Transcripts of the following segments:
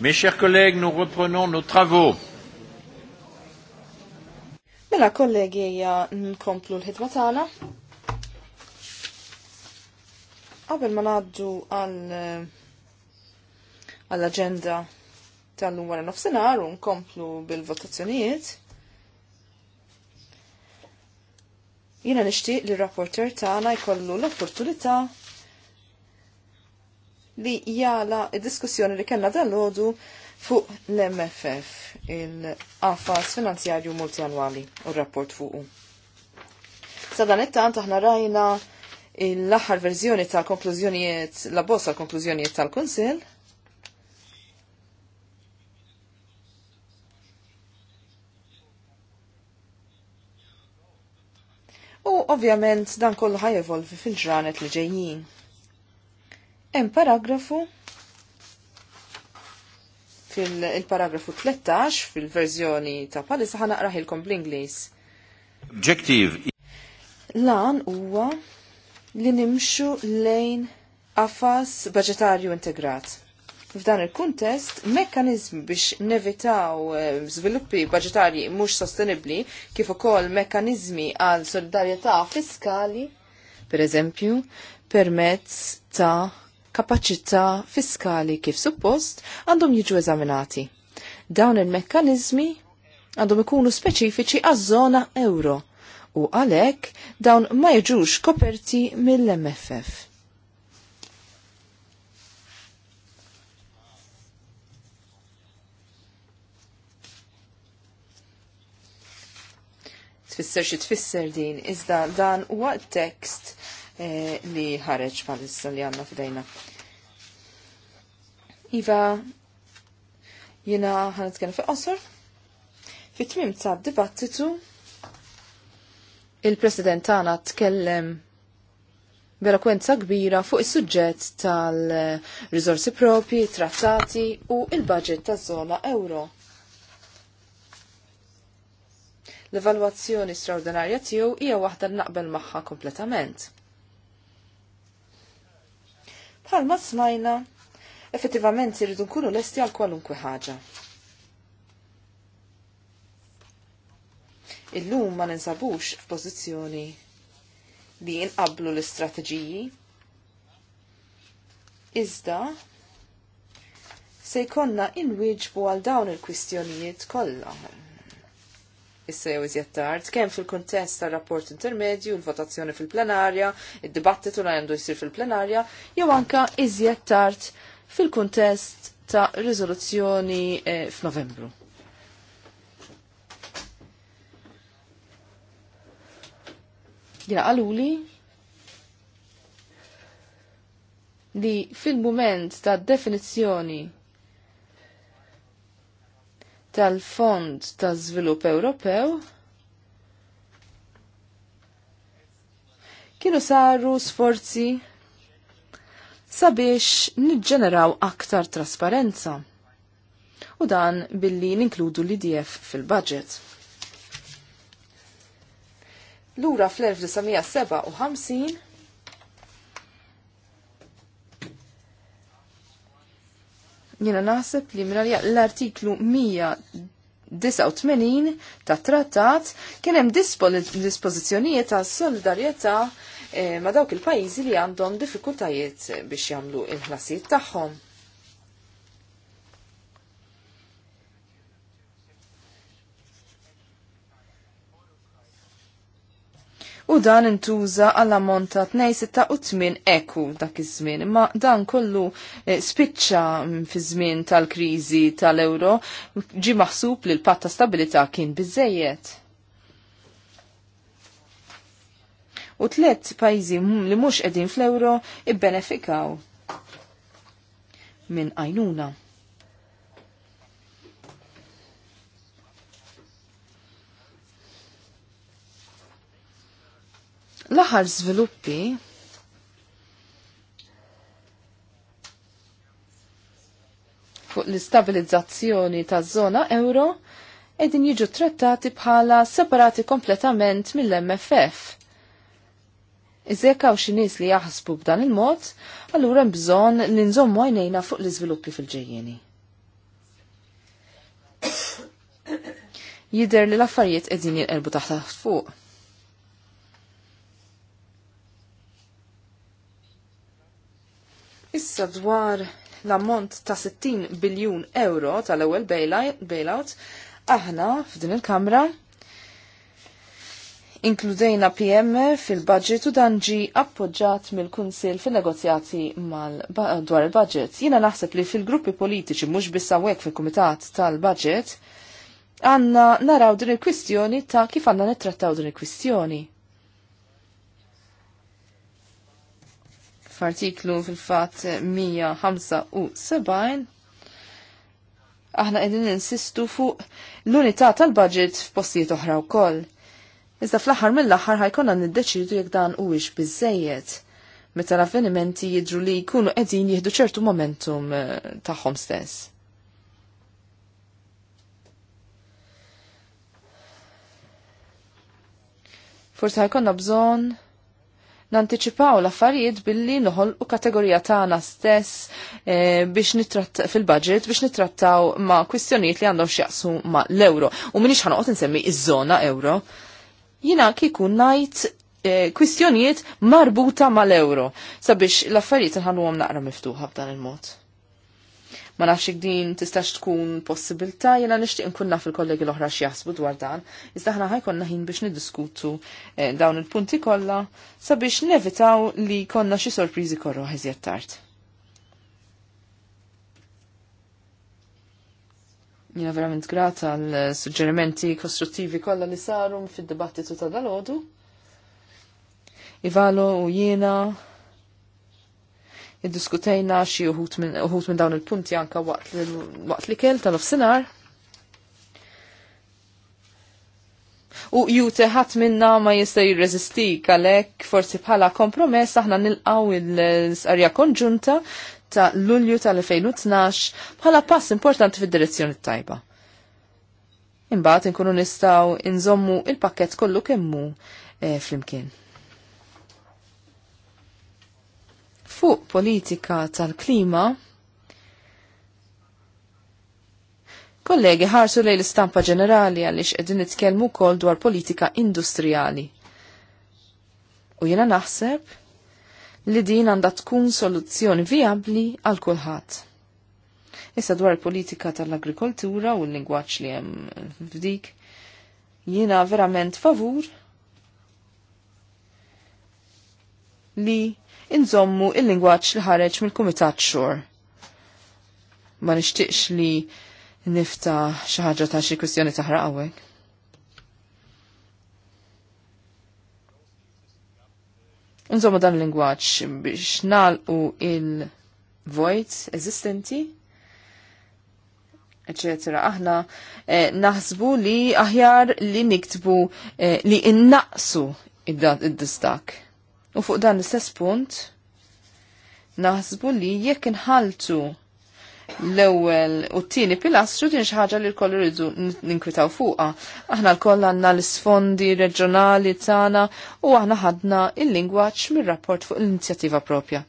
Mes chers collègues, nous reprenons nos travaux. Mela kollegi ja nkomplu l-ħidma tagħna. Qabel ma ngħaddu eh, għall-aġenda tal-lum wara nofsinhar u nkomplu bil-votazzjonijiet. Jiena nixtieq li r-rapporter tagħna jkollu l-opportunità li jala diskussjoni li kellna dal-ħodu fuq l-MFF, il-qafas finanzjarju multianwali u rapport fuqu. Sadan it-tant aħna rajna l-aħħar verżjoni tal-konklużjonijiet, la bossa konklużjonijiet tal-Kunsill, U ovvjament dan kollu ħajevolvi fil-ġranet li ġejjin. Hemm paragrafu fil-paragrafu 13 fil-verżjoni ta' palissa ħanaqraħ ilkom bl-Ingliż. Objective. Lan huwa li nimxu lejn affas budgetarju integrat. F'dan il-kuntest, mekkanizmi biex nevitaw eh, sviluppi budgetarji mhux sostenibbli kif ukoll mekkanizmi għal solidarjetà fiskali, per eżempju, permezz ta' kapaċità fiskali kif suppost għandhom jiġu eżaminati. Dawn il-mekkanizmi għandhom ikunu speċifiċi għaż-żona euro u għalhekk dawn ma jiġux koperti mill-MFF. Tfisser xi tfisser din iżda dan huwa tekst E, li ħareġ bħalissa li għanna f'dejna. Iva, jina ħanet kena fil-qosor, fi tmim ta' dibattitu, il-president tagħna tkellem verakwenza kbira fuq is-suġġett tal rizorsi propri, trattati u il-budget taż-żona euro. L-evalwazzjoni straordinarja tiegħu hija waħda naqbel magħha kompletament. Bħalma smajna, effettivament irridu nkunu lesti għal kwalunkwe ħaġa. Illum ma ninsabux f'pożizzjoni li inqablu l-istrateġiji. Iżda se jkonna inwiġbu għal dawn il-kwistjonijiet kollha issa iżjed tard, kemm fil-kuntest tar-rapport intermedju, l-votazzjoni fil-plenarja, id-dibattitu li għandu jsir fil-plenarja, jew anka iżjed tard fil-kuntest ta' riżoluzzjoni eh, f'Novembru. Jira għaluli li fil-moment ta' definizzjoni tal-Fond ta' Zvilupp Ewropew kienu saru sforzi sabiex niġġeneraw aktar trasparenza. U dan billi ninkludu l-IDF fil-budget. Lura fl-1957 Jena naħseb li minn l-artiklu 189 ta' trattat kien hemm dispożizzjonijiet ta' solidarjetà eh, ma' dawk il-pajjiżi li għandhom diffikultajiet biex jagħmlu il-ħlasijiet tagħhom. u dan intuża għal ammont ta' 2.68 eku dak iż-żmien. Imma dan kollu eh, spiċċa mm, fi żmien tal-kriżi tal-euro ġi maħsub li l-patt ta' stabilità kien biżejjed. U tliet pajjiżi li mhux qegħdin fl-euro ibbenefikaw minn għajnuna. L-aħħar żviluppi fuq l-istabilizzazzjoni ta' zona euro edin jiġu trattati bħala separati kompletament mill-MFF. Iżjek xi xinis li jaħsbu b'dan il-mod, allura bżon li nżommu għajnejna fuq l-iżviluppi fil-ġejjeni. Jider li l-affarijiet qegħdin jirqerbu taħt fuq. Issa dwar l-ammont ta' 60 biljun euro tal-ewwel bailout, aħna f'din il-Kamra inkludejna PM fil-budget u dan ġi appoġġat mill-Kunsil fin-negozjati dwar il-budget. Jiena naħseb li fil-gruppi politiċi mhux biss hawnhekk fil-Kumitat tal-Budget għandna naraw din il-kwistjoni ta' kif għandna nittrattaw din il-kwistjoni. f'artiklu fil-fatt 175 aħna qegħdin insistu fuq l-unità tal-budget f'postijiet oħra wkoll. Iżda fl-aħħar mill-aħħar ħajkonna niddeċidu jekk dan huwiex biżejjed meta l-avvenimenti jidru li jkunu qegħdin jieħdu ċertu momentum eh, tagħhom stess. Forse ħajkonna bżonn nanticipaw l-affarijiet billi noħol u kategorija tagħna stess e, biex nitratt fil-budget biex nitrattaw ma' kwistjonijiet li għandhom x'jaqsu ma' l-euro. U minix ħanoqgħod insemmi iż-żona euro. Jina kieku najt e, eh, kwistjonijiet marbuta mal-euro sabiex l-affarijiet għom naqra miftuħa b'dan il-mod. Ma nafx din tistax tkun possibilità jiena nixtieq nkun naf il-kollegi l-oħra x'jaħsbu dwar dan. Iżda aħna ħajkonna ħin biex niddiskutu eh, dawn il-punti kollha sabiex nevitaw li konna xi sorpriżi korru ħeżjed tard. Jena verament grata l suġġerimenti kostruttivi kollha li sarum fid-dibattitu ta' dal-ħodu. Ivalo u jiena id-diskutejna xi uħut minn dawn il-punti anka waqt li kell tal-ofsinar. U jute ħadd minna ma jista' jirreżistik għalhekk forsi bħala kompromess aħna nilqgħu l-sqarja konġunta ta' Lulju tal-2012 bħala pass importanti fid-direzzjoni tajba. Imbagħad inkunu nistgħu inżommu il-pakkett kollu kemmu eh, flimkien. fuq politika tal-klima Kollegi ħarsu lej l-istampa ġenerali għaliex qegħdin nitkellmu wkoll dwar politika industrijali. U jiena naħseb li din għandha tkun soluzzjoni viabli għal kulħadd. Issa dwar politika tal-agrikoltura u l-lingwaġġ li hemm f'dik, jiena verament favur li inżommu il-lingwaġġ li ħareġ mill-Kumitat Xor. Ma nixtieqx li nifta xi ħaġa ta' xi kwistjoni taħraq għawek. Nżommu dan l-lingwaċ biex nalqu il vojt eżistenti, eccetera. Aħna eh, naħsbu li aħjar li niktbu eh, li innaqsu id-distak. U fuq dan l-istess punt, naħsbu li jekk inħaltu l-ewwel u t-tieni pilastru din xi ħaġa li l iridu ninkwitaw fuqha. Aħna l-koll għandna l-isfondi reġjonali tagħna u aħna ħadna il-lingwaġġ mir-rapport fuq l-inizjattiva propja.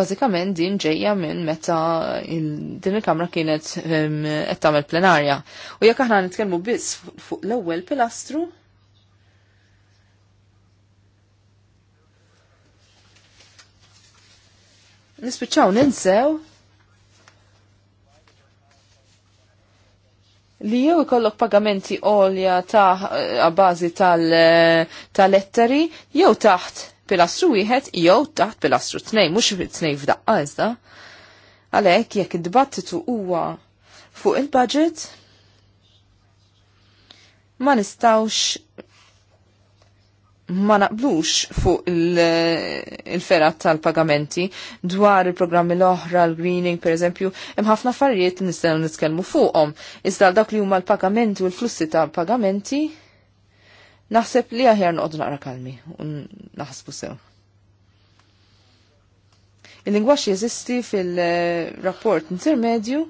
Bażikament din ġejja minn meta din il-kamra kienet qed tagħmel plenarja. U jekk aħna nitkellmu biss fuq l-ewwel pilastru, nispiċċaw ninsew li jew ikollok pagamenti għolja ta' għabazi tal-letteri tal eh, jew taħt pilastru wieħed jew taħt pilastru tnej, mhux tnej f'daqqa iżda. Għalhekk jekk id-dibattitu huwa fuq il-budget ma nistawx ma naqblux fuq il-ferat il ferat tal pagamenti dwar il-programmi l-oħra, l-greening, per eżempju, hemm ħafna affarijiet li nistgħu nitkellmu fuqhom. Iżda dak li huma l-pagamenti u l-flussi tal pagamenti, naħseb li aħjar noqdu naqra kalmi u naħsbu sew. Il-lingwax jeżisti fil-rapport intermedju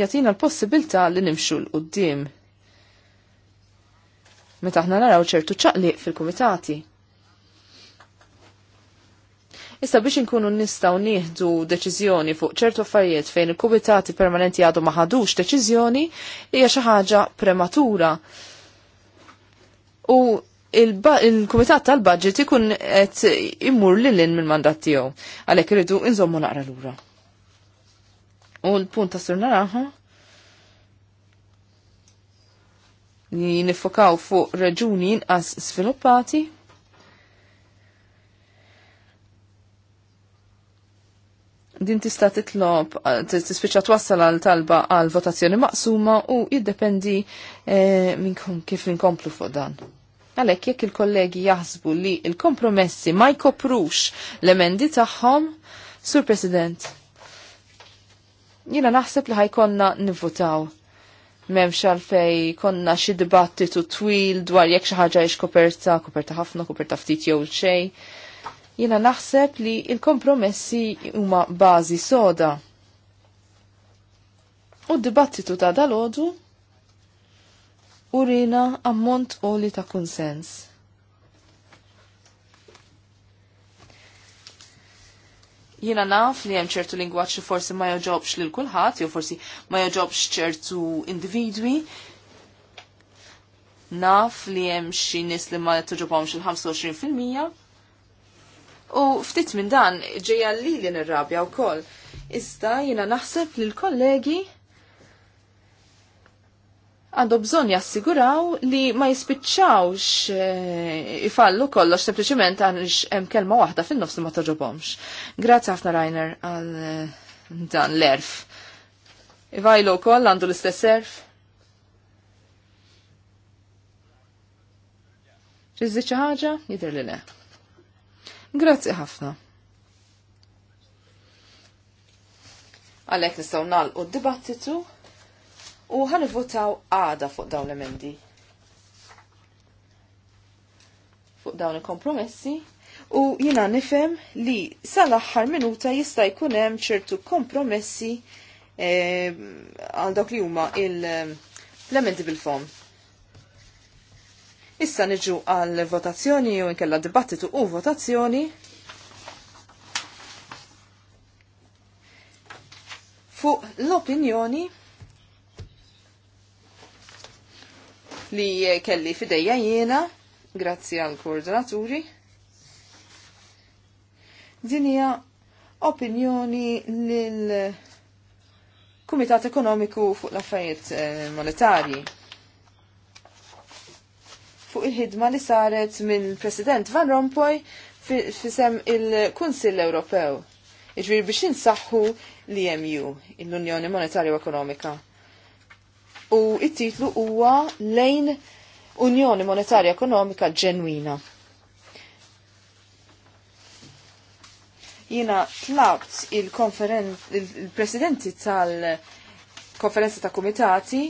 jatina l-possibilità li nimxu l-qoddim meta aħna naraw ċertu ċaqliq fil-kumitati. Issa biex inkunu nistaw nieħdu deċiżjoni fuq ċertu affarijiet fejn il-kumitati permanenti għadu ma ħadux deċiżjoni hija xi ħaġa prematura. U il-kumitat il kumitat tal budget ikun qed immur lilin mill-mandat tiegħu għalhekk irridu inżommu naqra lura. U l-punt ta' sur naraħa li nifokaw fuq reġuni inqas sviluppati. Din tista' titlob tispiċċa twassal għal talba għal votazzjoni maqsuma u jiddependi eh, minn kif inkomplu fuq dan. Għalhekk jekk il-kollegi jaħsbu li il-kompromessi ma jkoprux l-emendi tagħhom, Sur President, jina naħseb li ħajkonna nivvotaw memx għalfej konna xi dibattitu twil dwar jekk xi ħaġa hix koperta, koperta ħafna, koperta ftit jew xejn. Jiena naħseb li il-kompromessi huma bażi soda. U d-dibattitu ta' dalodu rina ammont u li ta' konsens. Jiena naf li hemm ċertu lingwaġġ li forsi ma joġobx lil kulħadd, jew forsi ma joġobx ċertu individwi. Naf li hemm xi nies li ma toġobhomx il-25%. U ftit minn dan ġejja li li nirrabja wkoll. Iżda jina naħseb li l-kollegi għandu bżon jassiguraw li ma jispiċċawx eh, ifallu kollox sempliciment għanix hemm kelma waħda fin-nofs li ma toġobomx. Grazzi ħafna Rainer għal eh, dan l-erf. Ivajlu koll għandu l-istess erf. Rizzi ħaġa? Jidher li le. Grazzi ħafna. Għalhekk nistgħu nagħlqu d-dibattitu u votaw għada fuq dawn l-emendi. Fuq dawn il-kompromessi u jina nifem li sal-axħar minuta jista' jkun hemm ċertu kompromessi eh, għal dak li huma l-emendi bil-fom. Issa niġu għal votazzjoni u nkella dibattitu u votazzjoni fuq l-opinjoni li kelli fidejja jiena, grazzi għal koordinaturi. Dinija opinjoni lil Kumitat Ekonomiku fuq l-affarijiet eh, monetarji. Fuq il-ħidma li saret minn President Van Rompuy fisem il-Kunsill Ewropew. Iġviri biex insaħħu l-EMU, l-Unjoni Monetarju Ekonomika u it-titlu huwa lejn Unjoni Monetarja Ekonomika Ġenwina. Jina tlabt il-presidenti il tal-konferenza ta' komitati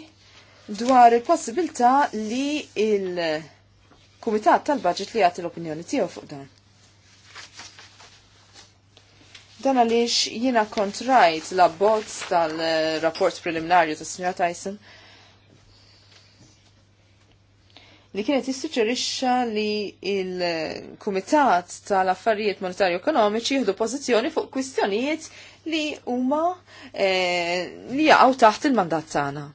dwar il-possibilità li il-Kumitat tal-Budget li għati l-opinjoni tiegħu fuq dan. Dan għaliex jiena kontrajt la bozz tal-rapport preliminarju tas Sinja Tyson li kienet jissuċerixxa li il-Kumitat tal-Affarijiet Monetarju Ekonomiċi jieħdu pożizzjoni fuq kwistjonijiet li huma eh, li jaqgħu taħt il-mandat tagħna.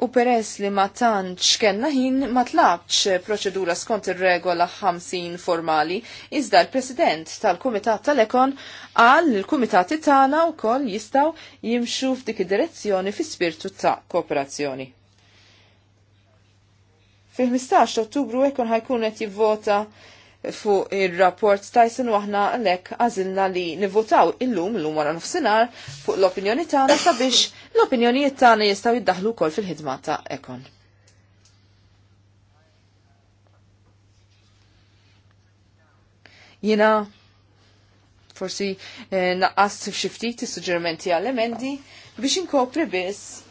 U peress li ma tantx kellna ħin ma tlabx proċedura skont ir-regola 50 formali, iżda l-President tal-Kumitat tal-Ekon għal l-Kumitati tagħna wkoll jistgħu jimxu f'dik id-direzzjoni fi spirtu ta' kooperazzjoni. Fil-15 Ottubru Ekon ħajkun qed jivvota fuq il-rapport Tyson waħna lek għazilna li nivvotaw illum, illum wara nofsinar, fuq l-opinjoni tagħna sabiex L-opinjonijiet tagħna jistgħu jiddaħlu wkoll fil-ħidma ta' ekon. Jina forsi eh, naqqas naqqast xi ftit is-suġġerimenti għal emendi biex inkopri biss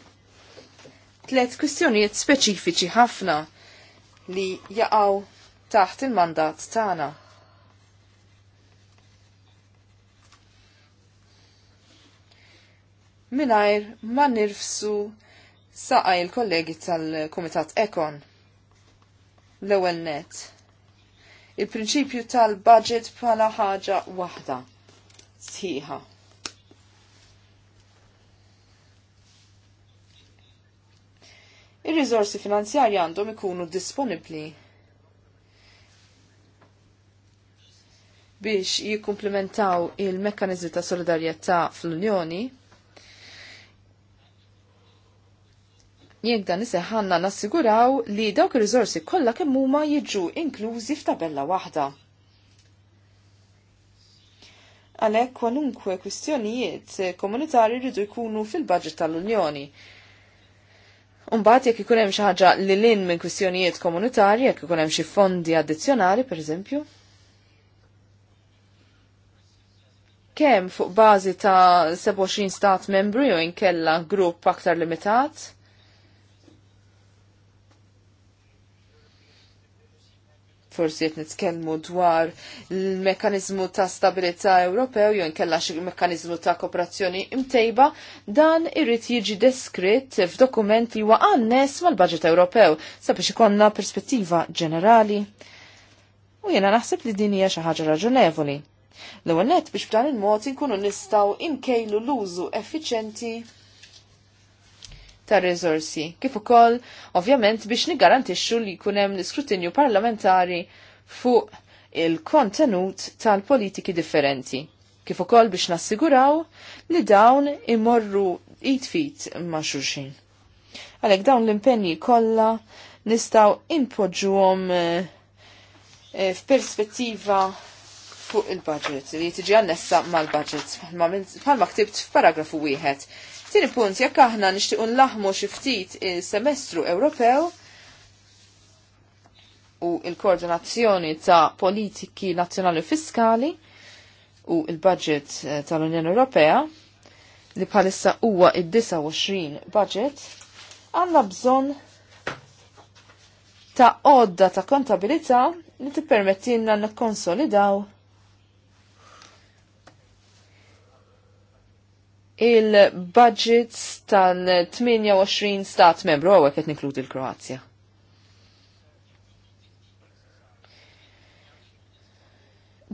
tliet kwistjonijiet speċifiċi ħafna li jaqgħu taħt il-mandat tagħna. minajr ma nirfsu saqa il-kollegi tal-Komitat Ekon. L-ewel net. Il-prinċipju tal-budget bħala ħaġa waħda. Sħiħa. ir rizorsi finanzjarji għandhom ikunu disponibli biex jikkumplementaw il-mekkanizmi ta' solidarjetà fl-Unjoni jek dan iseħħanna nassiguraw li dawk ir-riżorsi kollha kemm huma jiġu inklużi f'tabella waħda. Għalhekk kwalunkwe kwistjonijiet komunitarji rridu jkunu fil-budget tal-Unjoni. Umbagħad jekk ikun hemm xi ħaġa li lin minn kwistjonijiet komunitarji, jekk ikun hemm xi fondi addizzjonali pereżempju, kemm fuq bażi ta' 27 stat membri u inkella grupp aktar limitat? forsi qed nitkellmu dwar il-mekkaniżmu ta' stabilità Ewropew jew inkella xi mekkaniżmu ta' kooperazzjoni imtejba, dan irrid jiġi deskritt f'dokument li huwa annes mal-Baġit Ewropew sabiex ikonna perspettiva ġenerali. U jiena naħseb li din hija xi ħaġa raġunevoli. L-ewwel nett biex b'dan il-mod inkunu nistgħu nkejlu l-użu effiċenti ta' rizorsi. Kif ukoll, ovvjament, biex nigarantixxu li jkun hemm l-iskrutinju parlamentari fuq il-kontenut tal-politiki differenti. Kif ukoll biex nassiguraw li dawn imorru it-fit ma' xulxin. Għalhekk dawn l-impenji kollha nistgħu inpoġġuhom eh, f'perspettiva fuq il-budget, li tiġi għannessa mal-budget, bħalma ktibt f'paragrafu wieħed. Tieni punt, jekk aħna nixtiequ nlaħmu xi ftit il-semestru Ewropew u il-koordinazzjoni ta' politiki nazzjonali fiskali u il-budget eh, tal-Unjoni Ewropea li bħalissa huwa id-29 budget għandna bżonn ta' odda ta' kontabilità li tippermettilna nikkonsolidaw il-budgets tan 28 stat membru għawek qed nikludi l-Kroazja.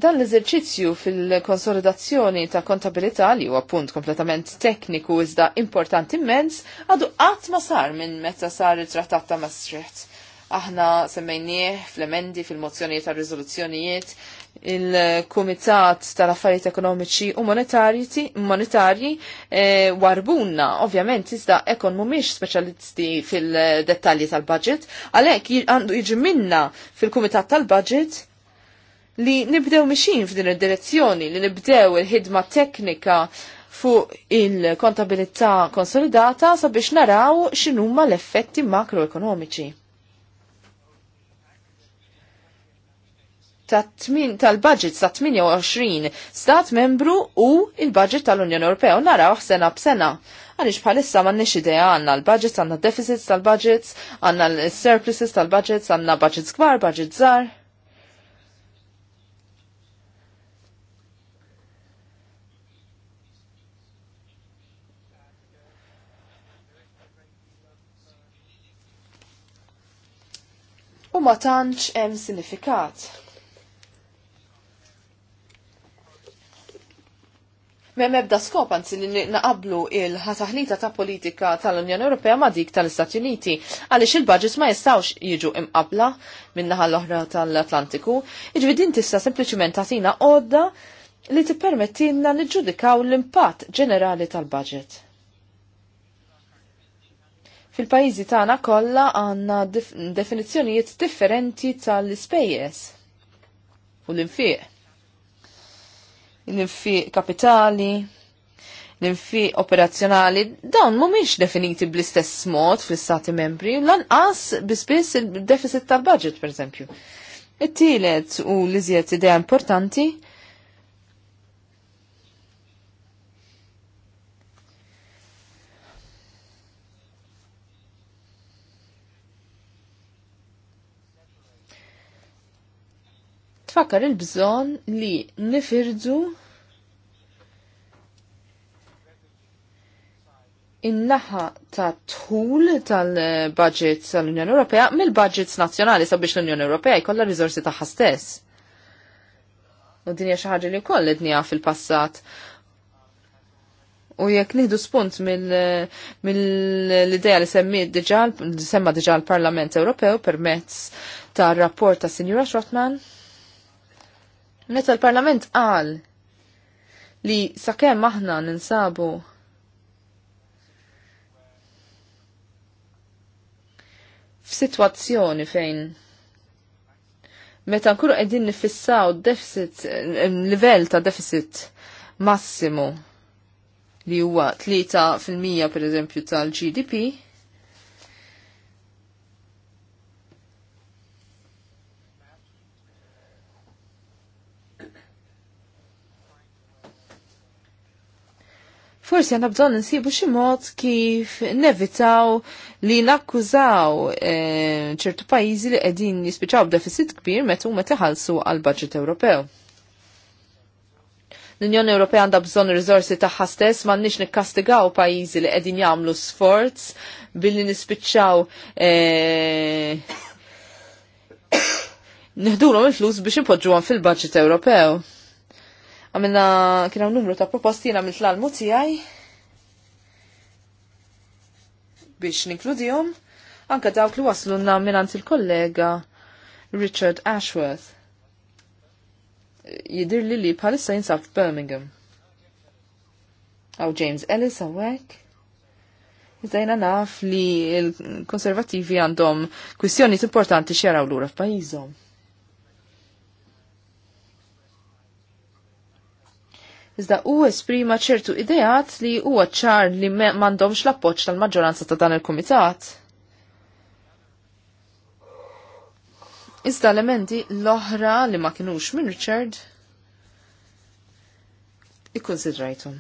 Dan l-eżerċizzju fil-konsolidazzjoni ta' kontabilità li huwa punt kompletament tekniku iżda importanti immens għadu qatt ma sar minn meta sar it trattat ta' Maastricht. Aħna semmejnieh fl-emendi fil-mozzjonijiet ta' riżoluzzjonijiet il-Kumitat tal-Affarijiet Ekonomiċi u Monetarji eh, Warbuna warbunna, ovvjament, iżda ekon mumiex speċjalisti fil-dettalji tal-budget, għalhekk għandu jiġi minna fil-Kumitat tal-Budget li nibdew mixin f'din id-direzzjoni, li nibdew il-ħidma teknika fuq il-kontabilità konsolidata sabiex naraw x'inhuma l-effetti makroekonomiċi. tal-budget ta' 28 stat membru u il-budget tal-Unjoni Ewropea u naraw sena b'sena. Għaliex bħalissa ma nix idea għanna l-budgets, għanna deficits tal-budgets, għanna l-surpluses tal-budgets, għanna budgets kbar, budgets zar. U ma tantx hemm sinifikat. Me ebda skop anzi li naqablu il ħasaħlita ta' politika tal-Unjoni Ewropea ma' dik tal-Istati Uniti għaliex il-budgets ma jistawx jiġu imqabla minnaħa l-oħra tal-Atlantiku. Iġvi din tista' sempliciment tagħtina għodda li tippermettilna niġġudikaw l-impatt ġenerali tal-budget fil-pajizi tagħna kollha għandna definizzjonijiet differenti tal-ispejjeż u l-infiq l-infiq kapitali, l-infiq operazzjonali, dawn mhumiex definiti bl-istess mod fl-istati membri, lanqas bispiss il-deficit tal-budget, per eżempju. It-tielet u l-iżjed idea importanti tfakkar il-bżon li nifirdu in-naħa ta' tħul tal-budget tal-Unjoni Ewropea mill-budgets nazzjonali sabiex l-Unjoni Ewropea jkollha riżorsi tagħha stess. U dinja xi ħaġa li wkoll qed fil-passat. U jekk nieħdu spunt mill-idea li semmi diġà semma diġà l-Parlament Ewropew permezz tar rapport ta' Sinjura Schrottman, Meta l-Parlament qal li sakemm aħna ninsabu f'sitwazzjoni fejn meta nkunu qegħdin nifissaw deficit eh, livell ta' deficit massimu li huwa 3% pereżempju tal-GDP, forsi għanna bżon nsibu xi mod kif nevitaw li nakkużaw eh, ċertu pajjiżi li qegħdin jispiċaw b'deficit kbir meta huma tiħallsu għal budget Ewropew. L-Unjoni Ewropea għandha bżonn riżorsi tagħha stess m'għandniex nikkastigaw pajjiżi li qegħdin jagħmlu sforz billi nispiċċaw eh, neħdulhom il-flus biex inpoġġuhom fil-budget Ewropew Għamilna kien hemm numru ta' proposti jiena mill l-almu tiegħi biex ninkludihom anke dawk li minn minant il-kollega Richard Ashworth. Jidir li li bħalissa jinsab Birmingham. Aw James Ellis għawek. Iżajna naf li il-konservativi għandhom kwistjoni importanti xjaraw l-ura f'pajizom. Iżda u esprima ċertu ideat li huwa ċar li m'għandhomx l-appoġġ tal-maġġoranza ta' dan il-kumitat. Iżda elementi l-oħra li ma kinux minn Richard ikkonsidrajtum.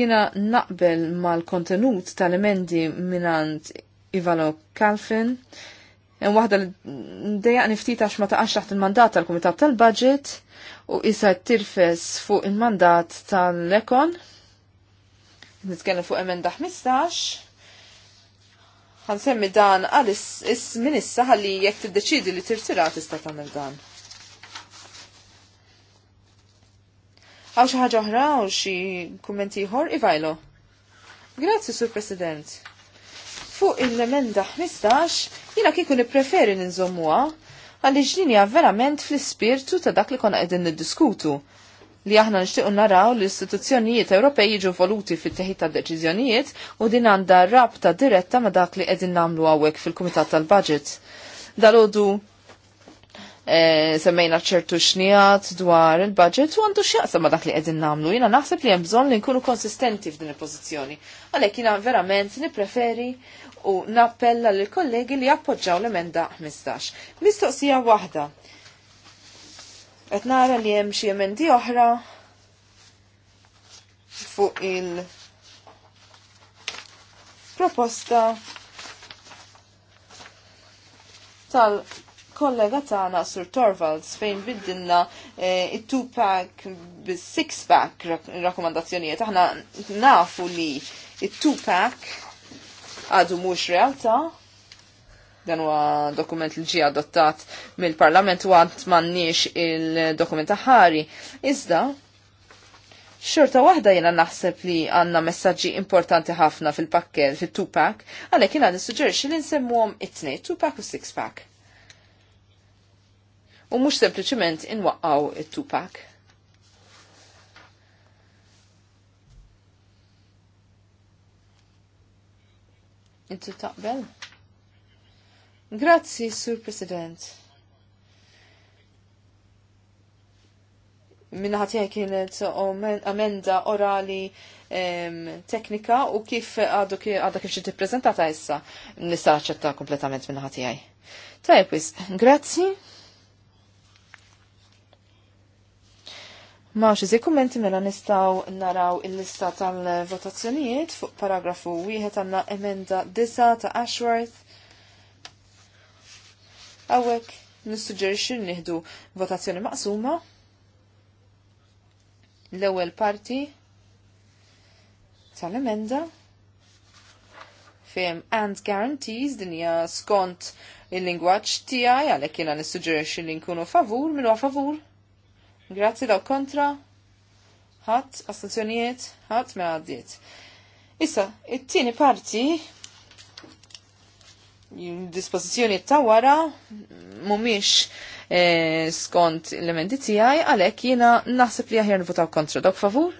Jina naqbel mal-kontenut tal-emendi minnant Ivalo Kalfin, hemm waħda li ndejjaq niftita għax ma taqax taħt il-mandat tal-Kumitat tal-Budget u issa tirfes fuq il-mandat tal-Ekon. Nitkellem fuq emenda 15 ħansemmi dan għal is-minissa ħalli jekk tiddeċidi li tirtira tista' tagħmel dan. Għaw xi ħaġa oħra u xi kummenti ieħor, Ivajlo. Grazzi, Sur President fuq il-emenda 15 jina kiku nipreferi ninżommuha għalli ġlinja verament fl-ispirtu ta' dak li konna qegħdin niddiskutu li aħna nixtiequ naraw l-istituzzjonijiet Ewropej jiġu voluti fit-teħid ta' deċiżjonijiet u din għandha rabta diretta ma' dak li qegħdin nagħmlu hawnhekk fil-Kumitat tal-Budget. Dalodu eh, semmejna ċertu xnijat dwar il-budget u għandu xjaqsa ma dak li qegħdin nagħmlu. Jiena naħseb li hemm bżonn li nkunu konsistenti f'din il-pożizzjoni. Għalhekk jiena verament nippreferi u nappella lill kollegi li jappoġġaw l-emenda 15. Mistoqsija waħda. Qed nara li hemm xi emendi oħra fuq il proposta tal-kollega tagħna Sur Torvalds fejn bidilna eh, it-two-pack bis-six-pack rakkomandazzjonijiet. Aħna nafu li it-two-pack għadu mhux realtà. Dan huwa dokument li ġie adottat mill-Parlament u għad m'għandniex il-dokument aħari, Iżda, xorta waħda jena naħseb li għanna messaġġi importanti ħafna fil-pakket, fil-tupak, għalek jena nissuġġerixi li nsemmuhom it-tnej, tupak u six-pack. U mux sempliciment inwaqqaw it-tupak. Intu taqbel? Grazzi, Sur President. Minna ħatija kienet amenda orali teknika u kif għadu kif ġiet prezentata issa nista' ċetta kompletament minna ħatijaj. Tajpis, grazzi. Maċi, zi kummenti mela nistaw naraw il-lista tal-votazzjonijiet fuq paragrafu wieħed għandna emenda disa ta' Ashworth. Awek nissuġġerixxi nihdu votazzjoni maqsuma. L-ewwel parti tal-emenda Fem and guarantees din hija skont il-lingwaġġ tiegħi għalhekk jiena nissuġġerixxi li nkunu favur minnu favur Grazzi daw kontra. Ħadd, astenzjonijiet, ħadd me mela għaddiet. Issa, it-tieni parti dispożizzjoni ta' wara mhumiex eh, skont l-emendi tiegħi għalhekk jiena naħseb li aħjar nivutaw kontra dok favur.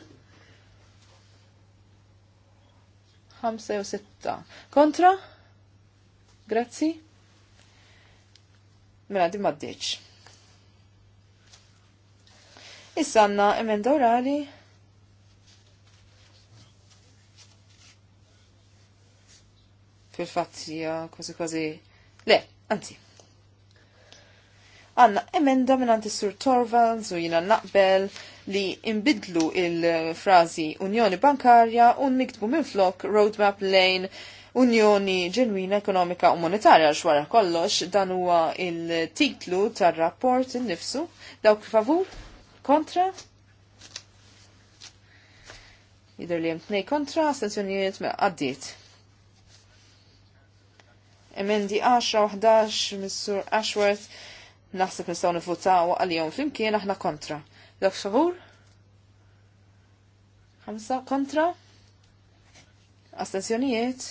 5 u 6. Kontra? Grazzi? Mela, di maddiċ. Is għanna emenda orali. Fil-fatt hija kważi kważi. Le, anzi. Għanna emenda minn għanti sur Torvalds u jina naqbel li imbidlu il-frazi Unjoni Bankarja u niktbu minn flok Roadmap Lane Unjoni ġenwina ekonomika u monetarja xwara kollox dan huwa il-titlu tar-rapport innifsu dawk favur kontra. Jider li jem tnej kontra, astenzjonijiet me għaddit. Emendi 10 u 11, Mr. Ashworth, naħseb nistaw nifutaw għal-jom flimkien aħna kontra. Dak xaħur? Ħamsa kontra? Astenzjonijiet?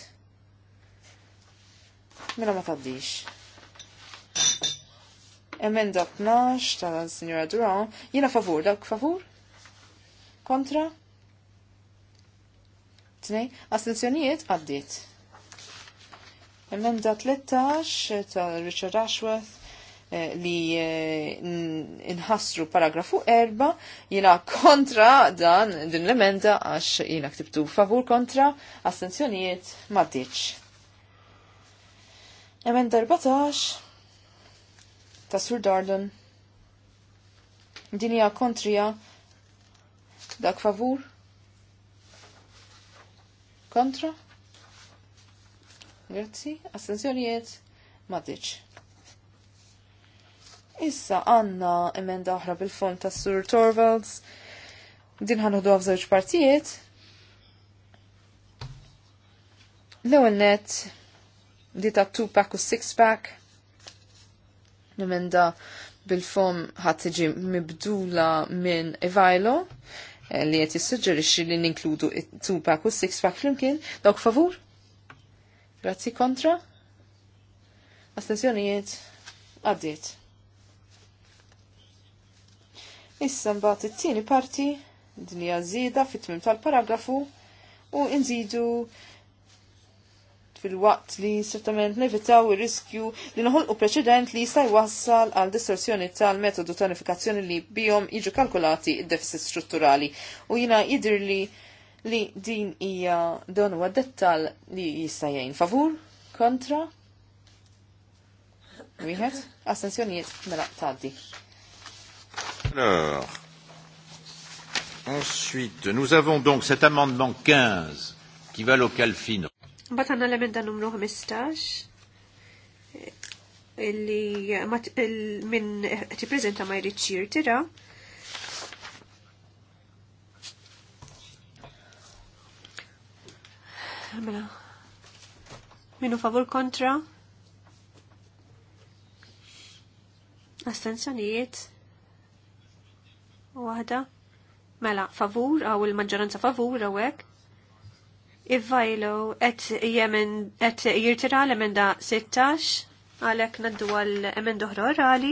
Mela ma taddix. Emenda 12 tal-Signora Duran. Jina favur, dawk favur? Kontra? Tnej, astenzjonijiet għaddit. Emenda 13 tal-Richard Ashworth eh, li inħassru eh, paragrafu erba' jina kontra dan din l-emenda għax jina ktibtu favur kontra astenzjonijiet maddiċ. Emenda 14 ta' Sur Darlon. Dinja kontrija dak favur? Kontra? Grazzi, Assenzjonijiet madiċ. Issa għanna emenda oħra bil-fond ta' Sur Torvalds. Din ħanuħdu għafżawġ partijiet. L-ewel net, di 2-pack u 6-pack l-emenda bil-fom ħat tiġi mibdula minn Evajlo eh, li qed jissuġġerixxi li ninkludu it-2-pack u six-pack flimkien, dawk favur? Grazzi kontra? Astenzjonijiet għaddiet. Issa mbagħad it-tieni parti din hija żieda fit-tmim tal-paragrafu u nżidu fil-waqt li certament nevitaw ir-riskju li noħolqu preċedent li jista' jwassal għal distorsjoni tal-metodu t'anifikazzjoni li bihom jiġu kalkulati id-deficit strutturali. U jina jidir li li din hija dan huwa dettal li jista' jgħin favur, kontra, wieħed, astensjonijiet mela tgħaddi. ensuite, nous avons donc cet amendement 15 qui va local Mbagħad għanna l-emenda numru 15 eh, illi minn qed prezenta ma jridx tira? Mela. Minu favur kontra? Astenzjonijiet? Waħda? Mela, favur, għaw il-maġġoranza favur, għawek? Ivvajlu qed jirtira l-emenda 16 għalhekk naddu għal emenda oħra orali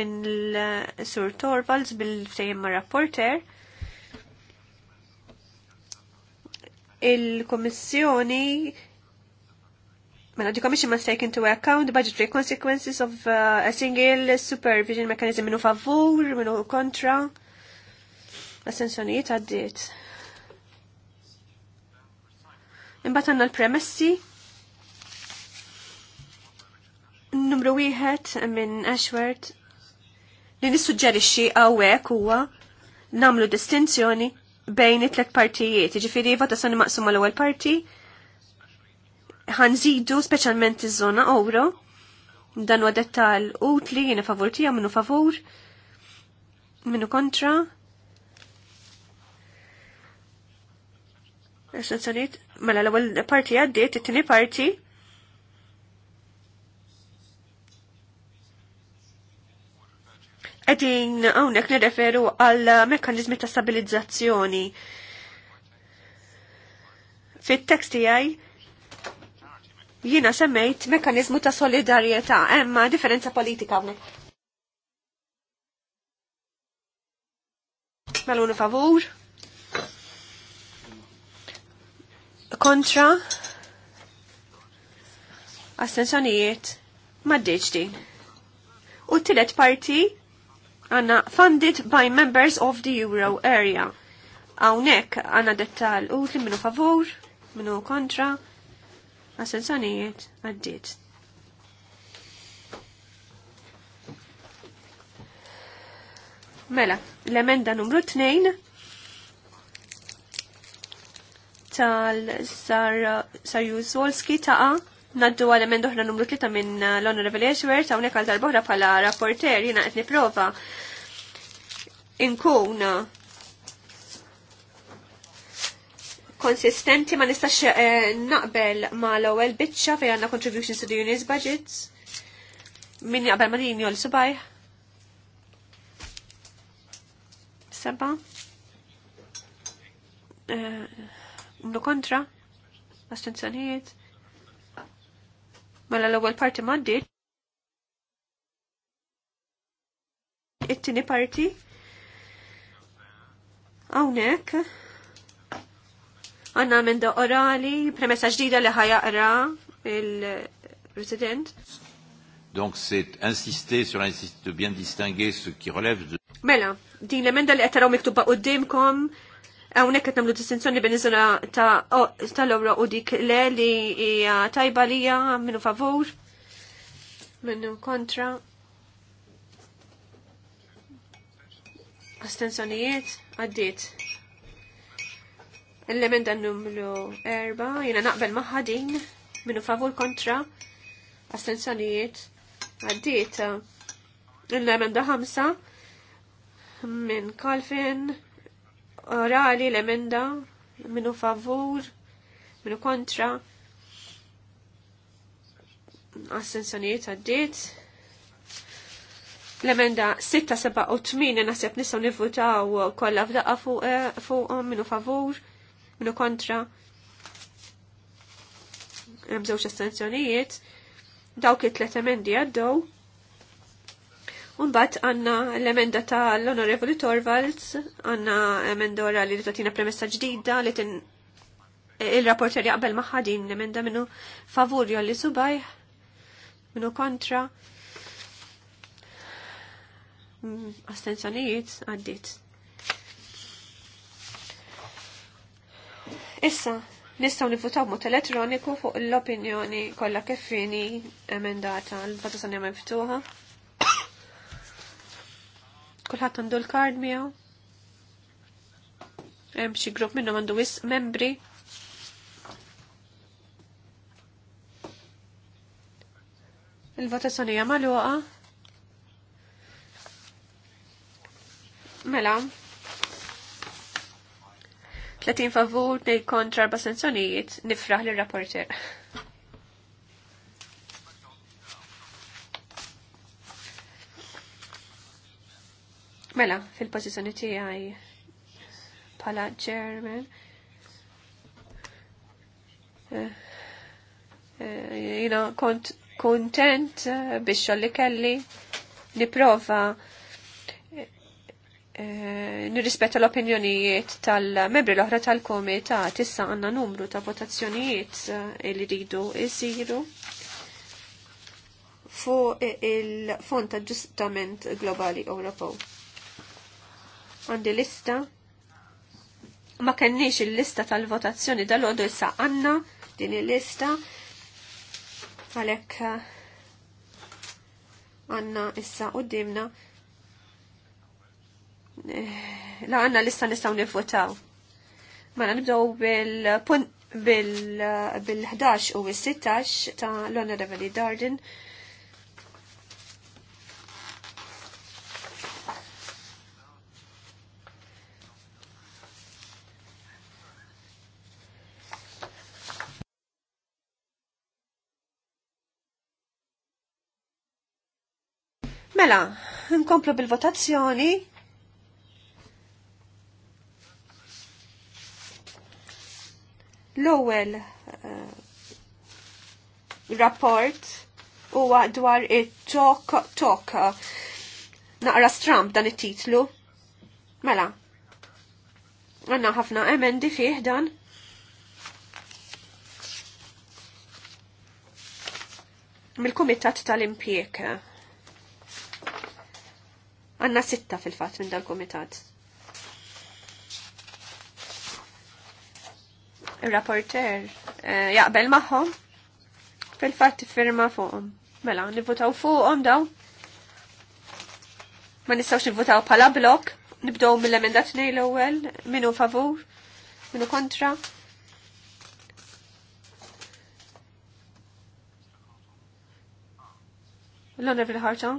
minn l-Sur Torvalds bil-ftejjem ma' rapporter. Il-Kommissjoni Mela di commission must take into account budgetary consequences of uh, a single supervision mechanism minu favur, minu kontra. Assenzjonijiet għaddiet. Imbagħad għandna l-premessi numru wieħed minn Ashworth li nissuġġerixxi hawnhekk huwa namlu distinzjoni bejn it-tlet partijiet. Ġifieri votazzjoni maqsuma l-ewwel parti ħanżidu speċjalment iż-żona Owro. dan huwa dettal utli jiena favur tiegħu minnu favur minnu kontra Astenzjoniet, mela l-ewwel parti għaddit, it-tieni parti Għedin hawnhekk nirreferu għal mekkaniżmi ta' stabilizzazzjoni. Fit-tekst tiegħi jiena semmejt mekkaniżmu ta' solidarjetà, emma differenza politika hawnhekk. unu favur? kontra astensjonijiet maddiċ din. U t tillet parti għanna funded by members of the euro area. Għawnek għanna dettal u li minu favur, minu kontra, għasensanijiet għaddit. Mela, l-emenda numru 2 tal sarjuzolski ta' taqa naddu għal emendu ħna numru 3 minn l-Honorable Ashworth ta' unek għal-darbohra pala rapporter jina għetni prova inkun konsistenti ma nistax eh, naqbel ma l-ewwel bitċa fejn għandna contributions to the union's budgets min jaqbel ma din jol subaj. Seba. Eh, Mnu kontra? Astenzjonijiet? Mela l-ewwel parti m'għaddiet. It-tieni parti Awnek? Anna amenda orali, premessa ġdida li ħajaqra il-President. Donc c'est insister sur l'insiste de bien distinguer ce qui relève de Mela, din l-emenda li qed taraw miktuba qudiemkom Hawnhekk qed nagħmlu distinzjoni bejn iż-żona tal-ewra u dik le li hija tajba lija minnu favur, minnu kontra. Astenzjonijiet għaddiet. l dan numru erba' jiena naqbel magħha minnu favur kontra astenzjonijiet għaddiet. L-emenda ħamsa minn kalfin orali l-emenda minu favur, minu kontra, assenzjoniet għaddit. l emenda 678 6-7-8 nasib nisaw nivvutaw kolla f'daqqa eh, fuq fu eh, minu favur, minu kontra. Hemm żewġ astenzjonijiet. Dawk it-tlet emendi għaddew. Unbat għanna l-emenda ta' l-Onorevoli Torvalds, għanna emenda ora li tatina premessa ġdida li tin il-rapporter jaqbel maħħadin l-emenda minnu favur għalli subaj, minnu kontra. Mm, astenzjonijiet għaddit. Issa, nistaw nifutaw mod elettroniku fuq l-opinjoni kollha kif fini emendata l-votazzjoni miftuħa. Kulħadd għandu l-kard miegħu. Hemm xi grupp minnhom għandu wis membri. Il-votazzjoni hija magħluqa. Mela. 30 favur, 2 kontra 4 sensonijiet, nifraħ l-rapporter. Mela, fil-pozizjoni tiegħi bħala chairman. Eh, eh, jina kont kontent eh, biex xolli kelli niprofa nirrispetta l-opinjonijiet tal-membri l-oħra tal komita issa għanna numru ta' votazzjonijiet li ridu jisiru fuq il-Fond ta' Ġustament Globali Ewropew għandi lista. Ma kenniex il-lista tal-votazzjoni dal-għodu issa għanna din il-lista. Għalek eh, għanna issa u dimna. Eh, la għanna lista nistaw nifvotaw. Ma mela, nibdow eh, bil-11 u bil-16 ta' l-Honorable Darden. Mela, nkomplu bil-votazzjoni. L-ewwel uh, rapport huwa dwar it-tok tok. Naqra stramp dan it-titlu. Mela. Għanna ħafna emendi fih dan. Mill-Kumitat tal-Impjek. Għanna sitta fil-fat minn dal-komitat. Il-rapporter eh, jaqbel maħħom fil-fat firma fuqhom. Mela, nivvotaw fuqhom daw. Ma nistawx nivvotaw pala blok. Nibdow mill-emenda tnej l-ewwel, minu favur, minu kontra. L-onev fil ħarġa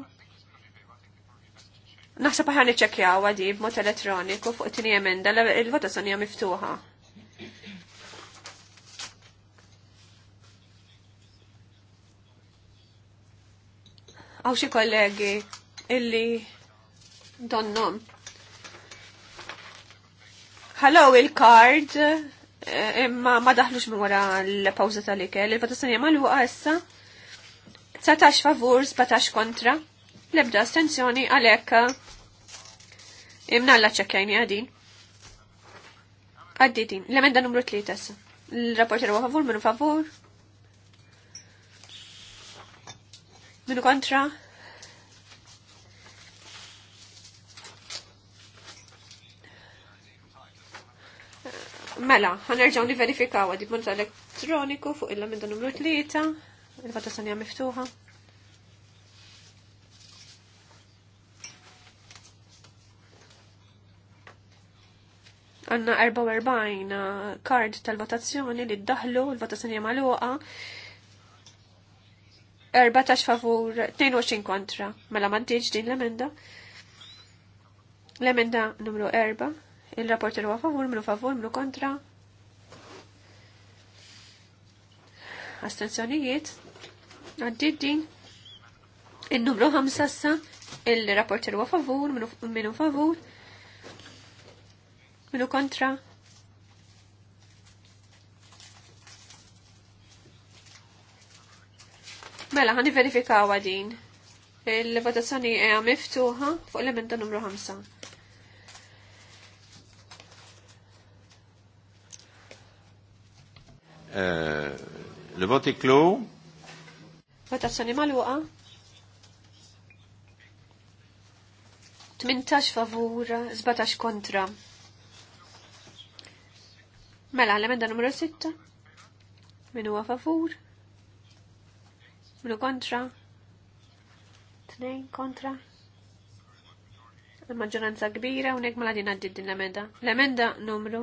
Naħseb ħan niċċekkjaw għadi b'mod elettroniku fuq tini emenda il-votazzjoni hija miftuħa. Għaw xi kollegi illi donnom. Hello il-card eh, imma ma daħlux minn wara l-pawża tal-ikel, il-votazzjoni hija magħluqa issa. 19 favur, 17 kontra lebda astenzjoni għalek eh, imnalla ċekkajni għadin. Għaddi l-emenda numru 3 tess. Il-rapporter huwa favur, minu favur. Minu kontra. Mela, ħanerġaw niverifikaw għadib b'mod elettroniku fuq il-emenda numru 3. Il-votazzjoni sanja miftuħa. għanna 44 kard uh, tal-votazzjoni li d-daħlu, l-votazzjoni maluqa, 14 favur, 22 kontra, mela mandiġ din l-emenda. L-emenda numru 4, il-rapporter huwa favur, minu favur, mlu kontra. Astenzjonijiet, għaddid din. Il-numru 5 sa, il-rapporter huwa favur, minu favur, Minu kontra? Mela, għani verifika għadin. Il-votazzjoni hija miftuħa fuq l-emenda numru 5. Le voti klu? Votazzjoni maluqa? 18 favur, 17 kontra. Mela, l-emenda numru 6. Min huwa Minu kontra? Tnejn kontra? Il-maġġoranza kbira unek mela din għaddid din l-emenda. L-emenda numru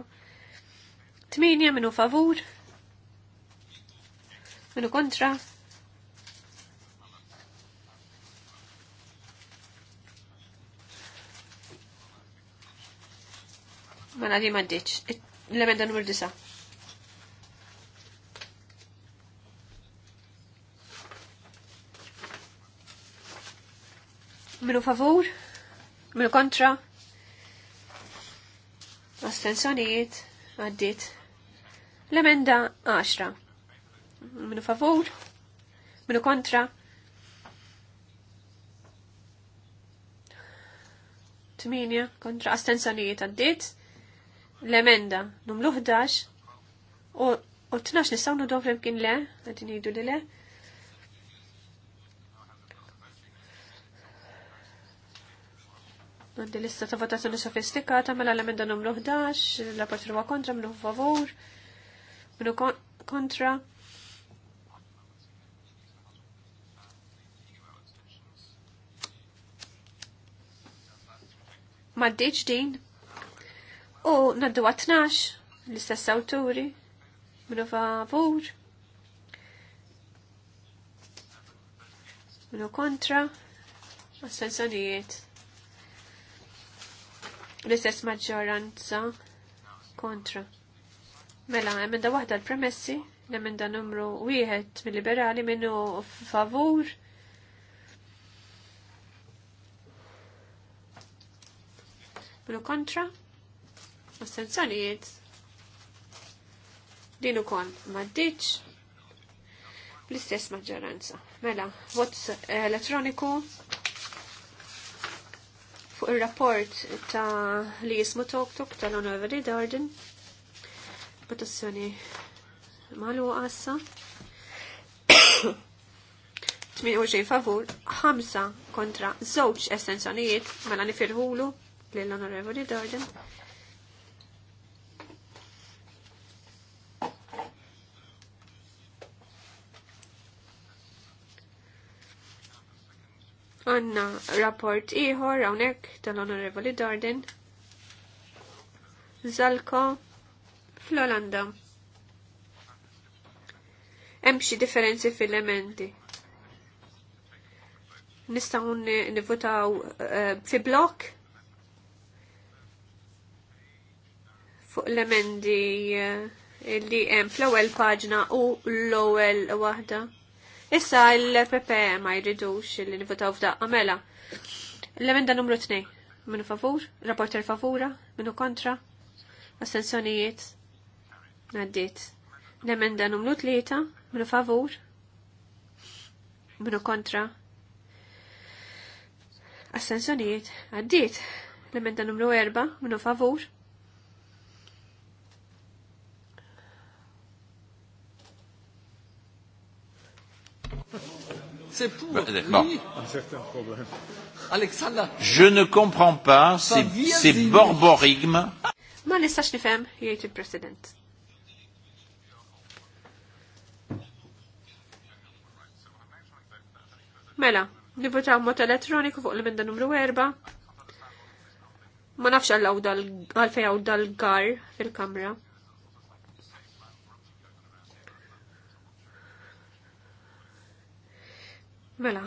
8 minu favur? Minu kontra? Mela, ma di it l-emenda numru 9. Minu favur? Minu kontra? Astenzjonijiet? Għaddit. L-emenda 10. Minu favur? Minu kontra? Tminja kontra astenzjonijiet għaddit l-emenda numlu 11 u u 12 nistaw nudom flimkien le, għadin jidu li le. Għandi lista ta' votazzjoni sofistikata mela l-emenda numru 11, la rapport huwa kontra, minnu favur, minnu kontra. Ma Maddiċ din, U naddu għatnax, l-istess awturi, minu favur, Minnu kontra, assenzjonijiet. L-istess maġġoranza kontra. Mela, emenda waħda l-premessi, l-emenda numru wieħed mill-liberali minnu favur. Minu kontra, astenzjonijiet din ukoll m'għaddiċ bl-istess maġġoranza. Mela, vot elettroniku fuq ir-rapport ta' li jismu Tok Tok tal-Honorary Darden votazzjoni malu għassa. 28 favur, 5 kontra żewġ estensjonijiet mela nifirħulu lill-Onorevoli Darden. Għanna rapport iħor għawnek tal-Onorevoli Darden. Zalko fl-Olanda. Hemm xi differenzi fil-elementi. Nistgħu nivutaw eh, fi blok fuq l-emendi eh, li hemm fl-ewwel paġna u l-ewwel waħda. Issa l-PP e ma jridux li nivotaw f'daqqa mela. L-emenda numru 2. Minu favur, rapporter favura, minu kontra, astensjonijiet, Naddit. L-emenda numru 3, minu favur, minu kontra, astensjonijiet, Naddit. L-emenda numru 4, minu favur, c'est pour. bon. oui. Alexander. Je ne comprends pas ces, ces borborigmes. Ma nistax nifhem jgħid il-President. Mela, nivvotaw mot elettroniku fuq l-emenda numru 4. Ma nafx għal fejaw dal-gar fil-kamra. Mela,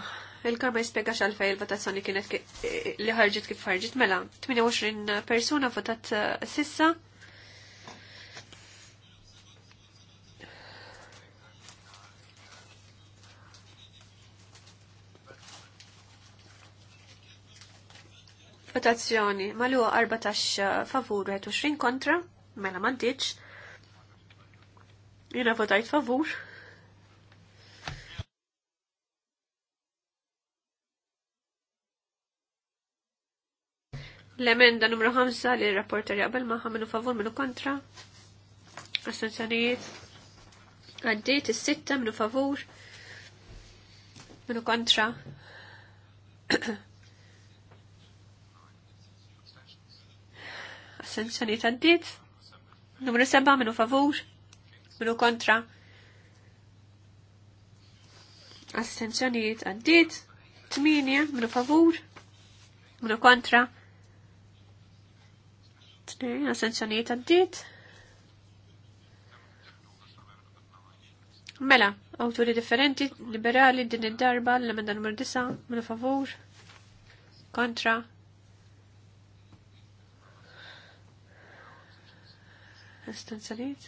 il-karma jispiega xalfej il-votazzjoni kienet li ħarġit kif ħarġit Mela, 28 persuna votat eh, sissa. Votazzjoni maluqa 14 eh, favur, 20 kontra, mela mandiċ. Jina votajt favur. L-emenda numru 5 li rapporter jaqbel maħħa minnu favur minnu kontra. Assenzjonijiet? Għaddit is-sitta minnu favur minnu kontra. Astenzjonijiet għaddit. Numru 7 minnu favur minnu kontra. Assenzjonijiet għaddit. 8 minnu favur minnu kontra. Tnejn, assenzjonijiet għaddit. Mela, awturi differenti, liberali, din id-darba, l-emenda numru 9, minn favur, kontra. Assenzjonijiet.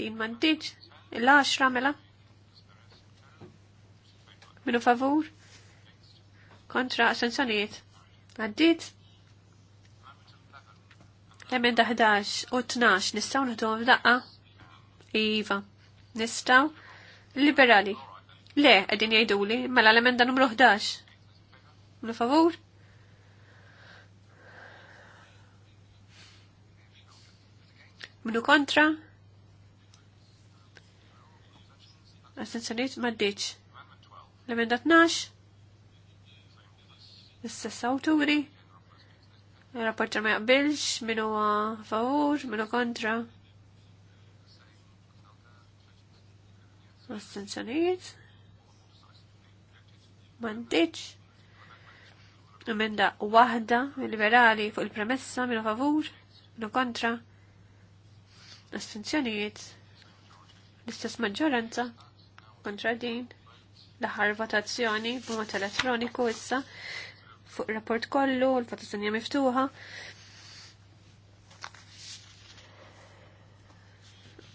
Din mandiġ, il axra mela. Minu favur, kontra assenzjonijiet. Għaddit. Emenda 11 u 12 nistaw nħduhom daqqa? Iva. Nistaw? Liberali. Le, għedin jgħiduli, mela l-emenda numru 11. Mlu favur? Mlu kontra? Assenzjoniet maddiċ. L-emenda 12? Issa sawturi? il rapport ma jaqbilx, minu favur, minu kontra. Astenzjonijiet Mandiċ. Emenda wahda, liberali fuq il-premessa, minu favur, minu kontra. Astenzjonijiet? L-istess maġġoranza kontra din. l votazzjoni b'mod elettroniku issa fuq rapport kollu, l-votazzjoni miftuħa.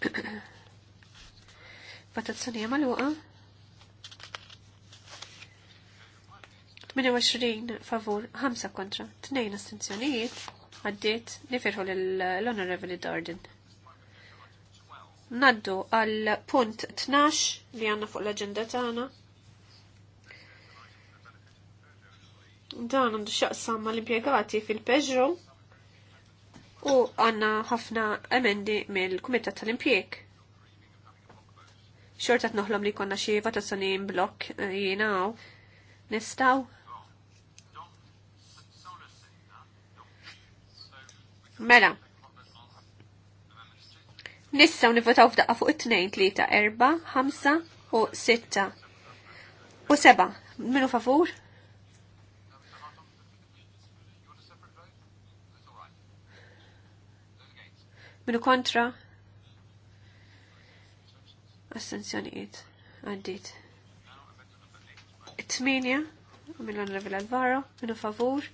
Votazzjoni maluqa. 28 favur, 5 kontra, 2 astenzjonijiet, għaddit nifirħu l-Honorable Darden. Naddu għal punt 12 li għanna fuq l-agenda tagħna. dan għandu xaqsam ma l-impiegati fil-Peġro u għanna ħafna emendi mill-Kumitat tal-Impjeg. Xortat noħlom li konna xie votazzjoni blok eh, jinaw nistaw. Mela, Nissaw nivotaw f'daqqa fuq it-tnejn, 4, 5 u sitta. U seba, minu favur? Minu kontra? Assenzjonijiet. Għaddit. Tminja. Minu l-level għal-vara. Minu favur.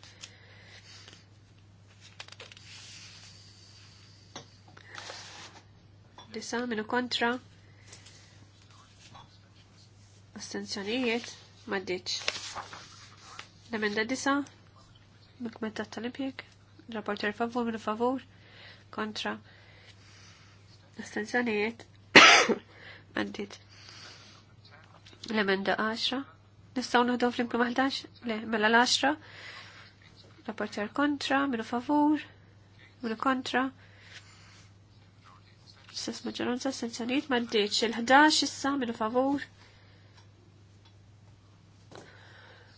Disa. Minu kontra? Assenzjonijiet. Maddiċ. L-emenda disa. mil tal Rapporter favur. Minu favur. Kontra astenzjonijiet Għandit. L-emenda 10. Nistaw nħdu fl-imkien 11? Le, mela l-10. Rapportjar kontra, minu favur, minu kontra. Sess maġġoranza astenzjonijiet ma ddiċ. Il-11 issa minu favur.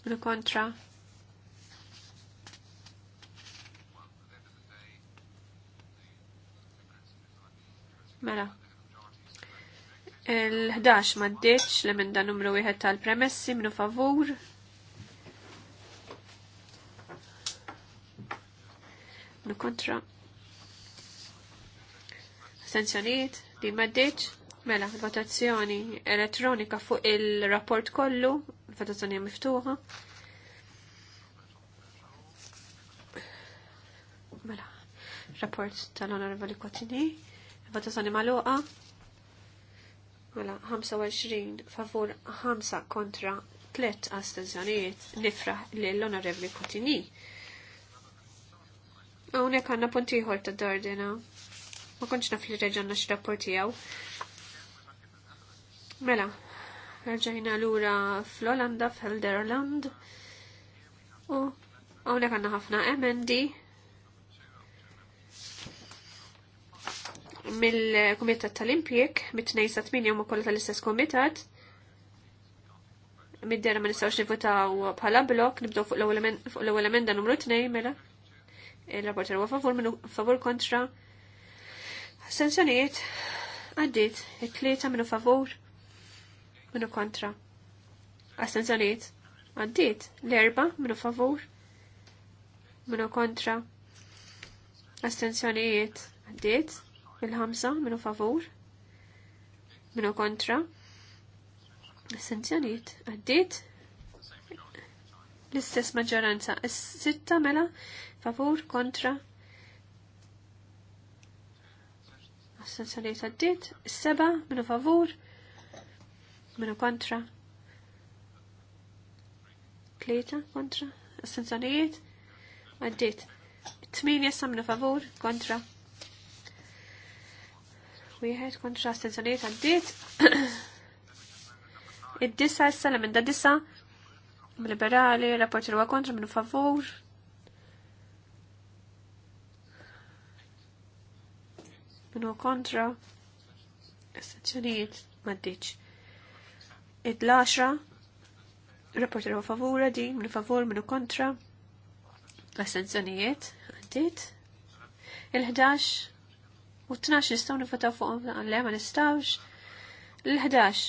Minu kontra. Mela. Il-11 maddiċ l-emenda numru 1 tal-premessi minu favur. Minu kontra. Astenzjoniet li maddiċ. Mela, votazzjoni elettronika fuq il-rapport kollu, votazzjoni miftuħa. Mela, rapport tal-onorevoli kotini. Bata sani maluqa. Mela, 25 favur 5 kontra 3 astenzjonijiet nifraħ li l-onorevli Kutini. Għawnek għanna puntiħor ta' dardina. Ma konċ naf li reġanna x-rapportijaw. Mela, rġajna l-ura fl-Olanda, fl-Elderland. U għawnek għanna ħafna MND. mill-Kumitat tal-Impjek, mit tnejn sa tmin jom kollha tal-istess kumitat. Mid-dera ma nistgħux nivvotaw bħala blok, nibdew fuq l-ewwel emenda numru tnejn mela. Il-rapporter huwa favur minn favur kontra. Sensjonijiet għaddit it-tlieta minnu favur minnu kontra. Astenzjoniet għaddit l-erba minnu favur minnu kontra. Astenzjoniet għaddit il-ħamsa minu favur minu kontra essenzjoniet għaddit l-istess maġġoranza is-sitta mela favur kontra assenzjoniet għaddit s seba minu favur minu kontra tlieta kontra assenzjoniet għaddit Tmin jessa minu favur kontra wieħed kontra astenzjonijiet għaddiet. Id-disa issa l da disa liberali, rapporti huwa kontra minn favur. Minu kontra astenzjonijiet maddiċ. Id-laxra rapporti huwa favur di minn favur minn kontra astenzjonijiet għaddiet. Il-11 U 12 nistgħu nivotaw fuqhom le ma nistawx. L-11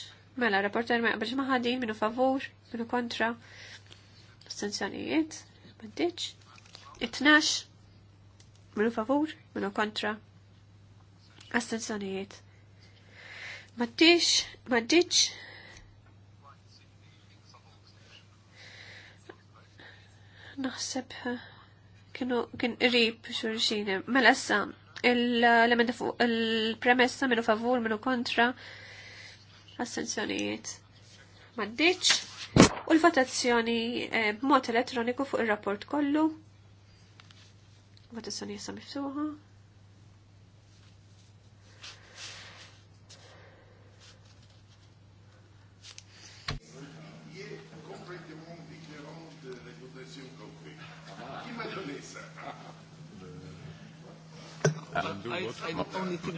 mela rapporter ma jaqbilx maħadin minu minnu favur, minnu kontra. stenzjonijiet, maddiċ. It-tnax minnu favur, minnu kontra. Astenzjonijiet. Maddiċ, maddiċ, Naħseb eh, kienu kien qrib xurxin, mela issa l il-premessa minu favur minu kontra assenzjonijiet maddiċ u l-votazzjoni eh, b'mod elettroniku fuq il-rapport kollu votazzjoni jessa miftuħa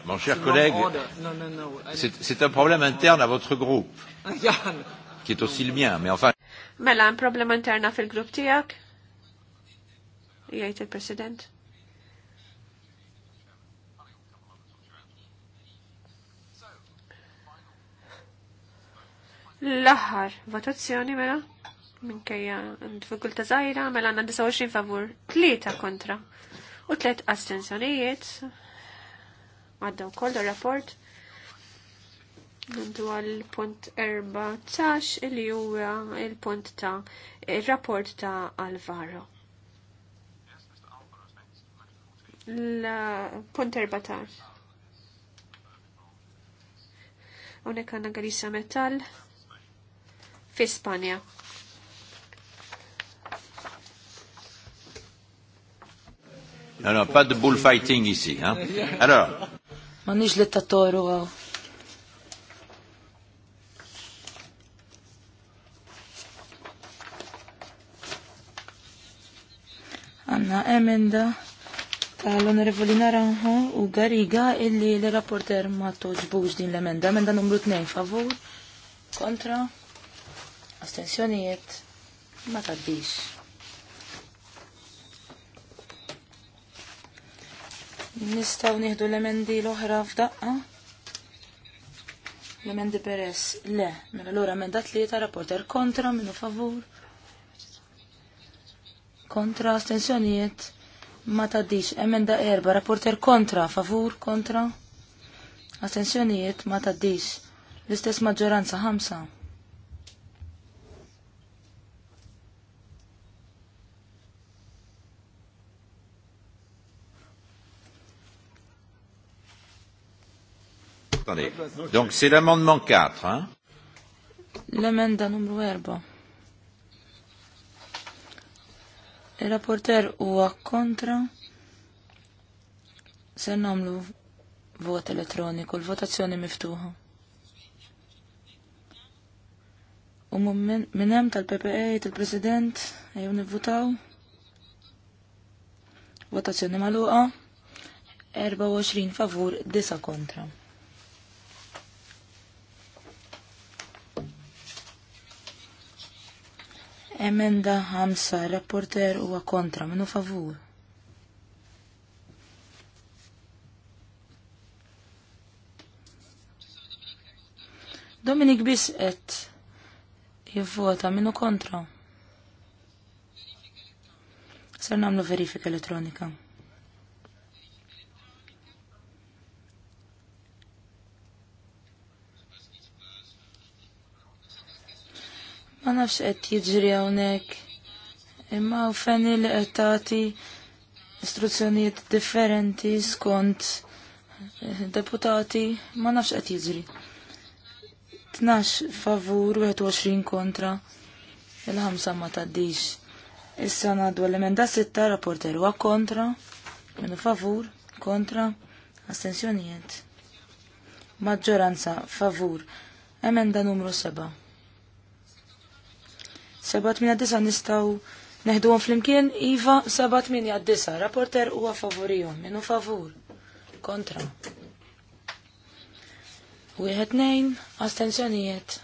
Mon, cher collègue, c'est un problème interne à votre groupe, qui est aussi le mien, mais enfin... Mela, un problème interne à votre groupe, Tiak il-President. a été l-aħħar votazzjoni mela minkejja diffikulta zaħira, mela għanna 29 favur, 3 kontra u 3 astensjonijiet għadda u wkoll rapport Nandu għal punt 14 il huwa il-punt ta' il-rapport ta' Alvaro. L-punt 14. Unek għanna għalisa Metal fi Spanja. No, no, pas de bullfighting ici. Hein? Alors, Ma nix li tatoru għaw. Għanna emenda tal-Onorevoli Naranjo u Gariga illi l-rapporter ma toġbux din l-emenda. Emenda numru 2 favur, kontra, astensjonijiet, ma taddix. Nistaw nieħdu l-emendi l-oħra f'daqqa? L-emendi peress, le, mela l-ora emenda tlieta, rapporter kontra, minnu favur. Kontra, astensjonijiet, ma taddix, emenda erba, rapporter kontra, favur, kontra. Astensjonijiet, ma taddix, l-istess maġġoranza ħamsa. Attendez. Donc c'est l'amendement 4. Hein L'emenda numru 4. Il-rapporter huwa kontra se namlu vot elettroniku, l-votazzjoni miftuħa. U minnem tal-PPA, e, tal-President, jew nivvutaw. Votazzjoni maluqa. 24 favur, 9 kontra. Emenda ħamsa, rapporter huwa kontra, minu favur. Dominik bis et jivvota minu kontra. Ser namlu verifika elettronika. Ma nafx qed jiġri hawnhekk. Imma u feni li qed tagħti istruzzjonijiet differenti skont deputati ma nafx qed jiġri. 12 favur, 21 kontra. Il-ħamsa ma taddix. Issa ngħaddu l-emenda sitta rapporter huwa kontra, minu favur, kontra, astensjonijiet. Maġġoranza favur. Emenda numru 7. 7-8 nistaw neħdu għon flimkien. imkien Iva 7-8 rapporter u għafavorijom, minu favur, kontra. Wieħed nejn, astenzjonijiet.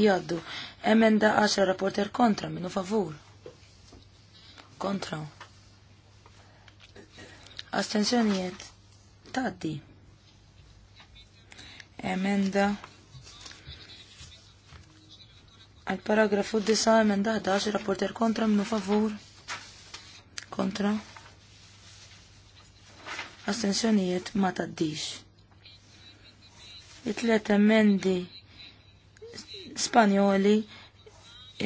Jaddu, emenda 10 rapporter kontra, minu favur. Kontra. Astenzjonijiet, taddi. Emenda Għal paragrafu 9 emenda 11 rapporter kontra minnu favur. Kontra. Astensjonijiet ma taddix. It-tlet emendi Spanjoli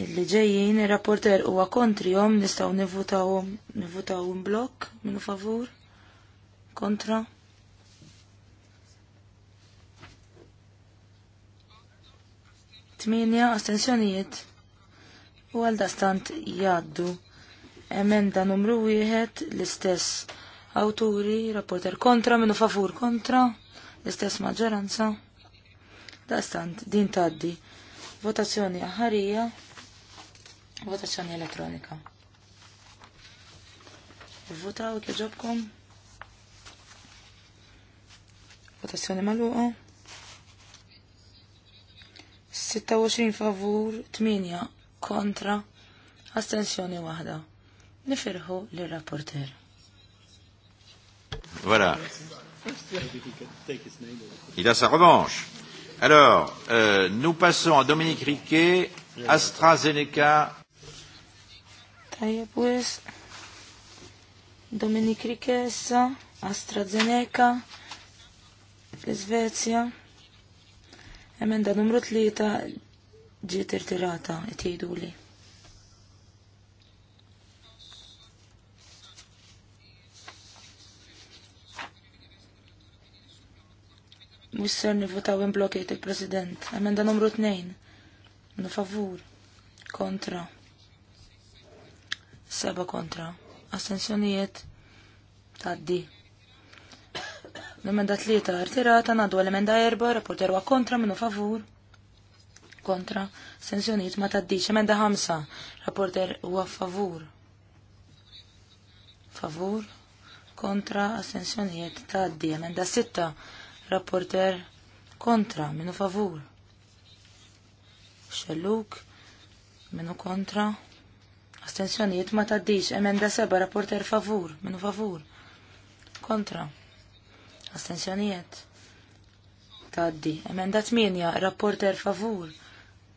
illi ġejjin ir-rapporter huwa kontrihom nistgħu nivutawhom nivutaw blokk minnu favur. Kontra. Tminja astensjonijiet u għal dastant jaddu. Emenda numru wieħed l-istess awturi, rapporter kontra, minu favur kontra, l-istess maġġoranza. Dastant din taddi. Votazzjoni aħarija, votazzjoni elettronika. Votaw kieġobkom. Votazzjoni maluqa. 26 favur, 8 kontra, astensjoni wahda. Nifirħu l-rapporter. Voilà. Il a sa revanche. Alors, euh, nous passons à Dominique Riquet, AstraZeneca. Tayeboues, Dominique Riquet, AstraZeneca, Svezia. Emenda numru tlieta ġiet irtirata qed jgħiduli. ser nivutaw imblokkejt il-President. Emenda numru Tnejn. Nu favur. Kontra. Seba kontra. Astensjonijiet. Taddi l-emenda tlieta artirata nadu l-emenda erba' rapporter huwa kontra minnu favur kontra sensjoniet ma taddix emenda ħamsa rapporter huwa favur favur kontra assenzjoniet taddi emenda sitta rapporter kontra minu favur xelluk minu kontra astensjoniet ma taddiċ. emenda seba rapporter favur minu favur kontra Astenzjonijiet. taddi. Emenda tminja. rapporter favur.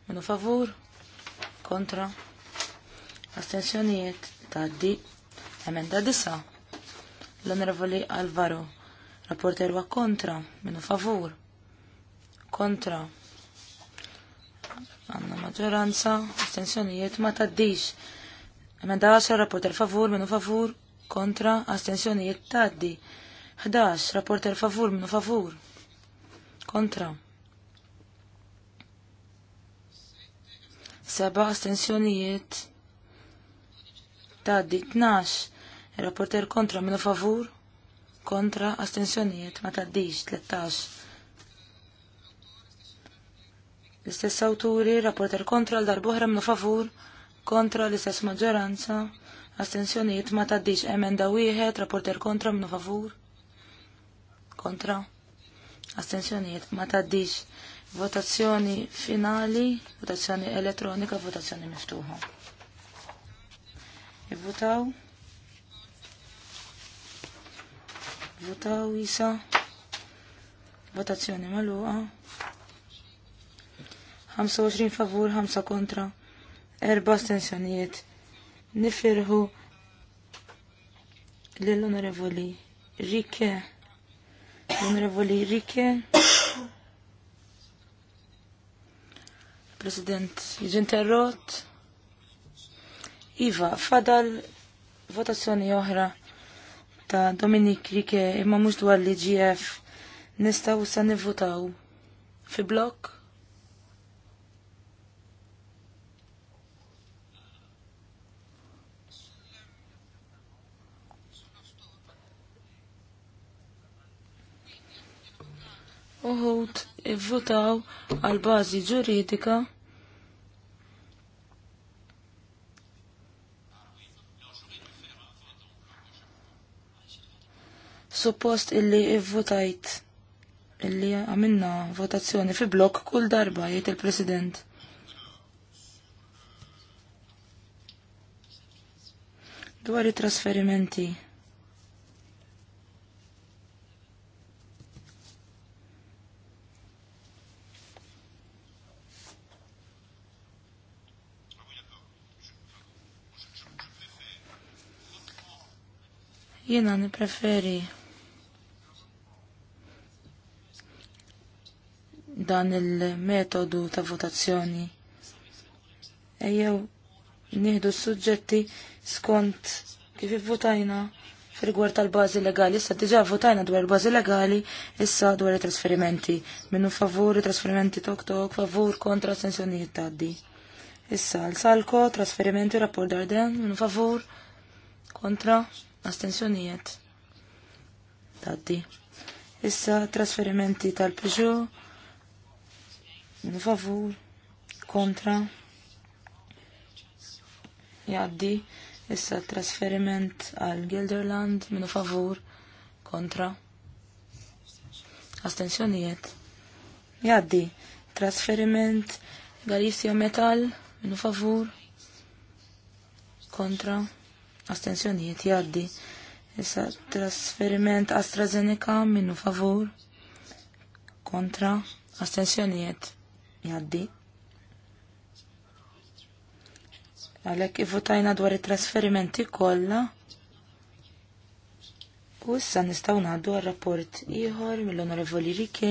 Minu favur, kontra, astensjonijiet taddi. Emenda disa. l-onorevoli Alvaro. Rapporter wa kontra, minu favur, kontra. Għanna maġoranza, Astenzjonijiet. ma taddix. Emenda għasra. rapporter favur, minu favur, kontra, astenzjonijiet taddi. 11, rapporter favur, minu favur. Kontra. Seba astensjonijiet. Taddi 12, rapporter kontra, minu favur. Kontra astensjonijiet, ma taddix 13. L-istess awturi, rapporter kontra l-darbohra minu favur. Kontra l-istess maġġoranza. Astensjonijiet ma taddix emenda wieħed, rapporter kontra minu favur kontra Astenzjonijiet? ma taddix votazzjoni finali, votazzjoni elettronika, votazzjoni miftuħa. Ivvutaw. Votaw isa. Votazzjoni maluqa. 25 favur, 5 kontra, 4 astensjonijiet. Nifirħu l-onorevoli Rike l-Onorevoli Rike. President Jinterrot. Iva, fadal votazzjoni oħra ta' Dominik Rike imma mhux dwar l-IGF nistgħu sa nivvutaw fi blok. uħut ivvutaw għal bażi ġuridika suppost illi ivvutajt illi għamilna votazzjoni fi blok kull darba jgħid il-President. Dwar i trasferimenti. Jiena nipreferi dan il-metodu ta' votazzjoni. Ejjew nieħdu s-suġġetti skont kif votajna fil-gwar tal-bazi legali, issa diġa votajna dwar il-bazi legali, issa dwar il-trasferimenti. Minnu favur il-trasferimenti tok tok, favur kontra sensjonijiet taddi. Issa l-salko, trasferimenti, rapport darden, minnu favur, kontra, astensjonijiet taddi. Issa trasferimenti tal-Peugeot, favur, kontra, jaddi. Issa trasferiment għal Gilderland minu favur, kontra, astensjonijiet. Jaddi, trasferiment Galizio Metal minu favur, kontra, astensjonijiet jaddi. Issa trasferiment AstraZeneca minnu favur kontra astensjonijiet jaddi. Għalek votajna dwar it-trasferimenti kollha. U issa nistgħu ngħaddu għal rapport ieħor mill-Onorevoli Rike,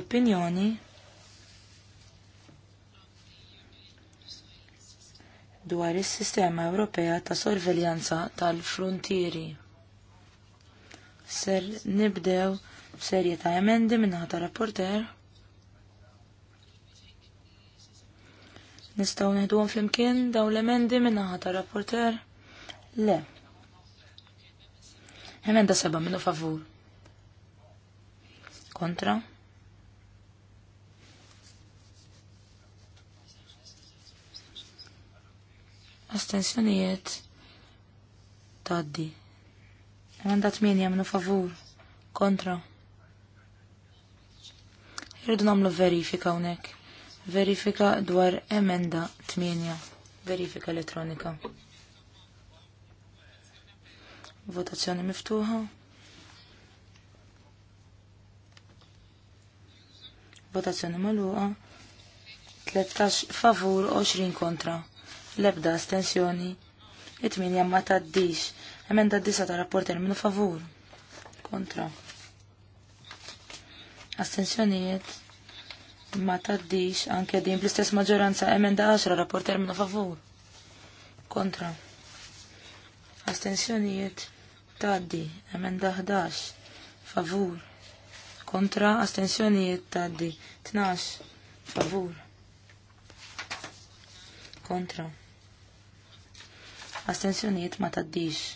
opinjoni dwar is-Sistema Ewropea ta' Sorveljanza tal-Frontieri. Ser nibdew serje ta' emendi minnaħa ta' rapporter. Nistaw neħduhom flimkien daw l-emendi minnaħa ta' rapporter. Le. Emenda seba' minnu favur. Kontra. astensjonijiet taddi. Emenda 8 minu favur kontra. Irridu namlu verifika unek. Verifika dwar emenda 8. Verifika elettronika. Votazzjoni miftuħa. Votazzjoni maluqa. 13 favur, 20 kontra l-ebda astensjoni, it-tminja ma taddix, emenda d-disa ta' rapporter minu favur, kontra. Astensjonijiet ma taddix anke din bl-istess maġġoranza emenda 10 rapporter minu favur, kontra. Astensjonijiet taddi, emenda 11, favur, kontra, astensjonijiet taddi, 12, favur, kontra astensjoniet ma taddix.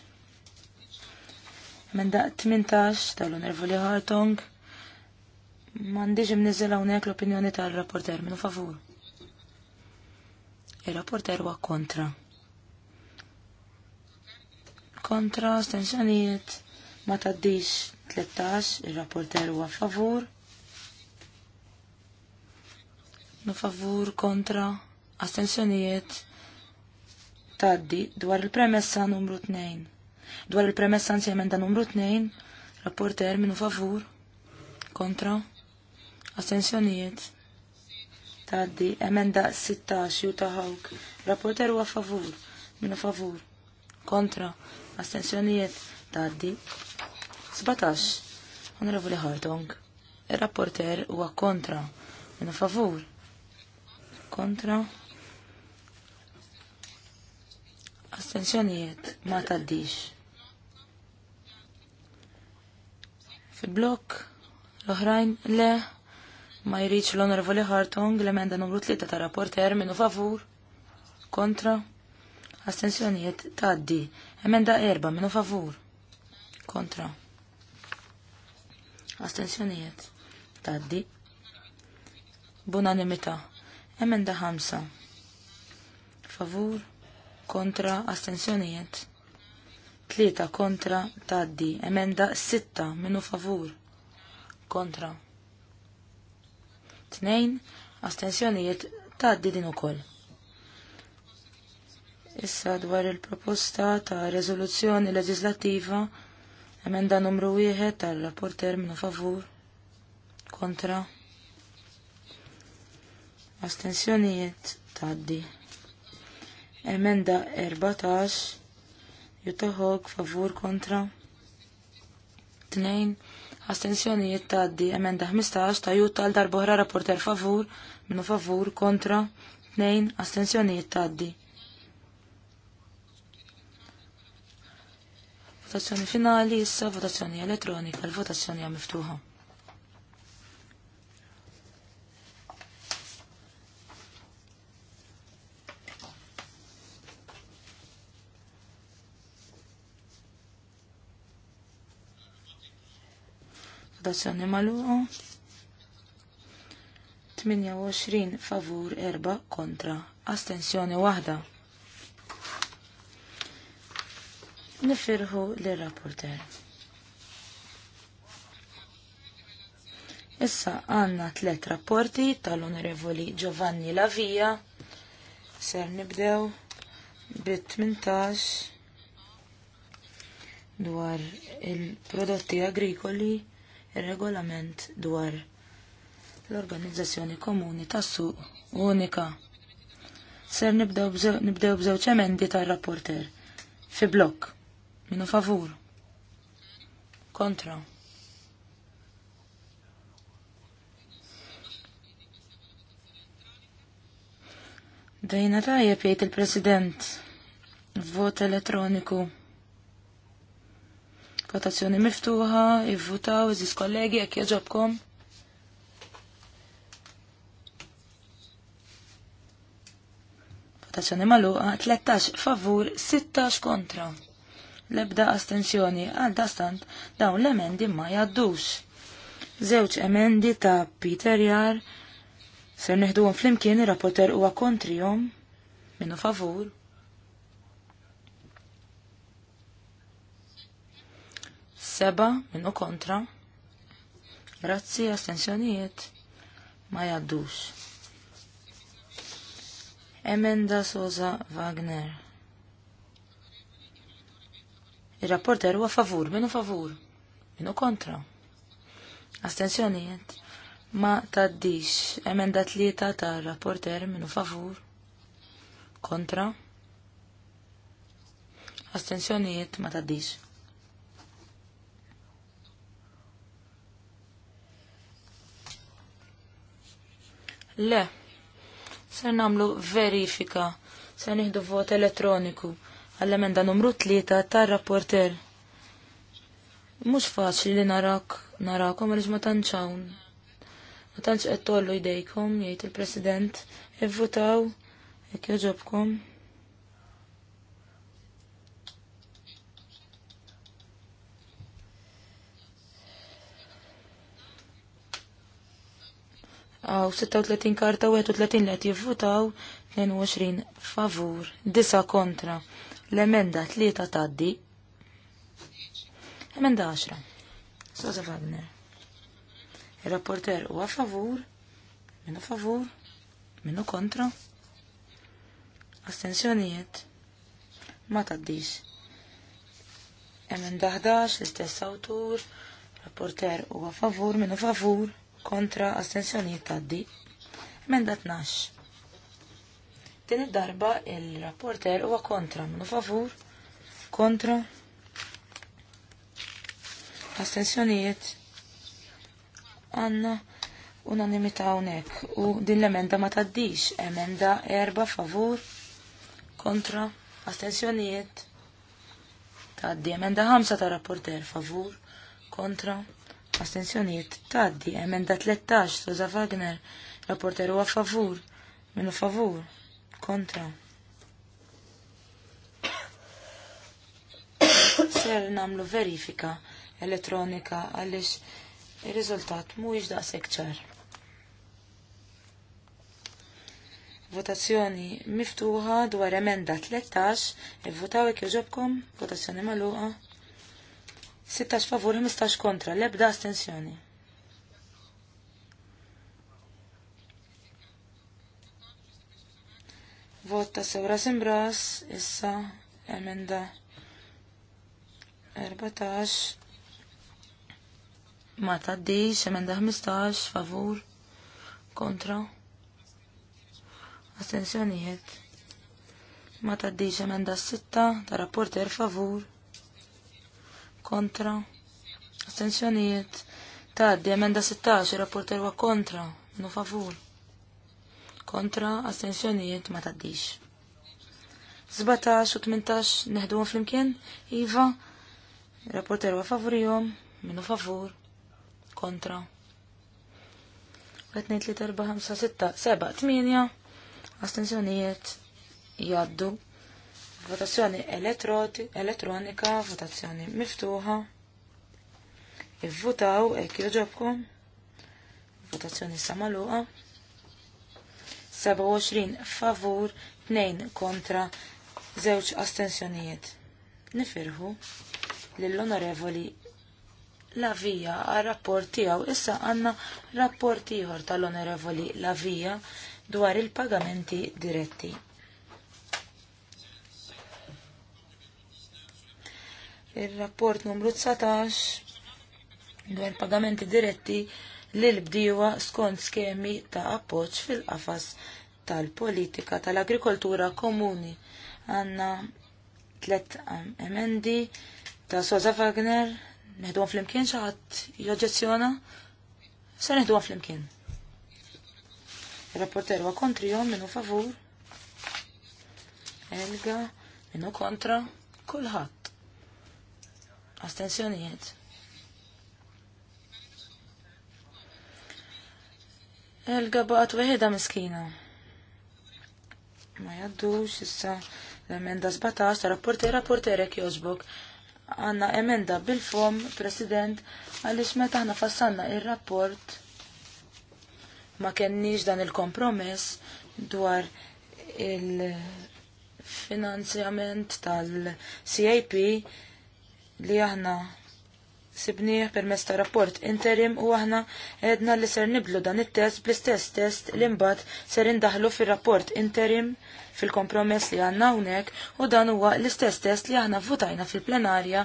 Menda 18 tal li Hartong mandiġ imniżel hawnhekk l-opinjoni tal-rapporter minu favur. Il-rapporter huwa kontra. Kontra astensjoniet ma taddix 13 il-rapporter huwa favur. Nu favur kontra astensjonijiet taddi dwar il-premessa numru 2. Dwar il-premessa anzi emenda numru 2, rapporter minu favur, kontra, astensjonijiet, taddi emenda 16 u hawk, rapporter u favur, minu favur, kontra, astensjonijiet, taddi 17. Onorevoli Hartong, il-rapporter huwa kontra, minu favur, kontra, Astenzjonijiet ma taddix. fi blok l-oħrajn le ma jriċ l-onorevoli Hartong l-emenda numru 3 ta' rapporter minnu favur kontra astenzjonijiet taddi. Emenda erba' minnu favur kontra astenzjonijiet taddi. Bunanimita. Emenda 5 favur kontra astensjonijiet. Tlieta kontra taddi. Emenda sitta minu favur. Kontra. Tnejn astensjonijiet taddi din ukoll. Issa dwar il-proposta ta' rezoluzzjoni leġislativa emenda numru wieħed tal-rapporter minu favur. Kontra. Astensjonijiet taddi. Emenda 14 jutaħog favur kontra 2 astensjonijiet taddi. Emenda 15 ta' juta għal darbohra rapporter favur minu favur kontra 2 astensjonijiet taddi. Votazzjoni finali issa votazzjoni elettronika, l-votazzjoni miftuħa. votazzjoni maluqa. 28 favur 4 kontra. Astensjoni waħda. Nifirħu li rapporter Issa għanna tlet rapporti tal-Onorevoli Giovanni Lavia, Ser nibdew bit 18 dwar il-prodotti agrikoli il regolament dwar l-organizzazzjoni komuni tas-suq unika. Ser nibdew bżewġ emendi tar-rapporter fi blok minu favur kontra. Dejna tajjeb jgħid il-President vot elettroniku Votazzjoni miftuħa, ivvutaw, iżis kollegi, jekk jaġobkom. Votazzjoni maluqa, 13 favur, 16 kontra. Lebda astensjoni għal dastant dawn l-emendi ma jaddux. Zewċ emendi ta' Peter Jar, ser neħduhom flimkien ir-rapporter huwa kontrihom minnu favur. Seba minn u kontra. Grazzi astensjonijiet ma jaddux. Emenda Sosa Wagner. Il-rapporter huwa favur, Minnu favur, minu kontra. Astensjonijiet ma taddix. Emenda tlieta ta' rapporter minu favur, kontra. Astensjonijiet ma taddix. Le. Ser namlu verifika. Ser nieħdu vot elettroniku għall-emenda numru tlieta tar-rapporter. Mhux faċli li narak narakom għaliex ma tanċawn. Ma tantx qed tollu jdejkom jgħid il-President ivvutaw jekk jogħġobkom. għaw 36 karta u 31 let jivvutaw 22 favur, 9 kontra. L-emenda 3 taddi. Emenda 10. Sosa Wagner. Il-rapporter u favur, minu favur, minu kontra. Astensjonijiet ma taddix. Emenda 11, l-istess autur, rapporter u favur, minu favur, kontra astensjonijiet taddi. Emenda 12. Din id-darba il-rapporter huwa kontra minnu favur, kontra astensjonijiet għanna unanimità hawnhekk u din l-emenda ma taddix, emenda erba favur kontra astensjonijiet taddi, emenda ħamsa ta' rapporter favur kontra Astenzjonijiet taddi, emenda 13, Suza Wagner, rapporter huwa favur, minu favur, kontra. Ser namlu verifika elettronika għalix il-rizultat mhuwiex daqshekk ċar. Votazzjoni miftuħa dwar emenda 13, ivvutaw jekk jogħġobkom, votazzjoni magħluqa. 16 favur, 15 kontra, lebda astensjoni. Vota sewra simbras, issa emenda 14, ma taddix, emenda 15, favur, kontra, astensjonijiet. Ma taddix emenda 6, ta' rapporter favur, kontra, astensjonijiet, di emenda 16, rapporter wa kontra, no favur, kontra, astensjonijiet, ma taddix. 17 u 18 neħduhom flimkien, Iva, rapporter wa jom. minu favur, kontra. Għetnejt li terba, 5, 6, 7, 8, astensjonijiet, jaddu, Votazzjoni elettronika, votazzjoni miftuħa. Ivvutaw hekk joġobkom. Votazzjoni samaluqa. 27 favur, 2 kontra, 0 astensjonijiet. Nifirħu l onorevoli Lavija għal rapport tiegħu issa għandna rapport ieħor tal-onorevoli Lavija dwar il-pagamenti diretti. Il-rapport numru 19 dwar pagamenti diretti lill bdiewa skont skemi ta' appoġġ fil-qafas tal-politika tal-agrikoltura komuni. Għanna tlet emendi ta' Soza Wagner, neħdu fl-imkien xaħat joġezzjona, se neħdu fl-imkien. Il-rapporter wa kontri jom minu favur. Elga, minu kontra, kullħat astensjonijiet. Il-gabaqat weħeda miskina. Ma jaddux issa l-emenda 17 rapporti rapporterek jożbok għanna emenda bil-fom, president, għalix meta ħna fassanna il-rapport ma kenniġ dan il-kompromess dwar il-finanzjament tal-CAP li aħna sibnieh permezz mesta rapport interim u aħna edna li ser niblu dan it-test bl-istess test li mbagħad ser indaħlu fir-rapport interim fil-kompromess li għandna hawnhekk u dan huwa l-istess test li aħna votajna fil-plenarja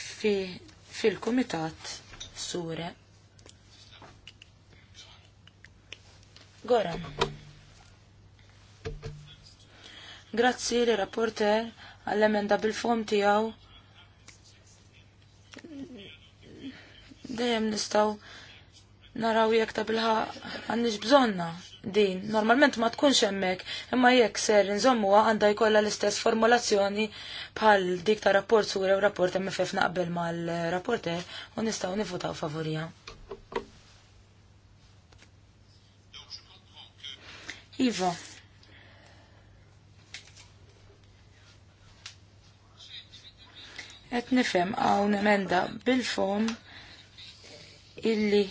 fi fil-kumitat sure. Goran. Grazzi li rapporter għall-emenda bil-fom tiegħu dejjem nistaw naraw jekk ta' bilħa għandix bżonna din. Normalment ma tkunx hemmhekk, imma jekk ser nżommuha għandha jkollha l-istess formulazzjoni bħal dik ta' rapport sur u rapport MFF naqbel mal-rapporter u nistgħu nifutaw favorija. Iva. Et nifhem hawn emenda bil-fom illi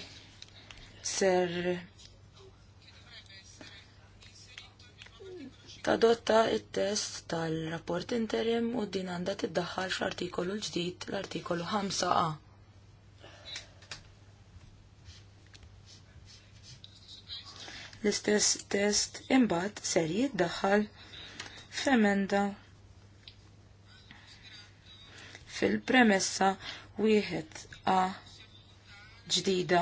ser tadotta il-test tal-rapport interim u din għandha tiddaħħal fl-artikolu l-ġdid l-artikolu 5a. L-istess test imbagħad ser jiddaħħal f'emenda fil-premessa wieħed a ġdida.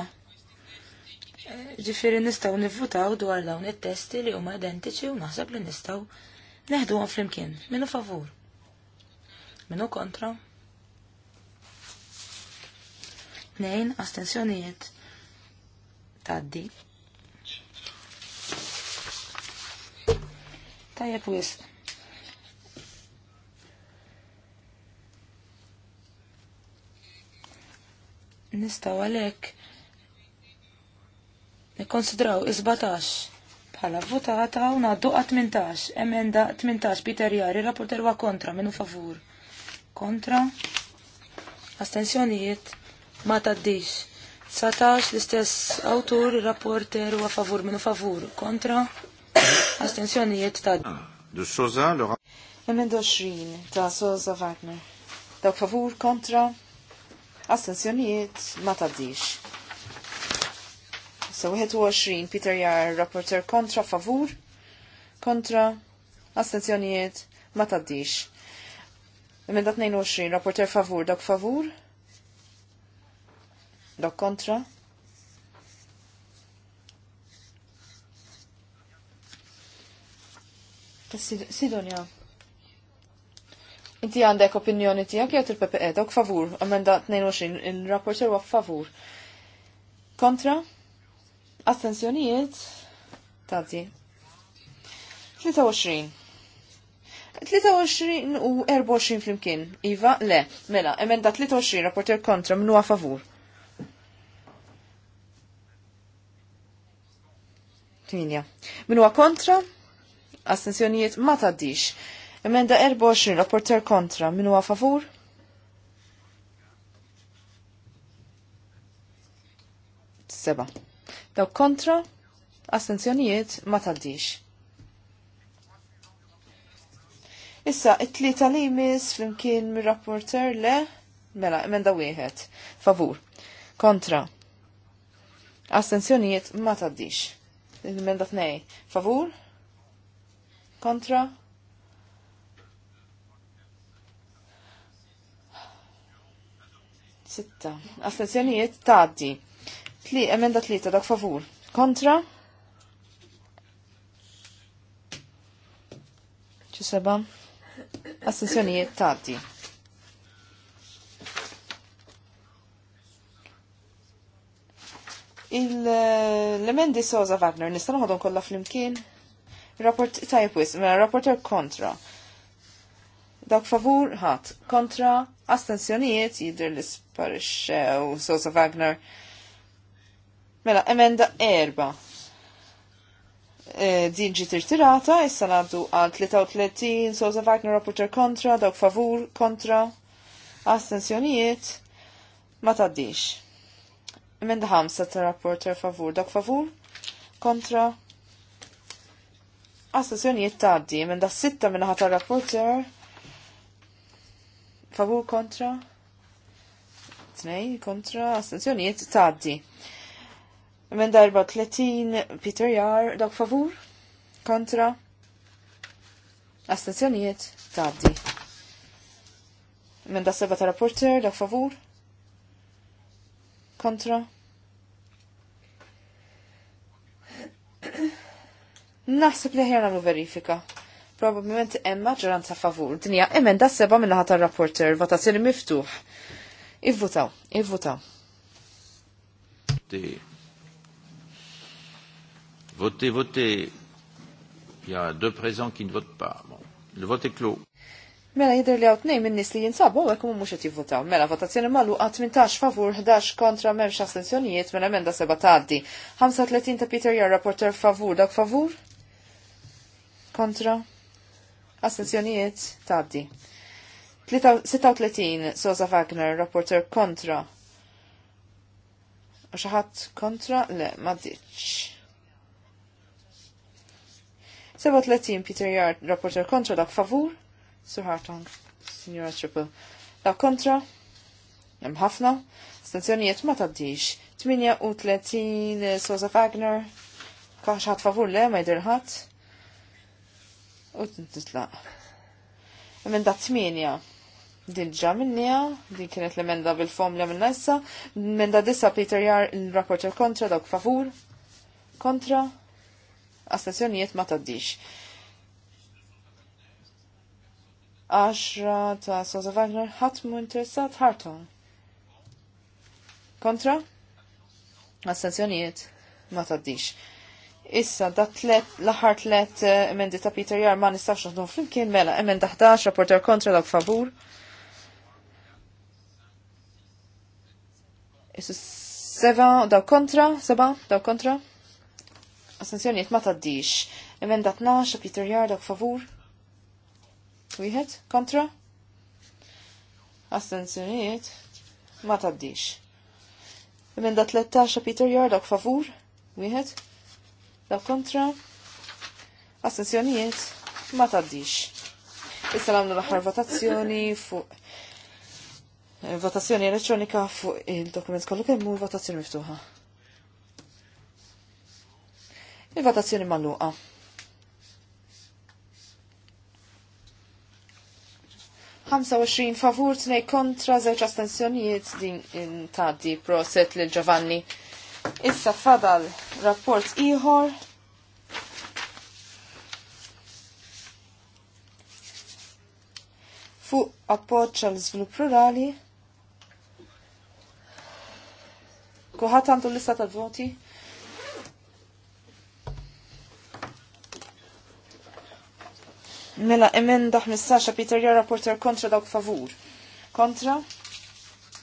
Ġifiri nistaw nivvutaw dwar dawn it-testi li huma identiċi u naħseb li nistaw neħdu għan flimkien. Minu favur? Minu kontra? Nejn astensjonijiet taddi. Tajjeb wisq. Nistaw għalek nikkonsidraw izbatax bħala votata u naddu 18, emenda 18 Peter Jari, rapporter wa kontra, minu favur. Kontra, astensjonijiet, ma taddix. 19 l-istess autur, rapporter wa favur, minu favur. Kontra, astensjonijiet tad. Ah, du Soza, l Emenda 20 ta' Soza Wagner. Dak favur, kontra, Astenzjonijiet ma taddix. So 21 Peter Jar rapporter kontra favur kontra assenzjonijiet, ma taddix. Emenda 22 rapporter favur dok favur dok kontra Sidonia. Inti għandek opinjoni tijak jgħat il-PPE, dawk favur, amenda 22, il-rapporter wa favur. Kontra? Astenzjonijiet? Tadzi. 23. 23 u 24 flimkien. Iva, le, mela, emenda 23, rapporter kontra, mnu a favur. Tminja. Minu kontra, astenzjonijiet ma taddix. Emenda 24, rapporter kontra, min huwa favur? Seba. Daw kontra, astenzjonijiet ma taddix. Issa, it-tlieta li jmiss flimkien mir-rapporter le, mela, emenda wieħed, favur. Kontra, astenzjonijiet ma taddix. Emenda 2, favur? Kontra, Sitta. Astenzjonijiet taddi. Tli, emenda tlita, dak favur. Kontra? ċi seba? Astenzjonijiet taddi. Il-lemendi eh, Soza Wagner, nistan ħodon kolla fl-imkien? Rapport tajpwis, ma rapporter kontra. Dak favur ħadd kontra astensjonijiet jidher li sparixxew Sosa Wagner. Mela, emenda erba. Eh, din ġi tirtirata, issa naddu għal 33, Sosa Wagner rapporter kontra, dak favur kontra, astensjonijiet, ma taddix. Emenda ħamsa ta' rapporter favur, dak favur kontra, astensjonijiet taddi, emenda sitta minna ħata rapporter favur kontra tnej kontra astenzjonijiet taddi. darba 30 Peter Jar dak favur kontra astenzjonijiet taddi. da seba ta' rapporter dak favur kontra Naħseb li ħjana nagħmlu verifika. Probabilment hemm maġġoranza favur. Dinja emenda seba mill-ħat tar-rapporter votazzjoni miftuħ. Ivvutaw, ivvutaw. Votez, Voti, voti. ja do deux ki qui pa. votent pas. Le Mela jidher li għaw tnejn minn-nies li jinsabu għek mu mux jivvotaw. Mela votazzjoni magħluqa 18 favur 11 kontra m'hemmx astensjonijiet minn mela emenda seba' tgħaddi. 35 ta' Peter Jar porter favur dak favur? Kontra? Assenzjonijiet taddi. 36 Sosa Wagner, rapporter kontra. Oċaħat kontra? Le, maddiċ. 37 Peter Yard, rapporter kontra, dak favur. Sir Hartong, Signora Triple. Dak kontra? Nem ħafna. Stazzjonijiet ma taddiċ. 38 Sosa Wagner. Kaxħat favur le, ma jidirħat u t-tislaq. Emenda 8 din ġa minnija, din kienet l-emenda bil-fom li minna issa, emenda dissa Peter Jar il-rapporter kontra, dawk favur, kontra, astazzjonijiet ma taddix. Aċra ta' Sosa Wagner, ħatmu interessat, ħarton. Kontra, astazzjonijiet ma taddix. Issa, da tlet, laħar tlet eh, emendi ta' Peter Jar ma' nistax naħdu flimkien, mela, emenda 11, rapporter kontra dak favur. Issa, seba, dawk kontra, seba, dawk kontra. Assenzjoniet ma taddix. Emenda 12, Peter Jar dak favur. Wieħed, kontra. Assenzjoniet ma taddix. Emenda 13, Peter Jar dak favur. Wieħed, Daw kontra. Astenzjonijiet ma taddix. Issa għamlu l-aħħar votazzjoni fuq votazzjoni elettronika fuq il-dokument kollu kemmu votazzjoni miftuħa. Il-votazzjoni malluqa. Ħamsa 25 favur, tnej kontra, zeċ astensjonijiet din taddi proset lil Giovanni. Issa fadal rapport iħor fuq appoċċa l żvilupp rurali. Kuħat għandu l-lista tal-voti? Mela emenda 15 Peter Jara Porter kontra dawk favur. Kontra?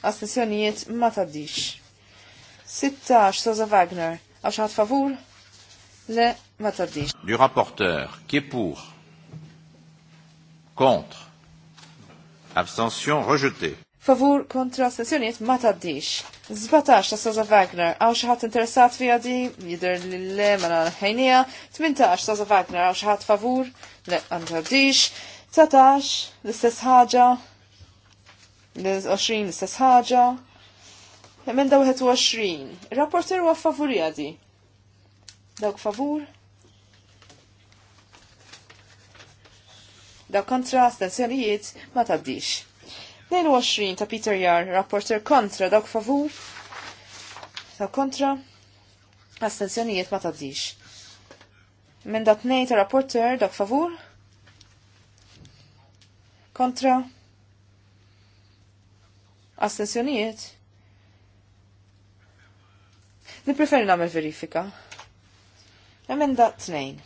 Astensjonijiet ma taddix. 16, Sosa Wagner. Għax ħat favur? Le, ma Du rapporteur, qui est pour? Contre? Abstention rejetée. Favur kontra astensjoniet ma taddix. 17 Sosa Wagner, għaw xaħat interessat fija di, jider li le ma ħajnija. 18 Sosa Wagner, għaw xaħat favur, le ma taddix. 19, l-istess ħaġa, l-20 l-istess ħaġa, Emenda 21. Rapporter huwa favuri għadi. Dawk favur. Daw kontra astensjonijiet ma taddix. 22 ta' Peter Jar, rapporter kontra dawk favur. Daw kontra astensjonijiet ma taddix. Emenda 2 ta' rapporter dawk favur. Kontra astensjonijiet Nipreferi nagħmel verifika. Emenda tnejn.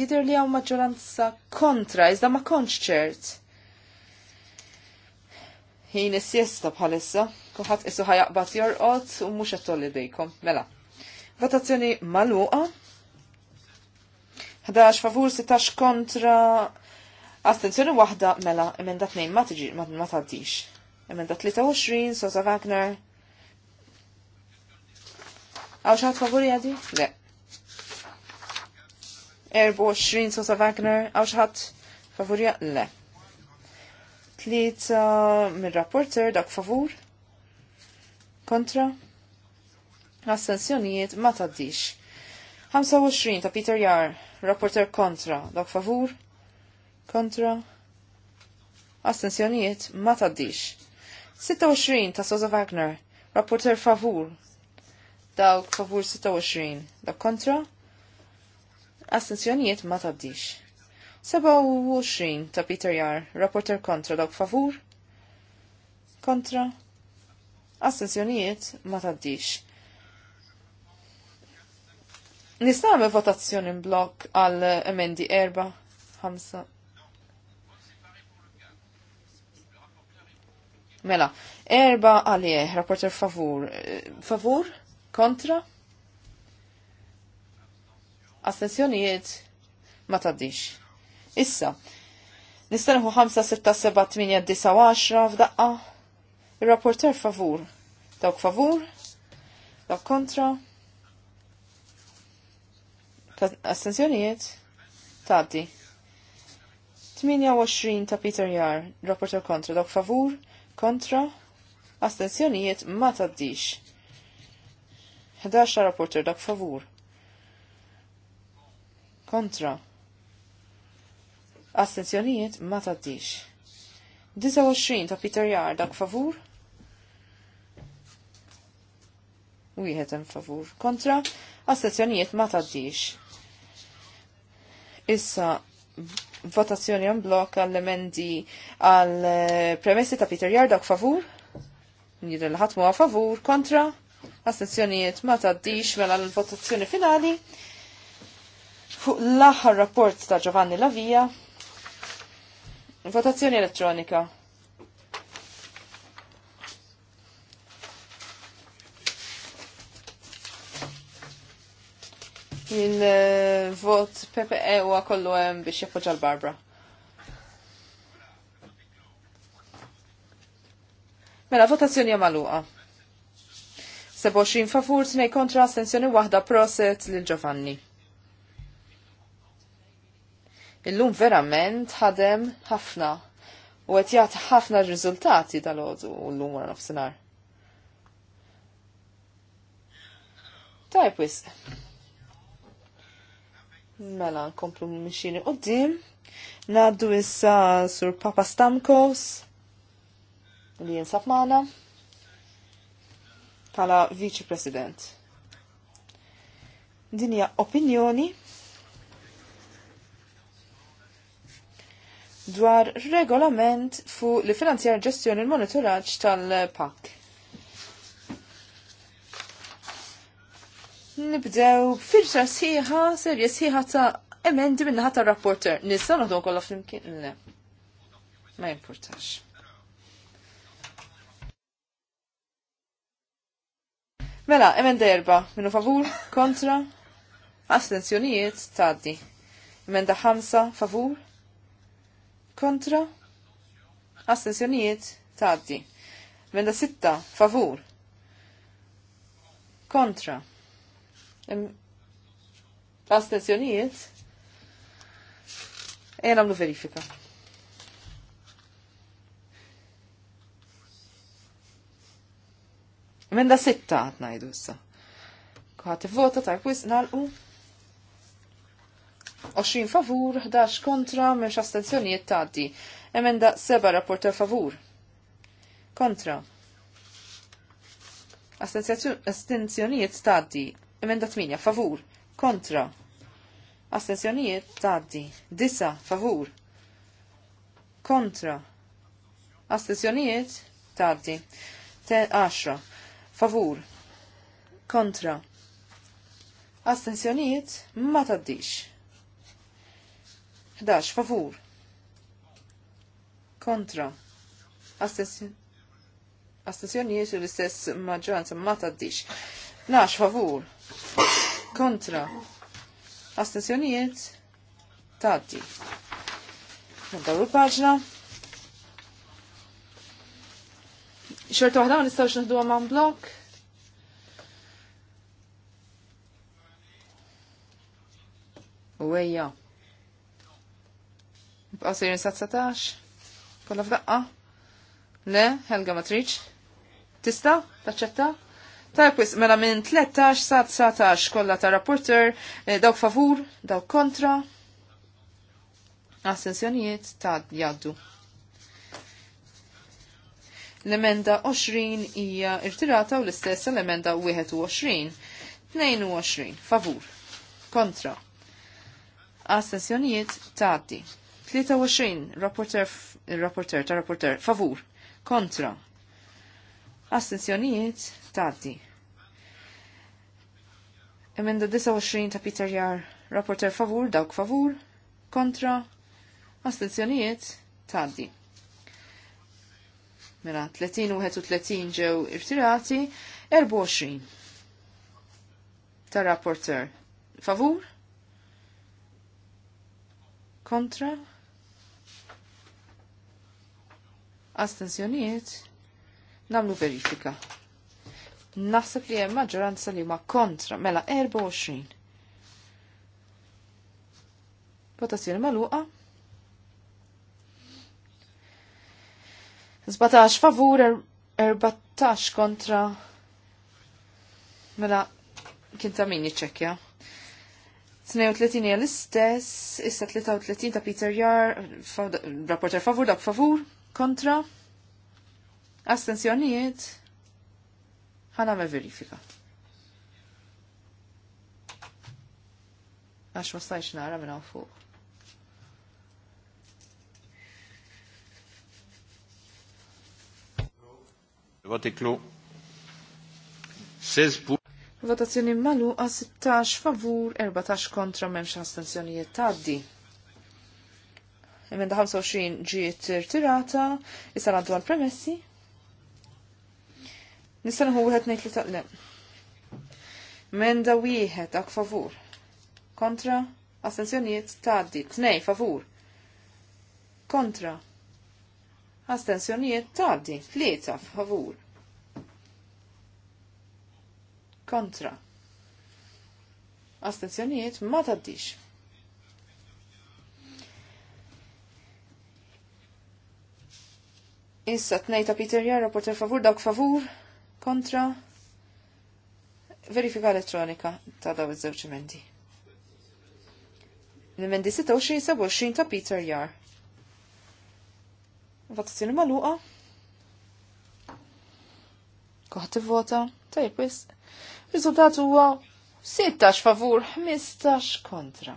Jider li hawn maġġoranza kontra, iżda ma kontx ċert. Jien is-siesta bħalissa, kuħat isu ħajaqbad jorqot u mhux qed tolli dejkom. Mela. Votazzjoni magħluqa. 11 favur, 16 kontra, Astenzjoni waħda mela emenda tnejn ma tiġi ma tgħaddix. Emenda 23 Sosa Wagner Għaw xaħt favori għadi? Le. 24 Sosa Wagner, għaw xaħt favori għadi? Le. Tlieta mir rapporter dak favur? Kontra? Assenzjonijiet ma taddix. 25 ta' Peter Jar, rapporter kontra, dak favur? Kontra? assenzjonijiet ma taddix. 26 ta' Sosa Wagner, rapporter favur, dawk favur 26, dak kontra, astenzjonijiet ma taddix. 27 ta' Peter Jar, rapporter kontra dawk favur, kontra, astenzjonijiet ma taddix. Nistame votazzjoni blok għal emendi erba, 5. Mela, erba għalie, rapporter favur. Eh, favur? kontra, astenzjonijiet ma taddix. Issa, nistanħu 5, 6, 7, 8, 9, 10 f'daqqa, il-rapporter favur, dawk favur, dawk kontra, astenzjonijiet, taddi. 28 ta' Peter Jar, rapporter kontra, dawk favur, kontra, astenzjonijiet ma taddix. 11 rapporter dak favur. Kontra. Astenzjonijiet ma taddix. 29 ta' Peter Jar dak favur. Wieħed hemm favur. Kontra. Astenzjonijiet ma taddix. Issa votazzjoni għan blok għall-emendi għall-premessi ta' Peter Jar dak favur. Nidil ħatmu għa favur. Kontra għas-sezzjonijiet ma taddix mela l-votazzjoni finali fuq l-aħħar rapport ta' Giovanni Lavija. Votazzjoni elettronika. Il-vot PPE u kollu hemm biex jappoġa l-Barbara. Mela votazzjoni għamaluqa. 27 favur, 2 kontra, astensjoni wahda proset lil Giovanni. Illum verament ħadem ħafna u qed jagħti ħafna riżultati tal-ħodu u llum wara nofsinhar. Tajb wisq. Mela nkomplu mixini d-dim. Naddu issa sur Papa Stamkos li jinsab magħna pala Vice President. Dinja opinjoni dwar regolament fu li finanzjar ġestjoni l-monitoraġġ tal pac Nibdew firxa sħiħa, serja sħiħa ta' emendi minna ħata rapporter. Nissa naħdu kollha flimkien? Le. Ma importax. Mela, emenda erba, minu favur, kontra, astenzjonijiet, taddi. Emenda ħamsa, favur, kontra, astenzjonijiet, taddi. Emenda sitta, favur, kontra. Astenzjonijiet, e namlu verifika. Emenda sitta għat najdu issa. Kħati vota ta' kwis nalqu. 20 favur, 11 kontra, menx astenzjonijiet jittaddi. Emenda seba' rapporter favur. Kontra. Astenzjonijiet taddi. Emenda 8 favur. Kontra. Astenzjonijiet taddi. Disa favur. Kontra. Astenzjonijiet taddi. 10 favur, kontra, Astensjoniet ma taddix. 11 favur, kontra, Astensjoniet u l-istess maġġoranza ma taddix. 12 favur, kontra, Astensjoniet taddi. Naddaw il-paġna. Xorta waħda ma nistgħux naħduha man blok. Uwejja. Nibqa' sejrin sa tsatax. f'daqqa. Le, Helga Matriċ. Tista' taċċetta? Tajb kwis, mela minn 13 sa 19 kollha ta' rapporter eh, dawk favur, dawk kontra. Assenzjonijiet ta' jaddu. L-emenda 20 hija irtirata u l-istess l-emenda 21. 22 favur kontra. Astensjonijiet tati. 23 rapporter, rapporter ta' rapporter favur kontra. Astensjonijiet tati. Emenda 29 ta' Peter Jar rapporter favur dawk favur kontra. Astenzjonijiet tati. Mela, 30 31 ġew irtirati, 24 ta' rapporter. Favur? Kontra? Astenzjoniet? Namlu verifika. Naħseb li hemm maġġoranza li huma kontra, mela 24. Votazzjoni maluqa? Zbatax favur, 14 er, kontra. Mela, kien ta' min jiċċekkja. 32 hija l-istess, issa 33 ta' Peter Jar, rapporter favur, dak favur, kontra. Astenzjonijiet. Ħana me verifika. Għax ma stajx nara minn fuq. Vot iklu. 16 pour. Votazzjoni maluqa 16 favur, 14 kontra memx astensjonijiet taddi. Emenda 25 ġiet tirata, issa għaddu għal premessi. Nista nħu wieħed ngħid li taqlem. Emenda wieħed ak favur. Kontra astensjonijiet taddi, tnej favur. Kontra astensjonijiet tardi, tlieta favur. Kontra. Astenzjonijiet ma taddix. Issa tnejta Peter Jar, rapporter favur, dawk favur, kontra, verifika elettronika ta' daw iż-żewġ emendi. L-emendi 26 ta' Peter Jar. Votazzjoni maluqa. Koħat vota tajb wis. Riżultat huwa 16 favur, 15 kontra.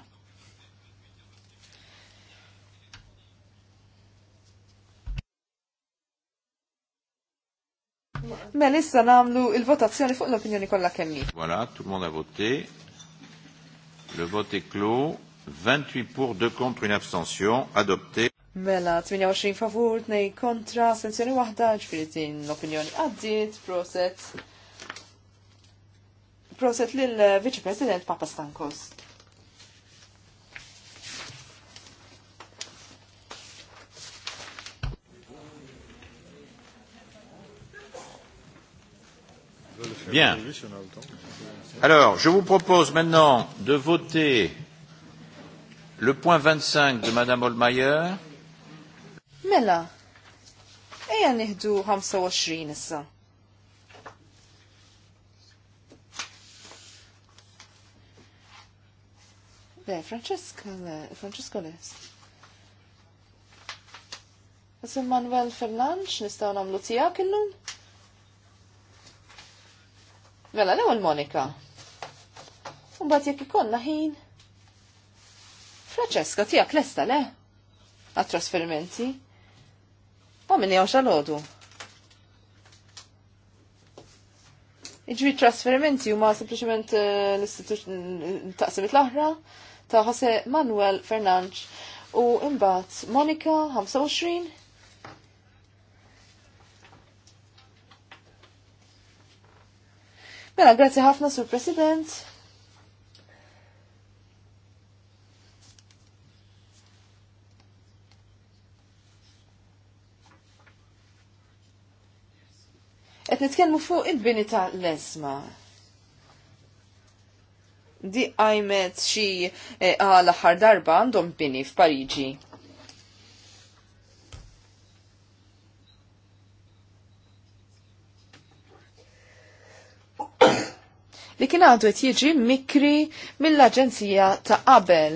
Mela issa namlu il-votazzjoni fuq l-opinjoni kollha kemmi. Voilà, tout le monde a voté. Le vote est clos. 28 pour, 2 contre, une abstention. Adopté. Mela, 28 favur, 2 kontra, sensjoni wahda, ġfiritin l-opinjoni għaddit, proset. Proset lill-Viċi eh, President Papa Stankos. Bien. Alors, je vous propose maintenant de voter le point 25 de Madame Holmeyer. Mela, eja nieħdu 25 issa. Le, Francesca, le, Francesco les. Isim Manuel Ferlanċ, nistaw namlu tijak illum? Mela, l-ewel Monika. Umbat jek ikonna ħin. Francesca, tijak lesta, le? Għat trasferimenti. U minni għaw xalodu. Iġvi trasferimenti huma sempliciment eh, l-istitut taqsimit l-oħra ta' Jose Manuel Fernandes u imbat Monika 25 Mela, grazie ħafna sur President. qed nitkellmu fuq il-bini ta' l-ezma. Di għajmet xi eh, għal aħħar darba għandhom bini f'Pariġi. li kien għadu qed jiġi mikri mill-Aġenzija ta' qabel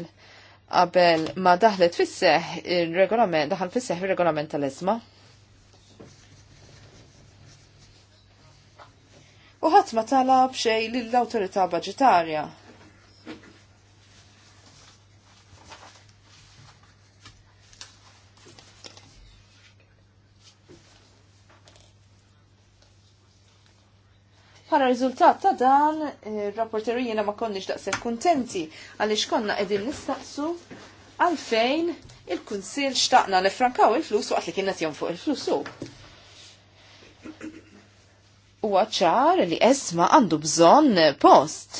Abel ma daħlet fisseħ il-regolament daħal fisseħ il ir regolament tal-eżma. u ħadd ma talab xej lill-awtorità budġetarja. Para riżultat ta' dan, rapporterijina ma konniex daqshekk kuntenti għaliex konna qegħdin nistaqsu għalfejn il-kunsil xtaqna nefrankaw il-flus waqt li kienet jom fuq il-flus u ċar li esma għandu bżon post.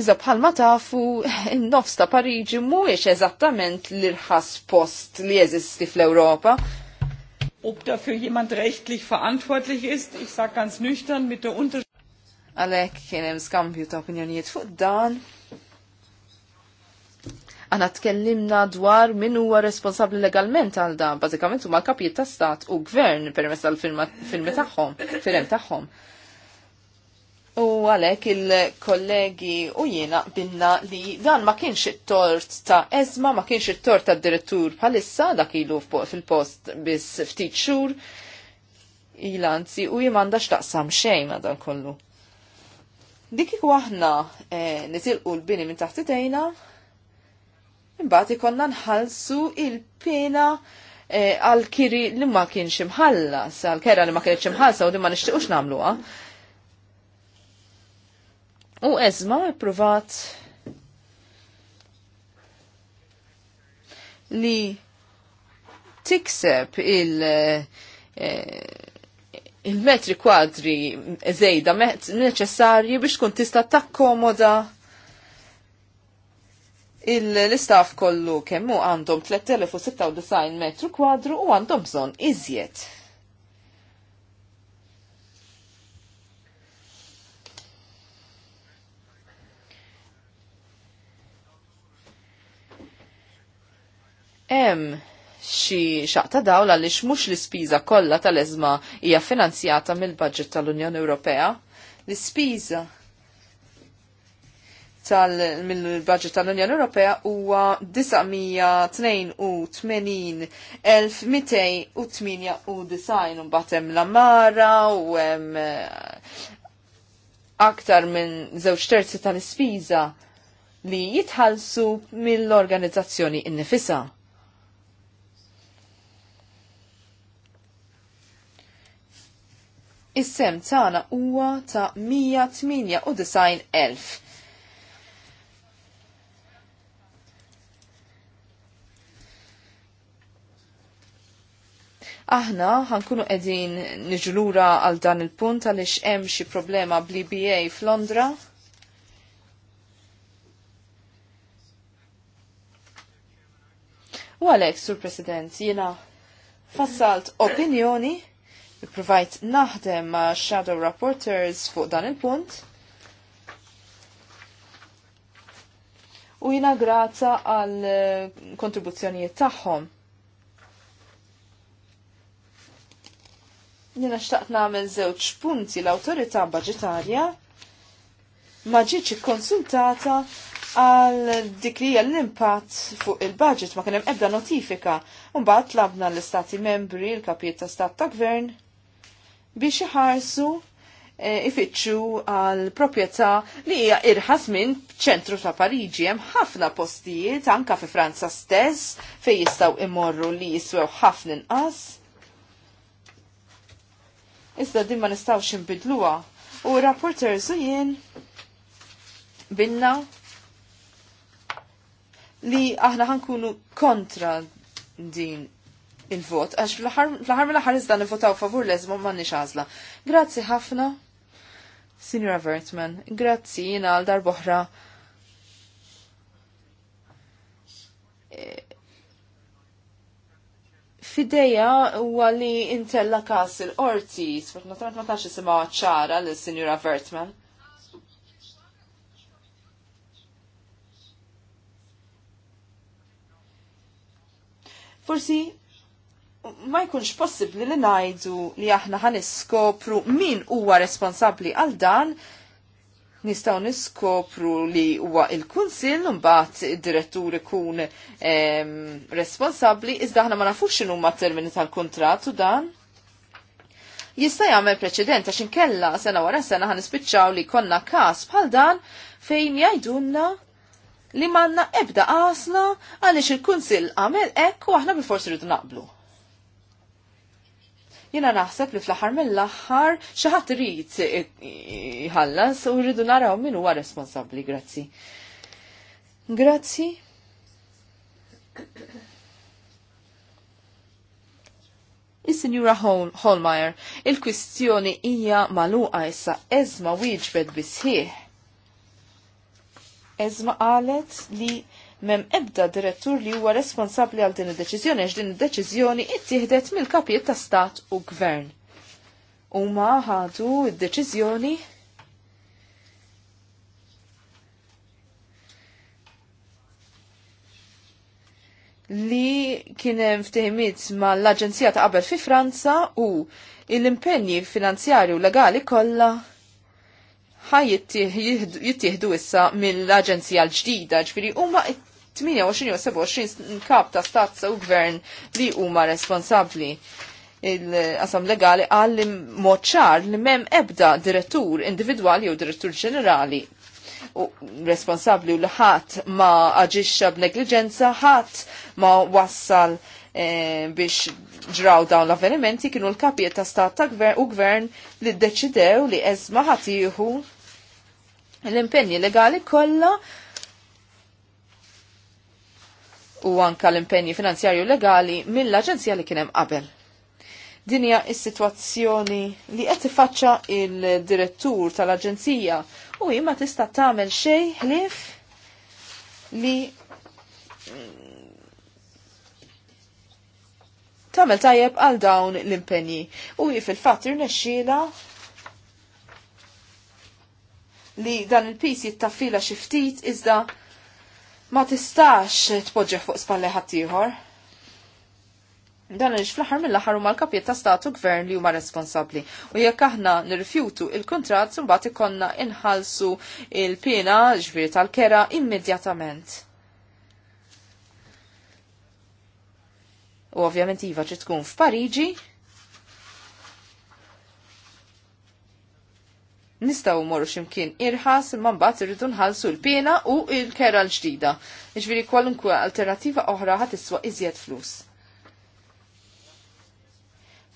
Iza bħalma tafu il nofs ta' Parigi mu jiex eżattament l-irħas post li jeżisti fl europa Ob dafür jemand rechtlich verantwortlich ist, ich sag ganz nüchtern mit der Unterschied. Għalek kienem skambju ta' opinjoniet fuq dan Għana tkellimna dwar min huwa responsabli legalment għal dan, bażikament huma kapji ta' stat u gvern permezz tal-filmi tagħhom, film tagħhom. U għalek il-kollegi u jiena binna li dan ma kienx it-tort ta' ezma, ma kienx it-tort ta' direttur bħalissa dak ilu fil-post biss ftit xhur ilanzi u jimanda xtaqsam xejn dan kollu. Dik kiku aħna e, nitilqu l-bini minn taħt idejna, imbagħad ikollna nħallsu il-pena eh, għal kiri li ma kienx imħallas, għal kera li ma kienx imħallsa u li ma nixtiequx nagħmluha. U eżma ippruvat li tikseb il- eh, il-metri kwadri zejda neċessarji biex kun tista takkomoda Il-istaff kollu kemmu għandhom 3096 metru kwadru u għandhom bżon iżjed. Em, xi xaqta dawla li mhux l-ispiża kollha tal-eżma hija finanzjata mill-budget tal-Unjoni Ewropea. L-ispiża tal mill-budget tal-Unjoni Ewropea huwa 982,298 batem l mara u hemm eh, aktar minn żewġ terzi tal-ispiża li jitħallsu mill-organizzazzjoni innifisa. Is-sem tagħna huwa ta' 198,000 aħna ħankunu edin niġlura għal dan il-punt għalix hemm xi problema bl-IBA f'Londra. U għalek, Sur President, jena fassalt opinjoni, provajt naħdem ma' Shadow Rapporters fuq dan il-punt. U jina grazza għal kontribuzzjonijiet tagħhom. Jena xtaqt namen żewġ punti l autorita budgetarja ma ġietx konsultata għal dik li l-impatt fuq il-budget ma kien hemm ebda notifika u mbagħad labna l-istati membri l-kapijiet ta' stat ta' gvern biex iħarsu e, ifittxu għal proprjetà li hija irħas minn ċentru ta' Pariġi hemm ħafna postijiet anka fi Franza stess fejn jistgħu imorru li jiswew ħafna inqas Iżda din ma nistawx inbidluha. U rapporter jien binna li aħna ħankunu kontra din il-vot, għax fl-ħar mill-ħar iżda nivotaw favur leżmu ma nix għazla. Grazzi ħafna, Signora Vertman, grazzi jina għal darboħra fideja huwa li intella kas il-qorti, sfortunatament ma tax isimgħu ċara l sinjura Vertman. Forsi ma jkunx possibbli li ngħidu li aħna ħaniskopru min huwa responsabbli għal dan nistaw niskopru li huwa il-kunsil mbagħad id-direttur ikun responsabbli iżda aħna ma nafux x'inhu ma termini tal-kuntratt u dan. Jista' jagħmel preċedent għax inkella sena wara sena ħan nispiċċaw li konna każ bħal dan fejn jgħidulna li manna ebda qasna għaliex il-kunsil għamel hekk u aħna bil-forsi rridu naqblu jina naħseb li fl-aħħar mill-aħħar xi ħadd irid jħallas u rridu naraw min huwa responsabbli. Grazzi. Grazzi. Is-Sinjura Holmeyer, il-kwistjoni hija maluqa issa eżma wieġbet bisħieħ. Eżma qalet li mem ebda direttur li huwa responsabli għal din id-deċiżjoni għax din id-deċiżjoni ittieħdet mill-kapijiet ta' stat u gvern. Huma ħadu id-deċiżjoni li kienem ftehimiet ma l-Aġenzija ta' qabel fi Franza u l-impenji finanzjarju legali kollha ħaj jittieħdu issa mill-Aġenzija l-ġdida, ġifieri huma 28 u 27 kap ta' stat u gvern li huma responsabbli il-qasam legali għal moċar li mem ebda direttur individuali u direttur ġenerali u responsabli u li ħadd ma aġixxa b'negliġenza, ħadd ma wassal e, biex ġraw dawn l-avvenimenti kienu l kapijiet ta' stat ta' gvern u gvern li ddeċidew li eżma ħatiħu l-impenji legali kollha u anka l-impenji finanzjarju legali mill-aġenzija li kienem qabel. Dinja is-sitwazzjoni li qed faċċa il-direttur tal-aġenzija u imma tista' tagħmel xejn ħlief li tagħmel tajjeb għal dawn l-impenji u fil-fatt irnexxiela li dan il-pis jittaffila xi ftit iżda ma tistax tpoġġa fuq spalle ħaddieħor. Dan ix fl-aħħar mill-aħħar huma l-kapjet ta' statu gvern li huma responsabbli. U jekk aħna nirrifjutu il-kuntratt imbagħad ikonna inħalsu il-pina ġbir tal-kera immedjatament. U ovvjament iva ġi tkun f'Pariġi, nistaw morru ximkien irħas imma mbagħad irridu nħallsu l-pena u l-kera l-ġdida. Jiġifieri kwalunkwe alternativa oħra ħat iswa iżjed flus.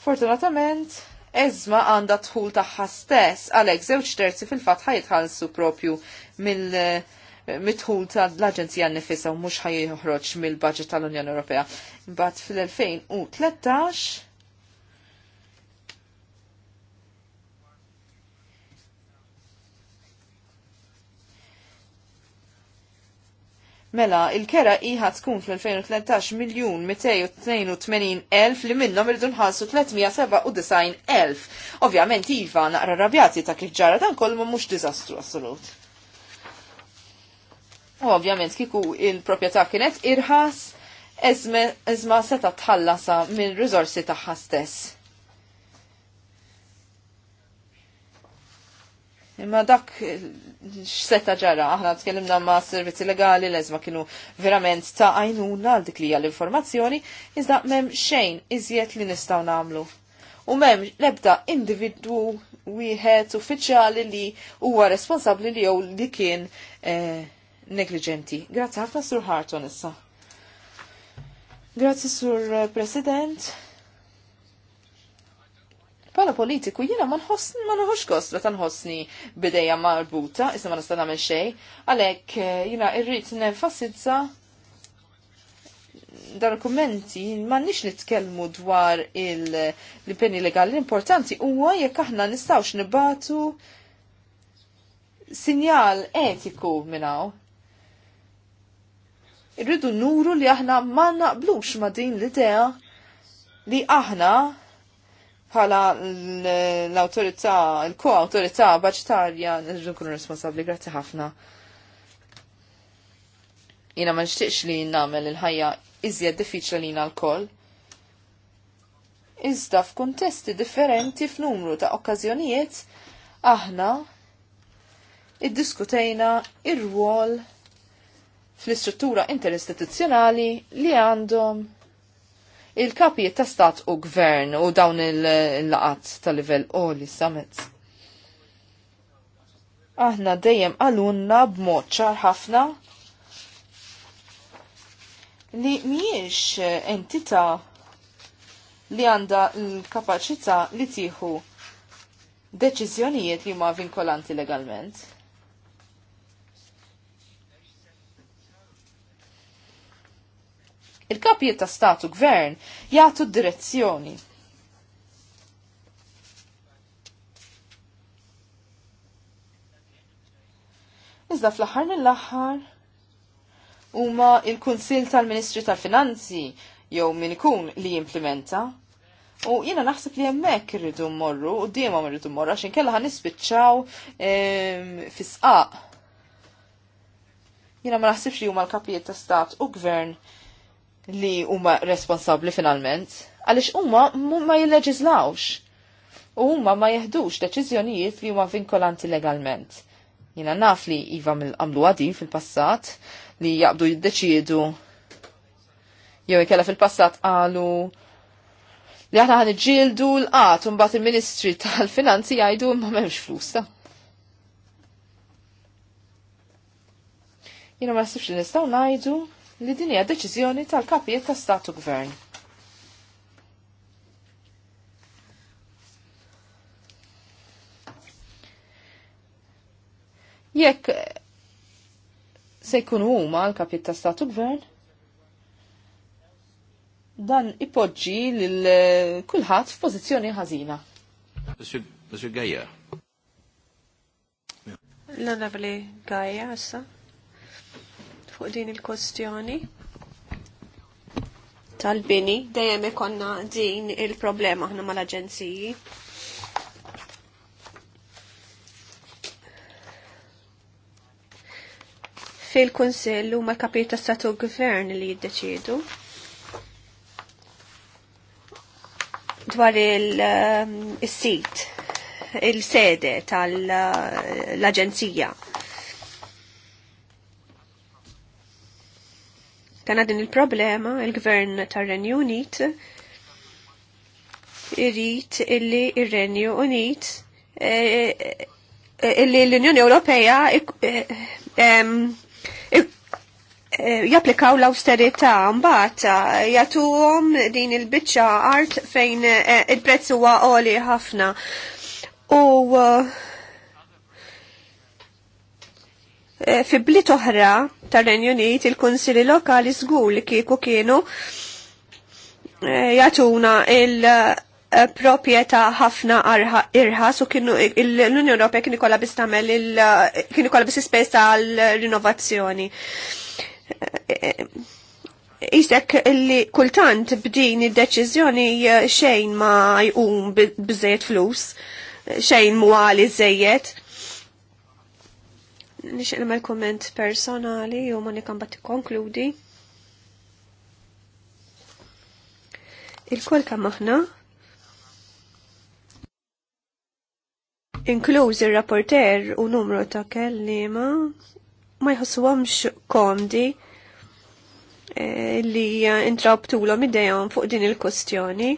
Fortunatament, ezma għandha tħul tagħha stess għalek żewġ terzi fil-fatt ħajtħallsu propju mill- eh, mitħul ta' l-Aġenzija nifisa u mhux ħajjoħroġ mill-budget tal-Unjoni Ewropea. Imbagħad fil-2013 Mela, il-kera iħat tkun fl-2013 miljon 282.000 li minnom irridu nħassu 397.000. Ovvjament, iva naqra rabjati ta' kif ġara dan kollu mux dizastru assolut. U ovvjament kiku il-propieta kienet irħas ezma seta tħallasa minn rizorsi taħħa stess. Imma dak x'seta ġara, aħna tkellimna ma' servizzi legali leżma kienu verament ta' għajnuna għal dik li l-informazzjoni, iżda m'hemm xejn iżjed li nistgħu nagħmlu. U mem l-ebda individwu wieħed uffiċjali li huwa responsabbli li jew li kien eh, negligenti. Grazzi ħafna Sur Harton issa. Grazzi Sur President Pala politiku jiena ma nħossni ma nħoss kostra ta' nħossni bidejja marbuta, issa ma nista' nagħmel xejn, għalhekk eh, jiena irrit nenfasizza dar kummenti ma nix nitkellmu dwar il-peni legali l-importanti huwa jekk aħna nistgħux nibatu sinjal etiku minnaw. Irridu nuru li aħna ma naqblux ma din l-idea li aħna bħala l-autorità, l-ko-autorità baċtarja nkunu responsabbli. Grazzi ħafna. Jiena ma nxtiqx li nagħmel il-ħajja iżjed diffiċli lina l-koll. Iżda f'kuntesti differenti f'numru ta' okkażjonijiet aħna iddiskutejna ir-rwol fl-istruttura interistituzzjonali li għandhom il-kapijiet ta' stat u gvern u dawn il-laqat tal livell oli summits. Aħna dejjem għalunna b'mod ċar ħafna li miex entita li għanda l kapacita li tieħu deċiżjonijiet li huma vinkolanti legalment. Il-kapijiet ta' statu gvern jagħtu direzzjoni. Iżda fl-aħħar mill-aħħar huma il-Kunsill tal-Ministri tal-Finanzi jew min ikun li jimplementa. U jiena naħseb li hemmhekk irridu mmorru u diemhom irridu mmorru għax inkella ħanispiċċaw ehm, fis-sqaq. Jiena ma naħsibx li huma l-kapijiet ta' stat u gvern li huma responsabli finalment, għaliex huma ma jilleġislawx. U huma ma jeħdux deċiżjonijiet li huma vinkolanti legalment. Jina naf li iva mill-għamlu għadin fil-passat li jaqbdu jiddeċidu jew ikella fil-passat għalu li aħna għan iġildu l għat un il-Ministri tal-Finanzi jgħidu ma memx flusta. jina ma nasibx li nistaw najdu li din hija deċiżjoni tal-kapijiet ta' statu gvern. Jekk se jkunu huma l-kapijiet ta' statu gvern, dan ipoġġi lil kulħadd f'pożizzjoni ħażina. Monsieur Gaia. L-Onorevoli Gaia, issa fuq din il-kwestjoni tal-bini dejjem ikonna din il-problema aħna mal-aġenziji. Fil-Kunsill huma l-Kapit ta' Statu Gvern li jiddeċiedu dwar il-sit, um, il-sede tal-Aġenzija. Uh, Tana din il-problema, il-gvern tar-Renju Unit irrit illi il renju Unit eh, eh, illi l-Unjoni Ewropea eh, japplikaw l-austerità mbagħad jagħtuhom din il-biċċa art fejn il-prezz huwa għoli ħafna. U uh, Eh, fi blit oħra tar-Renju Unit il konsili Lokali żgur li kieku kienu eh, jagħtuna il-propieta ħafna irħas u kienu l-Unjoni Ewropea kien ikolla biss tagħmel kien ikolla biss ispejs tal-rinnovazzjoni. Eh, isek li kultant b'din id-deċiżjoni xejn ma jqum biżejjed flus, xejn mu għali żejjed nixtieq nagħmel komment personali u nikam bat tikkonkludi. Il-kol kam aħna inkluż il rapporter u numru ta' kellima ma jħossuhomx komdi eh, li intrabtulhom idejhom fuq din il-kwestjoni.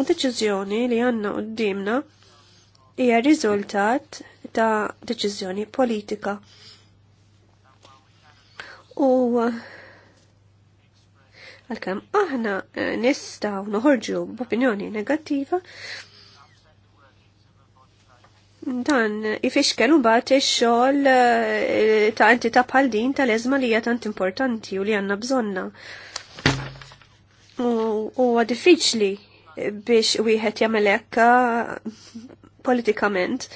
U deċiżjoni li għandna dimna hija riżultat ta' deċiżjoni politika. U għalkemm aħna eh, nistgħu noħorġu b'opinjoni negattiva, dan ifixkel mbagħad ix-xogħol eh, ta' entità bħal din tal-eżma li hija tant importanti u li għandna bżonna. U huwa diffiċli biex wieħed jagħmel hekk politikament.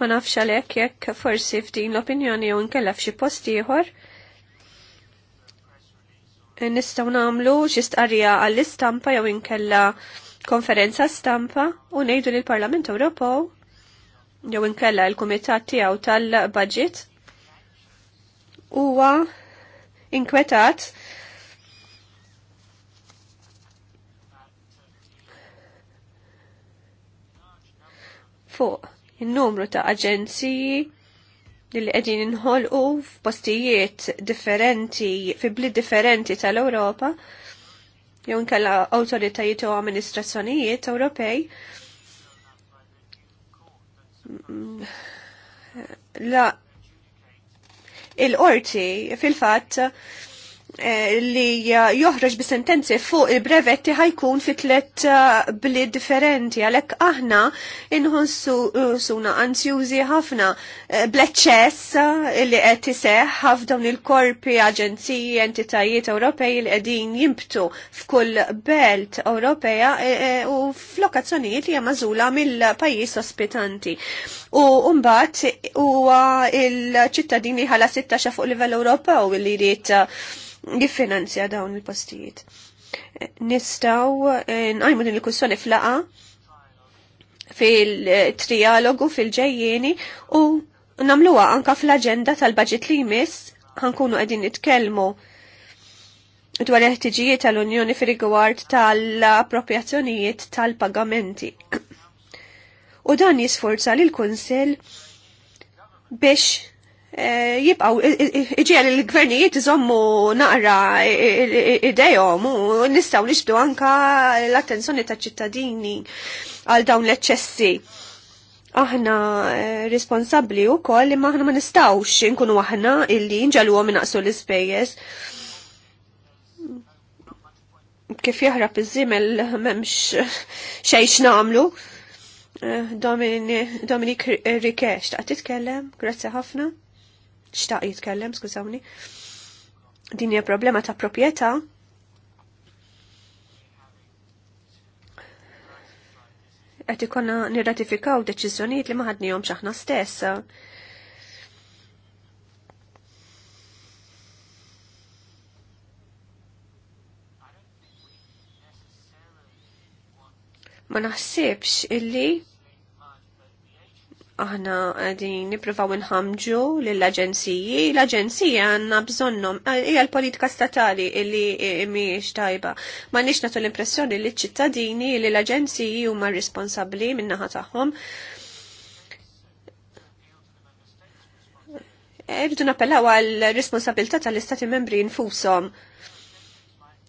Ma nafx għalhekk jekk forsi f'din l-opinjoni jew nkella f'xi post ieħor nistgħu nagħmlu xi stqarrija għall-istampa jew inkella konferenza stampa u ngħidu lill parlament Ewropew jew inkella l-kumitat tiegħu tal-budget huwa inkwetat fuq il-numru ta' aġenziji li qegħdin inħolqu f'postijiet differenti, fi blid differenti tal-Ewropa, jew kalla awtoritajiet u amministrazzjonijiet Ewropej. La il-qorti fil-fatt Eh, li eh, joħroġ bi sentenzi fuq il-brevetti ħajkun fi tlet eh, bli differenti, għalek aħna inħonsu suna ansjużi ħafna bleċċess li qed iseħ ħaf dawn il-korpi, aġenziji, entitajiet Ewropej li qegħdin jimbtu f'kull belt Ewropeja u f'lokazzjonijiet li hija mażula mill-pajjiż ospitanti. U mbagħad huwa il-ċittadini ħala sittaxa fuq livell Ewropew li jrid jiffinanzja dawn il-postijiet. Nistaw eh, nqajmu din il-kussjoni flaqa fil-trialogu fil-ġejjeni u namluwa anka fl-agenda tal-budget li jmiss ħankunu għedin nitkellmu dwar il-ħtiġijiet tal-Unjoni fir-rigward tal-appropjazzjonijiet tal-pagamenti. U dan jisforza lil kunsel biex Eh, jibqaw iġiel il-gvernijiet iżommu naqra idejhom u nistgħu nixbdu anka l-attenzjoni ta' ċittadini għal dawn l-eċċessi. Aħna eh, responsabbli wkoll imma aħna ma nistgħux inkunu aħna illi għom naqsu l-ispejjeż kif jahrab iż-żimel m'hemmx xejx x'namlu. Eh, Dominik Rikesh, ta' titkellem, grazzi ħafna xtaq jitkellem, skużawni. Din hija problema ta' proprjetà. Qed ikonna nirratifikaw deċiżjonijiet li ma ħadnihom x'aħna stess. Ma naħsibx illi aħna għedin niprofaw nħamġu l-aġenziji. L-aġenzija għanna bżonnom, hija l-politika statali illi miex tajba. Ma nix natu l-impressjoni li ċittadini li l-aġenziji huma responsabli minnaħa tagħhom. Irridu nappellaw għal responsabilità tal-istati membri nfusom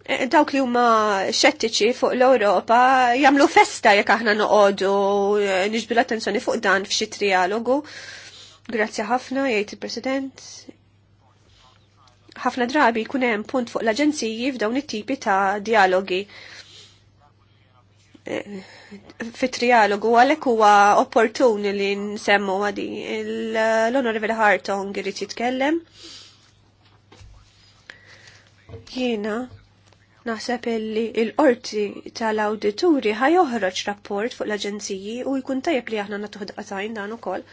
dawk li huma xettiċi fuq l-Ewropa jagħmlu festa jekk aħna noqogħdu eh, niġbu l-attenzjoni fuq dan f'xi trialogu. Grazzi ħafna, jgħid il-President. Ħafna drabi jkun hemm punt fuq l-aġenziji f'dawn it-tipi ta' dialogi. Eh, Fit trialogu għalhekk huwa opportun li nsemmu għadi l-Honorable Hartong irid jitkellem. Jiena Naħseb illi il-qorti tal-awdituri joħroġ rapport fuq l-aġenziji u jkun tajjeb li aħna natuħd qatajn dan ukoll.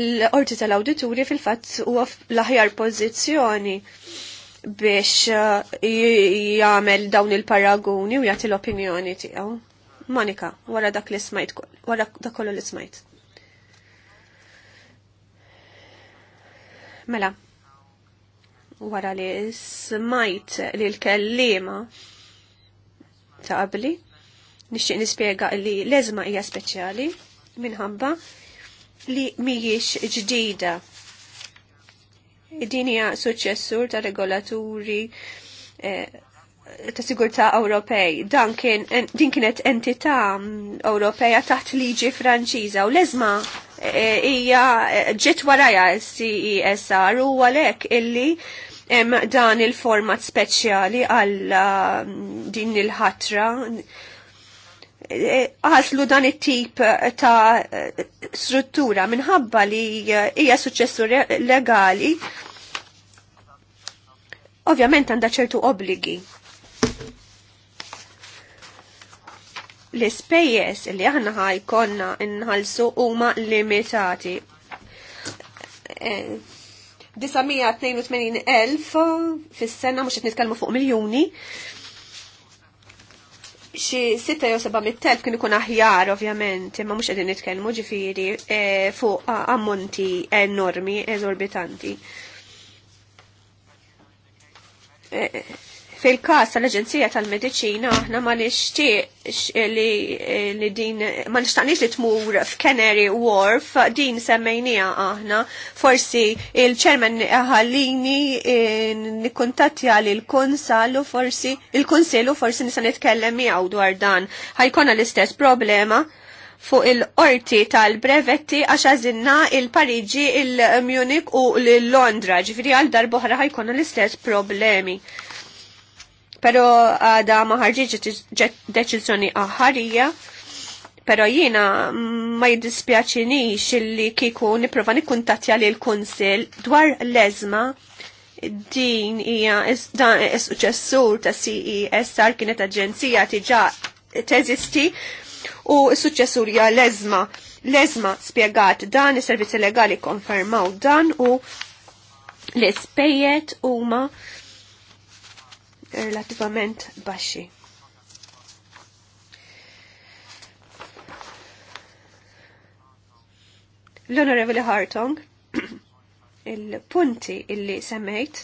L-qorti tal auditori fil-fatt huwa l-aħjar pożizzjoni biex uh, jagħmel dawn il-paragoni u jagħti l-opinjoni tiegħu. Monika, wara dak li smajt, wara dak kollu li smajt. Mela, wara li smajt li l-kellima ta' qabli, nixtieq nispjega li l ezma hija speċjali minħabba li mhijiex ġdida. Din hija suċċessur ta' regolaturi eh, ta' sigurtà Ewropej. Dan kien din kienet entità mm, Ewropea taħt liġi Franċiża u l-eżma eh, hija eh, ġiet s CESR u għalhekk illi hemm dan il-format speċjali għal um, din il-ħatra e, Għaslu dan it-tip ta' struttura minħabba li uh, hija suċessu legali ovvjament għandha ċertu obbligi. L-ispejjeż li aħna ħajkonna inħalsu huma limitati. E, 982.000 fis-sena mhux qed nitkellmu fuq miljuni. Xi 6 jew mit-telf kienu ikun aħjar ovvjament, imma mhux qegħdin nitkellmu ġifieri e, fuq ammonti enormi eżorbitanti. E, Fil-kas tal-Aġenzija tal-Mediċina aħna ma nixtieqx li, li din ma nixtaqniex li tmur f'Canary Wharf din semmejnija aħna forsi il-ċermen ħallini eh, nikkuntattja lil konsalu forsi il u forsi nisa nitkellem miegħu dwar dan. Ħajkonna l-istess problema fuq il-qorti tal-brevetti għax għazinna il-Pariġi, il-Munich u l-Londra, ġifri għal darbohra ħajkonna l-istess problemi pero għada ah, maħarġiġ deċizjoni aħarija, pero jina ma jidispjaċinix li kiku niprofa nikkuntatja li l konsil dwar l-ezma din hija dan is-suċessur ta' CESR kienet aġenzija tiġa teżisti u s-suċessur hija l-ezma. L-ezma spjegat dan is-servizzi legali konfermaw dan u l-ispejjet huma ma relativament baxxi. L-Onorevoli Hartong, il-punti illi semmejt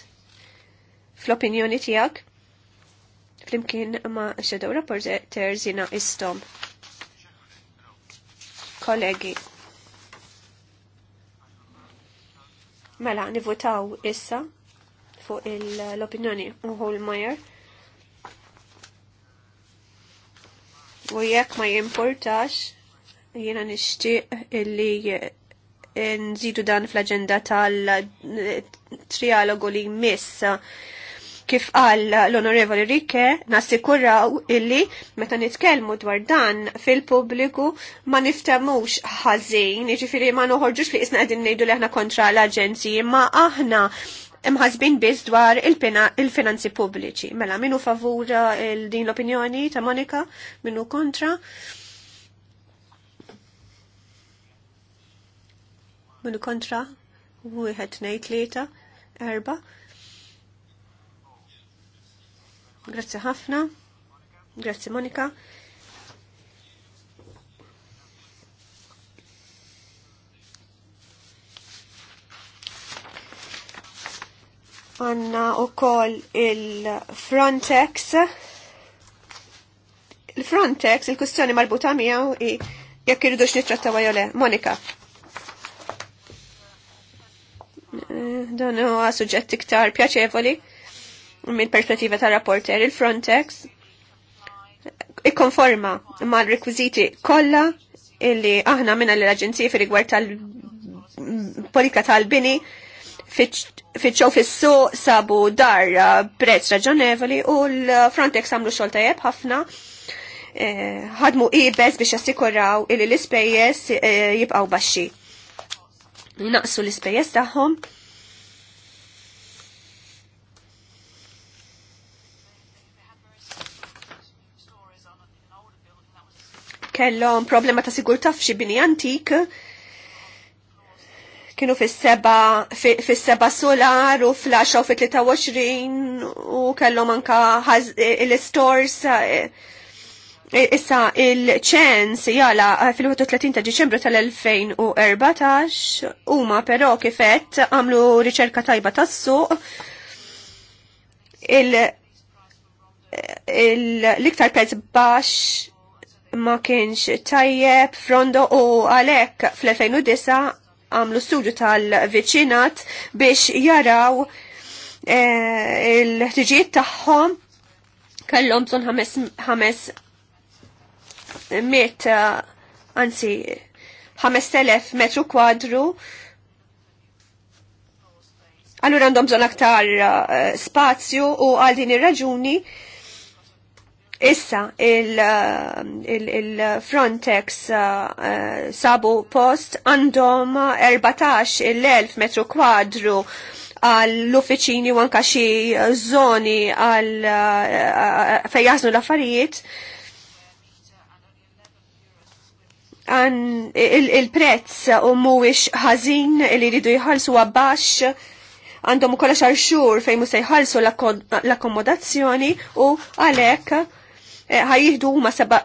fl-opinjoni tijak flimkien ma Shadow Rapporteur zina istom. Kollegi. Mela, nivotaw issa fuq l-opinjoni u Holmeyer. U jekk ma jimportax, jiena nixtieq illi nżidu dan fl-agenda tal-trialogu li miss kif qal l-Onorevoli Rike nassikuraw illi meta nitkellmu dwar dan fil-pubbliku ma niftemux ħażin, jiġifieri ma noħorġux li isna qegħdin ngħidu li aħna kontra l-aġenziji, ma aħna imħazbin biss dwar il-finanzi pubbliċi. Mela, minu favur eh, din l-opinjoni ta' Monika, minu kontra. Minu kontra, wieħed ngħid tlieta, erba. Grazzi ħafna. Grazzi Monika. Għanna u koll il-Frontex. Il-Frontex, il-kustjoni marbuta miegħu jekk irridux nittrattaw għajole. Monika. Dan huwa suġġett iktar pjaċevoli minn perspettiva ta' rapporter il-Frontex ikkonforma mal-rekwiziti kollha illi aħna minna l-Aġenzija fi rigward tal-politika tal-bini fitxow fissu sabu dar eh, prezz raġonevoli u l-Frontex għamlu xol tajab ħafna eh, ħadmu ibez biex jassikuraw illi l-ispejjes eh, jibqaw baxxi. Naqsu l-ispejjes tagħhom. kellhom problema ta' sigurtà f'xi bini antik kienu fis-seba fis-seba solar u fl-10 u fit-23 u kellhom anka l-stores eh, eh, issa il-ċens jala eh, fil-31 ta' Diċembru tal-2014 huma però kifett għamlu riċerka tajba tas-suq l-iktar pezz baxx ma kienx tajjeb frondo u għalek fl-2009 għamlu studju tal-veċinat biex jaraw e, il-ħtiġijiet tagħhom kellhom bżonn ħames mit eh, anzi 5000 metru kwadru. Allura għandhom bżonn aktar eh, spazju u għal din ir-raġuni Issa, il-Frontex eh, il, il eh, eh, sabu post għandhom 14.000 metru kwadru għall-uffiċini u anka xi zoni għal fejn jaħsnu l-affarijiet. il-prezz il u mhuwiex ħażin li jridu jħallsu għabbax għandhom ukoll xar xhur fejn mhux se jħallsu l-akkomodazzjoni u għalhekk Eh, ħajjihdu huma seba'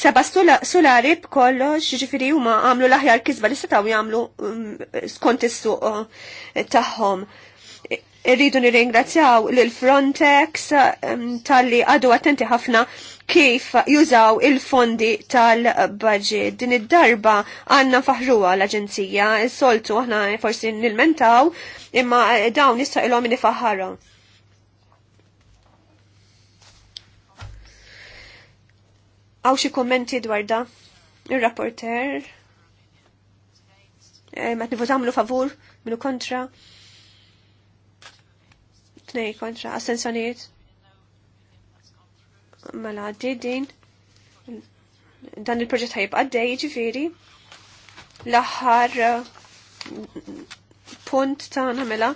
seba solari b'kollox, ġifiri huma għamlu l-aħjar kisba li setaw jagħmlu mm, skont is-suq eh, tagħhom. Irridu nirringrazzjaw lil Frontex mm, tal-li għadu attenti ħafna kif jużaw il-fondi tal-budget. Din id-darba għanna faħru l-Aġenzija, s-soltu aħna forsi nil-mentaw, imma dawn nistaqilhom faħħarom. Għaw xie kommenti dwar da? Il-rapporter? Eh, ma t-nivu tamlu favur? Minu kontra? Tnej kontra? Assenzjoniet? Mela għaddi din? Dan il-proġett ħajib għaddej ġifiri? L-aħħar eh, punt ta' mela?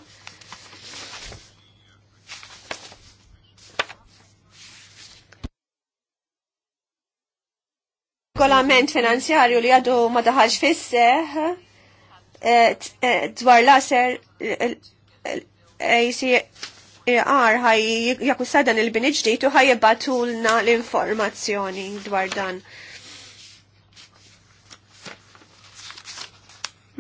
regolament finanzjarju li għadu ma daħħax fisseħ eh, eh, dwar laser ACR ħaj jakussa dan il-bini ġdijt u ħaj jibbatulna l-informazzjoni dwar dan.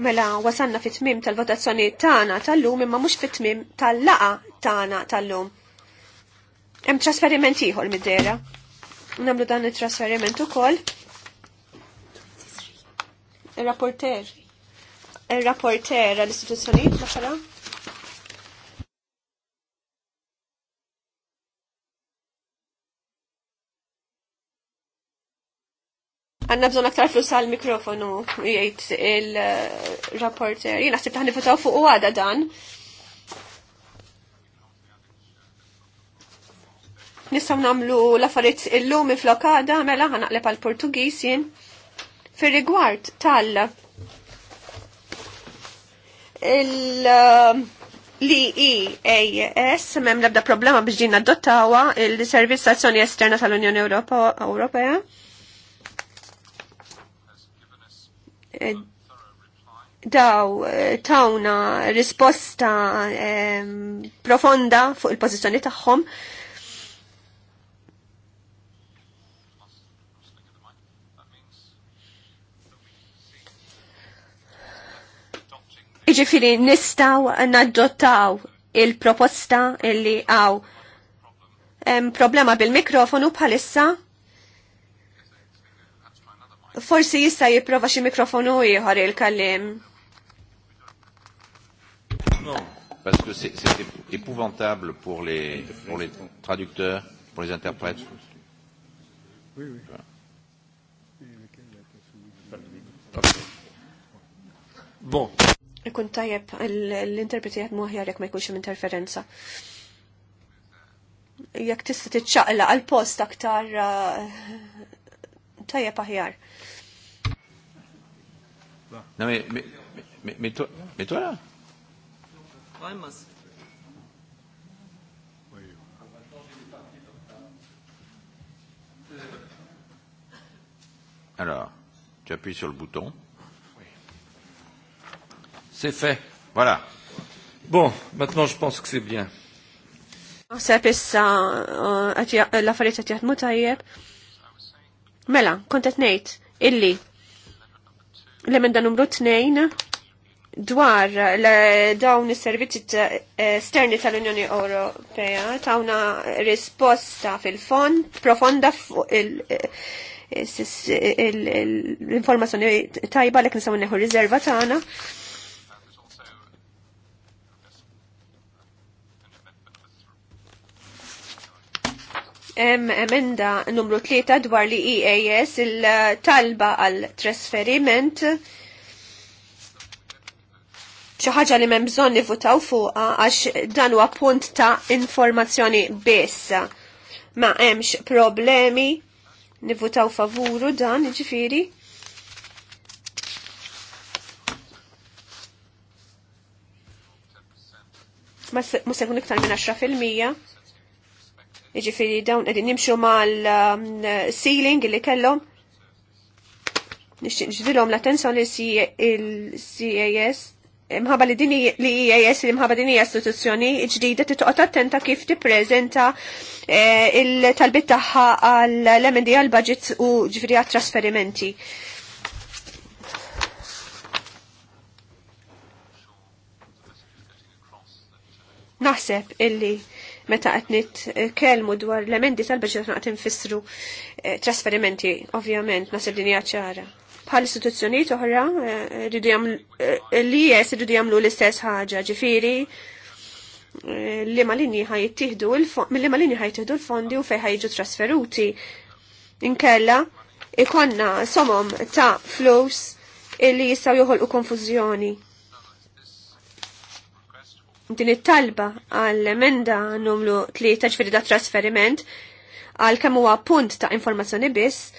Mela wasanna fit-tmim tal-votazzjoni tagħna tal-lum imma mhux fit-tmim tal-laqa tagħna tal-lum. Hemm trasferiment ieħor mid-dera. Nagħmlu dan it-trasferiment ukoll il-rapporter. Il-rapporter għall-istituzzjonijiet maħra. Għanna bżon aktar flus għal mikrofonu jgħid il-rapporter. Jien naħseb taħni fotaw fuq u għada dan. Nistaw namlu l-affarijiet illum flokada mela għanna għal-Portugis jien. Fir-rigward tal- il- um, li EAS mem labda problema biex din dottawa il-Servizz Azzjoni Esterna tal-Unjoni Ewropea. Eh, daw eh, tawna risposta ehm, profonda fuq il-pożizzjoni tagħhom Iġifiri nistaw naddottaw il-proposta illi għaw problema bil-mikrofonu bħalissa. Forsi jista jiprofa xi mikrofonu ieħor il-kallim. Parce que c'est épouvantable pour les, pour les traducteurs, pour les interprètes. Oui, oui. Bon, ikun tajjeb l-interpreti jgħat muħjar jek ma jkunx interferenza. Jek tista titċaqla għal-post aktar eh, tajjeb aħjar. Na, mitura? Għajmas. Alors, j'appuie sur le bouton. C'est fait. Voilà. Bon, maintenant je pense que c'est bien. issa eh, l-affarijiet qed jaħdmu tajjeb. Mela, kont qed ngħid illi l-emenda numru 2 dwar dawn is-servizzi eh, esterni tal-Unjoni Ewropea tawna risposta fil-fond profonda fuq il- eh, l-informazzjoni tajba l-ek nisamu neħu riserva tagħna. hemm emenda numru 3 dwar li EAS il-talba għal trasferiment xi ħaġa li m'hemm bżonn nivutaw fuqha għax dan huwa punt ta' informazzjoni biss. Ma hemmx problemi nivutaw favuru dan, ġifiri. Ma se jkun iktar minn 10 fil-mija. Jiġifieri dawn qegħdin nimxu mal-ceiling um, li kellhom. Nixtieq nġdilhom l-attenzjoni il-CAS imħabba li dini li IAS e li mħabba dini istituzzjoni ġdida titqgħod attenta kif tippreżenta eh, il-talbit tagħha għall lemendi għal budget u ġifiri għal trasferimenti. Naħseb illi meta qed nitkellmu dwar l-emendi tal-biex naqt infissru eh, trasferimenti, ovvjament, nasib dinja ċara. Bħal istituzzjonijiet oħra li jes irridu jagħmlu l-istess ħaġa, ġifieri eh, li ma linji ħajtieħdu ma l-fondi u fejn ħajġu trasferuti. Inkella ikonna somom ta' flus illi jistaw joħolqu konfużjoni din it-talba għall-emenda numru 3 ġifiri da trasferiment għal kemm huwa punt ta' informazzjoni biss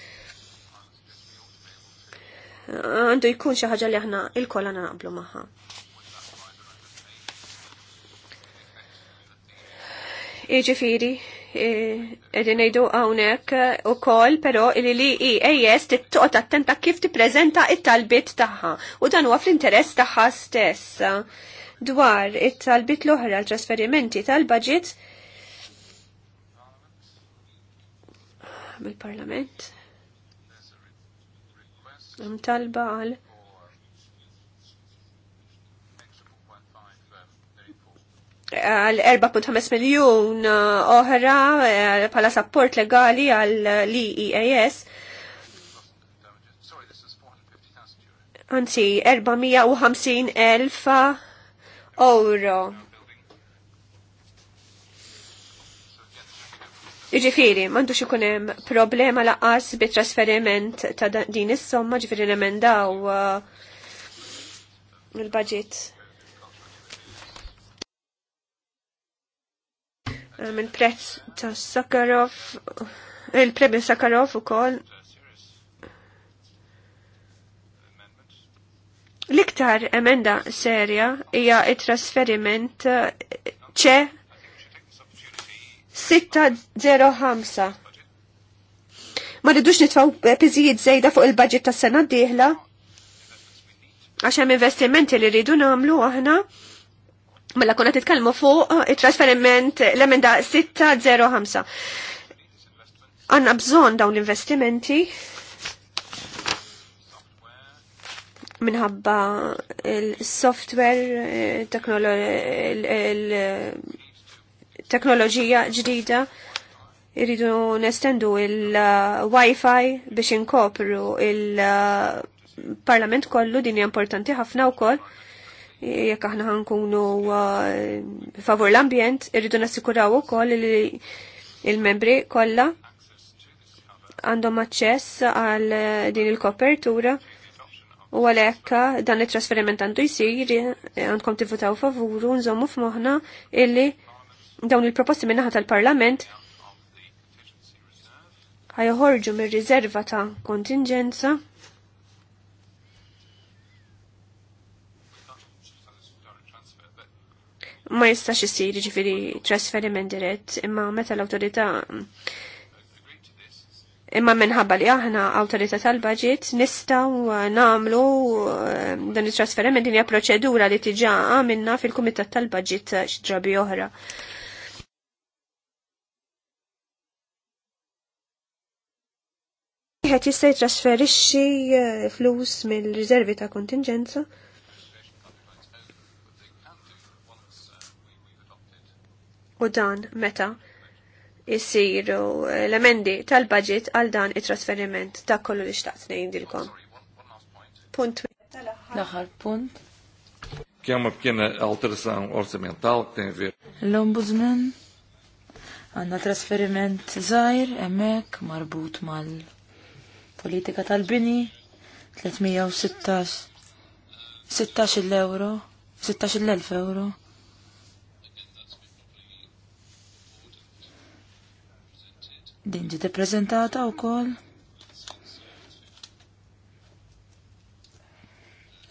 għandu jkun xi ħaġa li aħna il-kolla naqblu magħha. Iġifiri, edin ngħidu għawnek u kol, pero li li EAS tittoqt attenta kif tippreżenta it-talbiet tagħha u dan huwa fl-interess tagħha stess dwar it-talbit l-oħra l-trasferimenti tal-budget mill-Parlament. Għam talba għal għal 4.5 miljon uh, oħra uh, pala support legali għal l-EAS. Anzi, elfa euro. Iġifiri, mandu xikunem problema laqas bi trasferiment ta' din is-somma ġifiri nemendaw uh, il-budget. Minn um, prezz ta' Sakarov, il-premju Sakarov u kol. L-iktar emenda serja hija it-trasferiment eh, ċe 605. Ma rridux nitfaw piżijiet zejda fuq il-budget tas-sena d-dieħla għax hemm investimenti li rridu nagħmlu aħna mela kuna titkellmu fuq it-trasferiment l-emenda 605. Għanna bżonn dawn l-investimenti minħabba il-software, eh, il-teknoloġija ġdida, irridu nestendu il-Wi-Fi biex inkopru il-Parlament kollu din importanti ħafna koll, jekk aħna ħankunu eh, favur l-ambjent, irridu nassikuraw ukoll koll il-membri kollha għandhom aċċess għal eh, din il-kopertura U għalhekk dan it-trasferiment għandu jsir eh, għandkom tifutaw favuru nżommu f'moħħna illi dawn il-proposti minnaħat tal-Parlament ħajħorġu mir-riserva ta' kontingenza ma jistax jisir ġifiri trasferiment dirett imma meta l autorita Imma minħabba li aħna awtorità tal-budget nistgħu uh, nagħmlu uh, dan it-trasferiment din hija proċedura li tiġa għamilna fil-kumitat tal-budget uh, x'drabi oħra. Wieħed jista' jitrasferixxi flus mill-riservi ta' kontingenza. U dan meta jissiru eh, l-emendi tal-budget għal dan it-trasferiment ta' kollu li xtaqt ngħidilkom. Punt Laħar punt. Kemm bkjena alterzan orzimental kien vir. L-Ombudsman għandna trasferiment żgħir hemmhekk marbut mal-politika tal-bini 316 16 l-euro, 16 l-1000 euro. 16 l elf euro 16 Din ġiet ippreżentata wkoll.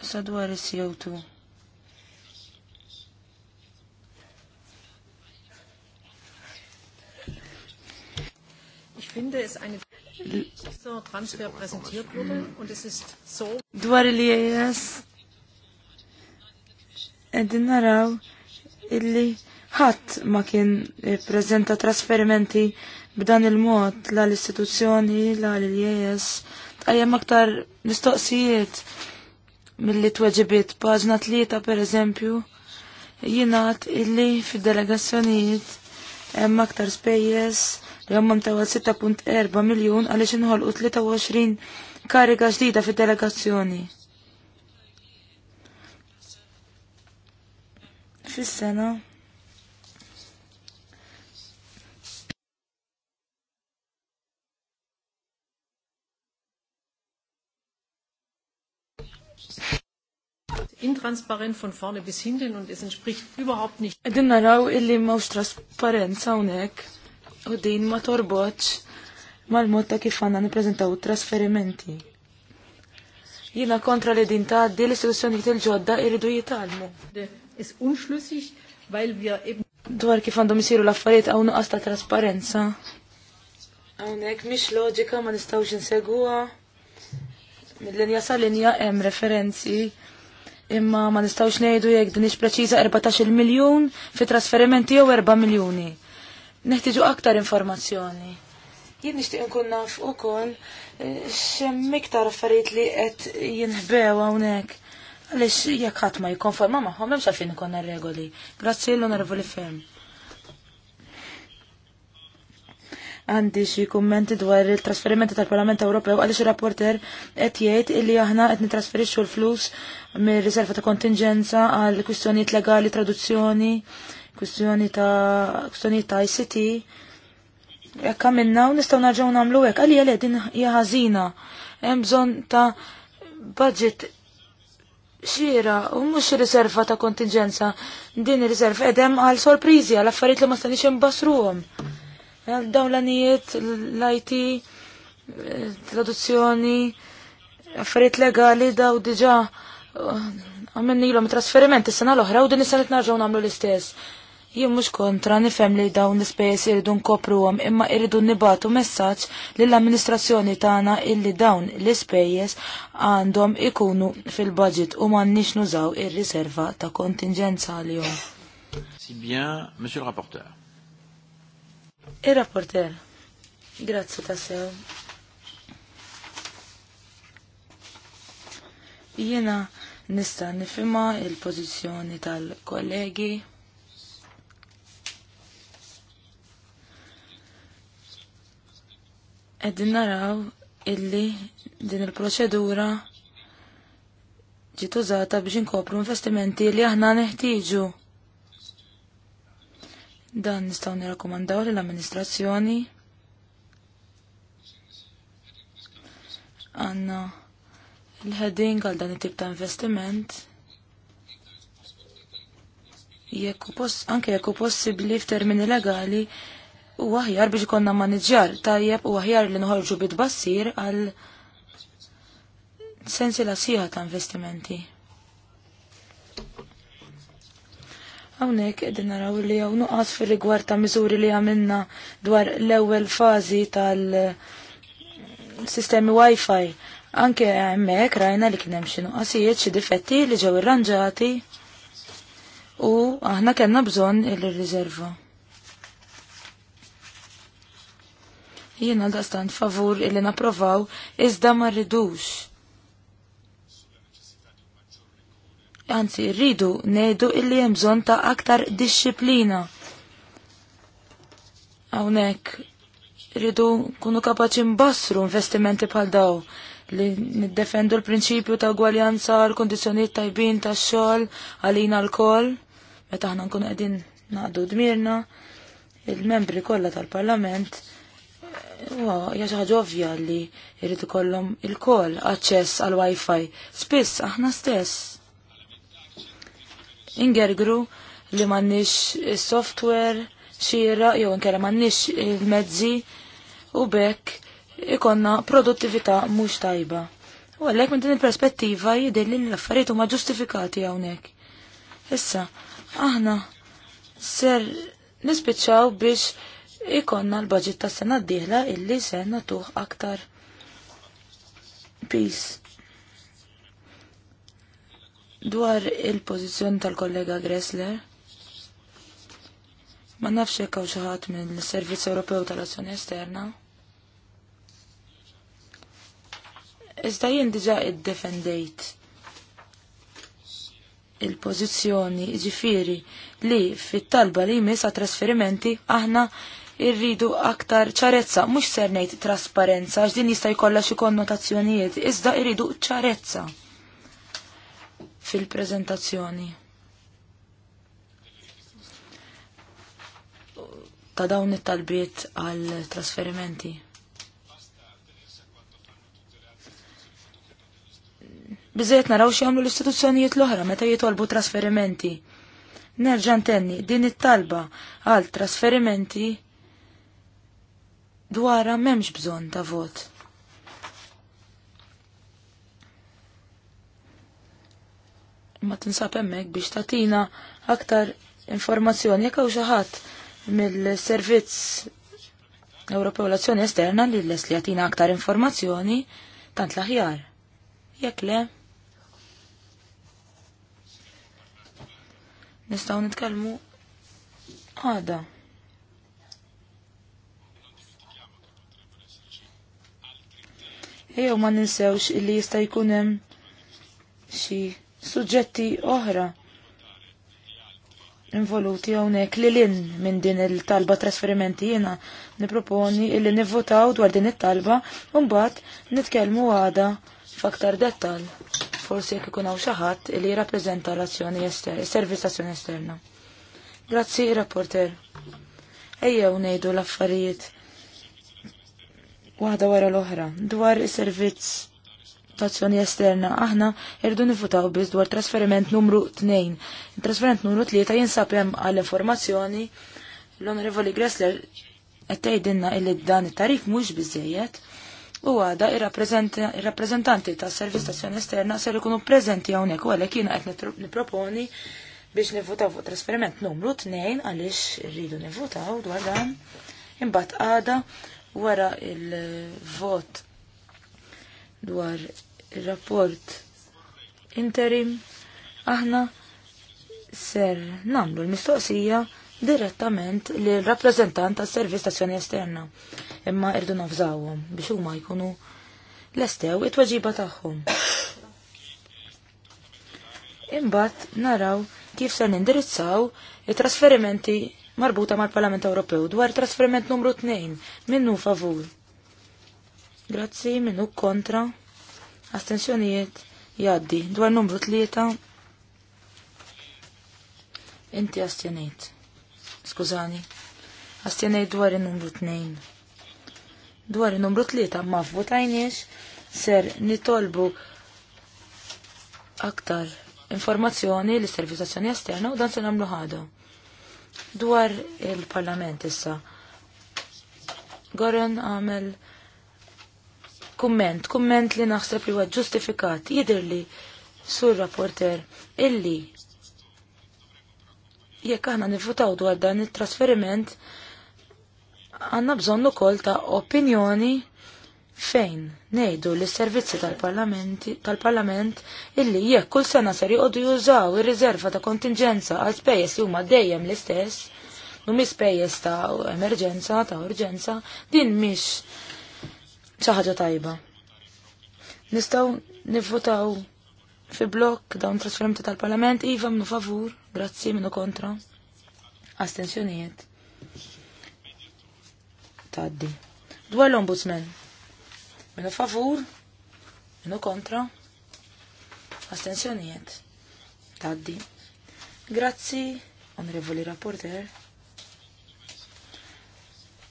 Sa dwar is-CO2. Ich finde es eine so Transfer präsentiert wurde und es ist so. Dwar il-IAS għedin naraw illi ħadd ma kien prezenta trasferimenti B'dan il-mod la l-istituzzjoni, la l-IES, għajem aktar mistoqsijiet mill-li tweġibiet paġna tlieta per eżempju, jinat illi fid-delegazzjonijiet hemm aktar spejjeż li huma mtewal 6.4 miljun għaliex inħolqu 23 kariga ġdida fid-delegazzjoni. Fis-sena intransparent von vorne bis hinten und es entspricht überhaupt nicht. Din naraw illi mawx trasparenza hawnhekk u din ma torbotx mal-mod ta' kif għandna nippreżentaw trasferimenti. Jina kontra li din ta' di l-istituzzjoni il-ġodda irridu jitalmu. Es unschlüssig, weil wir eben dwar kif għandhom isiru l-affarijiet hawn nuqqas ta' trasparenza. Hawnhekk mhix loġika ma nistgħux inseguha. Mill-linja sa linja hemm referenzi imma ma nistawx ngħidu jekk din preċiża 14 miljun fi trasferimenti jew 4 miljuni. Neħtieġu aktar informazzjoni. Jien nixtieq nkun naf ukoll eh, xhemm iktar affarijiet li qed jinħbew hawnhekk. Għaliex jekk ħadd ma jikkonforma magħhom hemm xalfin ikun regoli. Grazzi l-onorevoli ferm. għandi xi kummenti dwar il-trasferimenti tal-Parlament Ewropew għaliex ir-rapporter qed jgħid illi aħna qed nitrasferixxu l-flus mir-riserva ta' kontingenza għal kwistjonijiet legali, traduzzjoni, kwistjoni ta' kwistjonijiet ta' ICT. Jekk għamilna u nistgħu narġgħu nagħmlu hekk għalija li qegħdin hija ħażina. Hemm bżonn ta' budget xira, u mux riserva ta' kontingenza, din riserva edem għal sorprizi, għal affarijiet li ma stanix imbasruhom. Dawn l-anijiet, l-IT, traduzzjoni, affarijiet legali daw diġa uh, għamenni l-om trasferiment sena l-oħra u din is-sena narġaw namlu l-istess. Jien mhux kontra nifhem li dawn l-ispejjeż iridu nkopruhom imma iridu nibatu messaġġ lill-amministrazzjoni tagħna illi dawn l-ispejjeż għandhom ikunu fil-budget u m'għandniex nużaw ir-riserva ta' kontingenza għalihom. Si bien, monsieur rapporteur. Il-rapporter, grazzi ta' sew. Jena nista' nifima il-pożizzjoni tal-kollegi. Qegħdin naraw illi din il-proċedura ġiet użata biex inkopru investimenti li aħna neħtieġu. Dan nistgħu li l amministrazzjoni għanna l-heading għal dan it-tip ta' investiment jekk anke jekk possibbli f'termini legali u aħjar biex konna maniġġar tajjeb u aħjar li nħorġu bit-bassir għal sensi la siħa ta' investimenti. Hawnhekk qegħdin naraw li għaw nuqqas fil rigward ta' miżuri li għamilna dwar l-ewwel fażi tal-sistemi Wi-Fi. Anke hemmhekk rajna li kien hemm xi nuqqasijiet xi difetti li ġew irranġati u aħna kellna bżonn il-riserva. Jiena l-dastant favur illi napprovaw iżda ma rridux anzi rridu ngħidu illi hemm bżonn ta' aktar disċiplina. Hawnhekk rridu nkunu kapaċi mbassru investimenti bħal daw li niddefendu l-prinċipju ta' gwaljanza l-kondizjoniet tajbin ta' xogħol għalina l kol meta aħna nkunu qegħdin naqdu dmirna il-membri kollha tal-Parlament hija xi ħaġa ovvja li jrid ikollhom il kol aċċess għal wifi. Spiss aħna stess ingergru li m'għandniex is-software xira jew inkella m'għandniex il-mezzi u bekk ikonna produttività mhux tajba. U għalhekk minn din il-perspettiva jidher li l-affarijiet huma ġustifikati hawnhekk. Issa, aħna ser nispiċċaw biex ikonna l-budget tas-sena d-dieħla illi sena tuħ aktar peace Dwar il-pozizjoni tal-kollega Gressler, ma nafx jekk hawn xi ħadd mill-Servizz Ewropew tal-Azzjoni Esterna. Iżda jien diġà iddefendejt il-pożizzjoni ġifiri li fit-talba li jmiss trasferimenti aħna irridu aktar ċarezza, Mhux ser ngħid trasparenza, għax din jista' jkollha xi konnotazzjonijiet, iżda irridu ċarezza fil-prezentazzjoni. ta' dawn it-talbiet għal trasferimenti. Biżejt naraw xi jagħmlu l-istituzzjonijiet l-oħra meta jitolbu trasferimenti. Nerġa' ntenni din it-talba għal trasferimenti dwar m'hemmx bżonn ta' vot. imma tinsab hemmhekk biex tagħtina aktar informazzjoni jekk hawn xi ħadd mill-servizz Ewropew l-azzjoni esterna li les li jagħtina aktar informazzjoni tant l-aħjar. Jekk le. Nistgħu nitkellmu għada. Ejjew ma ninsewx li jista' jkun hemm xi suġġetti oħra involuti hawnhekk li lin minn din il-talba trasferimenti jiena niproponi illi nivvotaw dwar din it-talba u mbagħad nitkellmu għada f'aktar dettal. Forsi jekk ikun hawn xi ħadd li jirrappreżenta l-azzjoni esterna, is-servizz azzjoni esterna. Grazzi, rapporter. Ejjew ngħidu l-affarijiet waħda wara l-oħra dwar is-servizz azzjoni esterna. Aħna irdu nifutaw biss dwar trasferiment numru 2. trasferiment numru 3 jinsab hemm għall-informazzjoni l-Onorevoli Gressler qed tgħidilna illi dan it-tarif mhux biżejjed u għada ir-rappreżentanti tas servizz tazzjoni esterna ser ikunu prezenti hawnhekk u għalek jina qed nipproponi biex nifutaw fuq trasferiment numru 2 għaliex rridu nifutaw dwar dan imbagħad għada wara il-vot dwar il-rapport interim aħna ser namlu l-mistoqsija direttament li rappresentant tas servizz Sjoni esterna imma irdu nafżawhom biex huma jkunu lestew it-tweġiba tagħhom. Imbagħad naraw kif se nindirizzaw it-trasferimenti marbuta mal-Parlament Ewropew dwar trasferiment numru 2 minnu favur. Grazzi minnu kontra astensjonijiet jaddi dwar numru tlieta inti astjenejt. Skużani, astjenejt dwar il-numru tnejn. Dwar il-numru tlieta ma votajniex ser nitolbu aktar informazzjoni li servizzazzjoni esterna u dan se nagħmlu ħada. Dwar il-Parlament issa. Goran għamel kumment, kumment li naħseb li huwa ġustifikat, jidirli sur rapporter illi jekk aħna nifutaw dwar dan it-trasferiment għanna bżonn ukoll ta' opinjoni fejn nejdu l servizzi tal-parlament tal illi jekk kull sena ser joqogħdu jużaw ir-riserva ta' kontingenza għal spejjeż li huma dejjem l-istess u spejjeż ta' emerġenza ta' urġenza din mhix ċaħġa tajba. Nistaw nivvotaw fi blok dawn trasferimenti tal-parlament, iva minu favur, grazzi minu kontra. Astenzjonijiet. Taddi. Dwar l-ombudsman. Minnu favur, minu kontra. Astenzjonijiet. Taddi. Grazzi, onorevoli rapporter.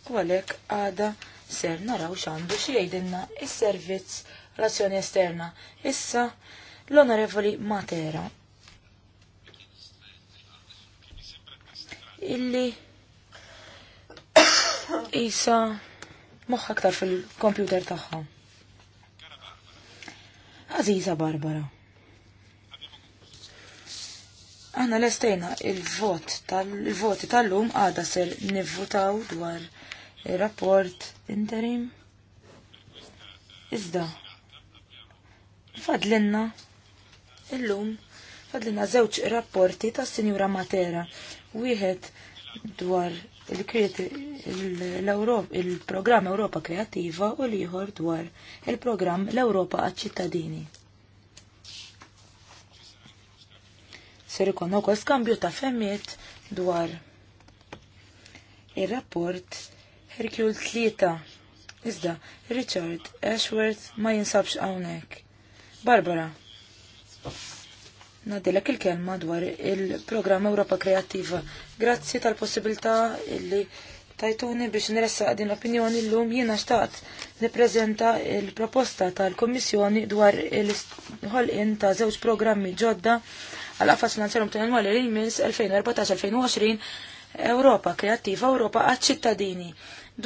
U għalek għada ser naraw x'għandu xi il is-servizz azzjoni esterna. Issa l-Onorevoli Matera. Illi issa moħħa aktar fil-kompjuter tagħha. Aziza Barbara. Aħna lestejna il-vot tal-voti tal-lum għada ser nivvutaw dwar il-rapport interim. Iżda, fadlinna, illum, fadlinna zewċ rapporti ta' Sinjura Matera, wieħed dwar il-programm Europa Kreativa u liħor dwar il-programm l-Europa għad-ċittadini. Ser ikon ukoll skambju ta' femmiet dwar ir-rapport Herkul tlieta. Iżda, Richard Ashworth ma jinsabx hawnhekk. Barbara. Nadilek il-kelma dwar il-programm Ewropa Kreattiva. Grazzi tal-possibilità illi tajtuni biex nressaq din opinjoni l-lum jiena xtaqt nippreżenta il-proposta tal komissjoni dwar il in ta' żewġ programmi ġodda għal-qafas finanzjarum tal għal l-Ilmis 2014-2020 Ewropa kreattiva, Europa għaċ-ċittadini.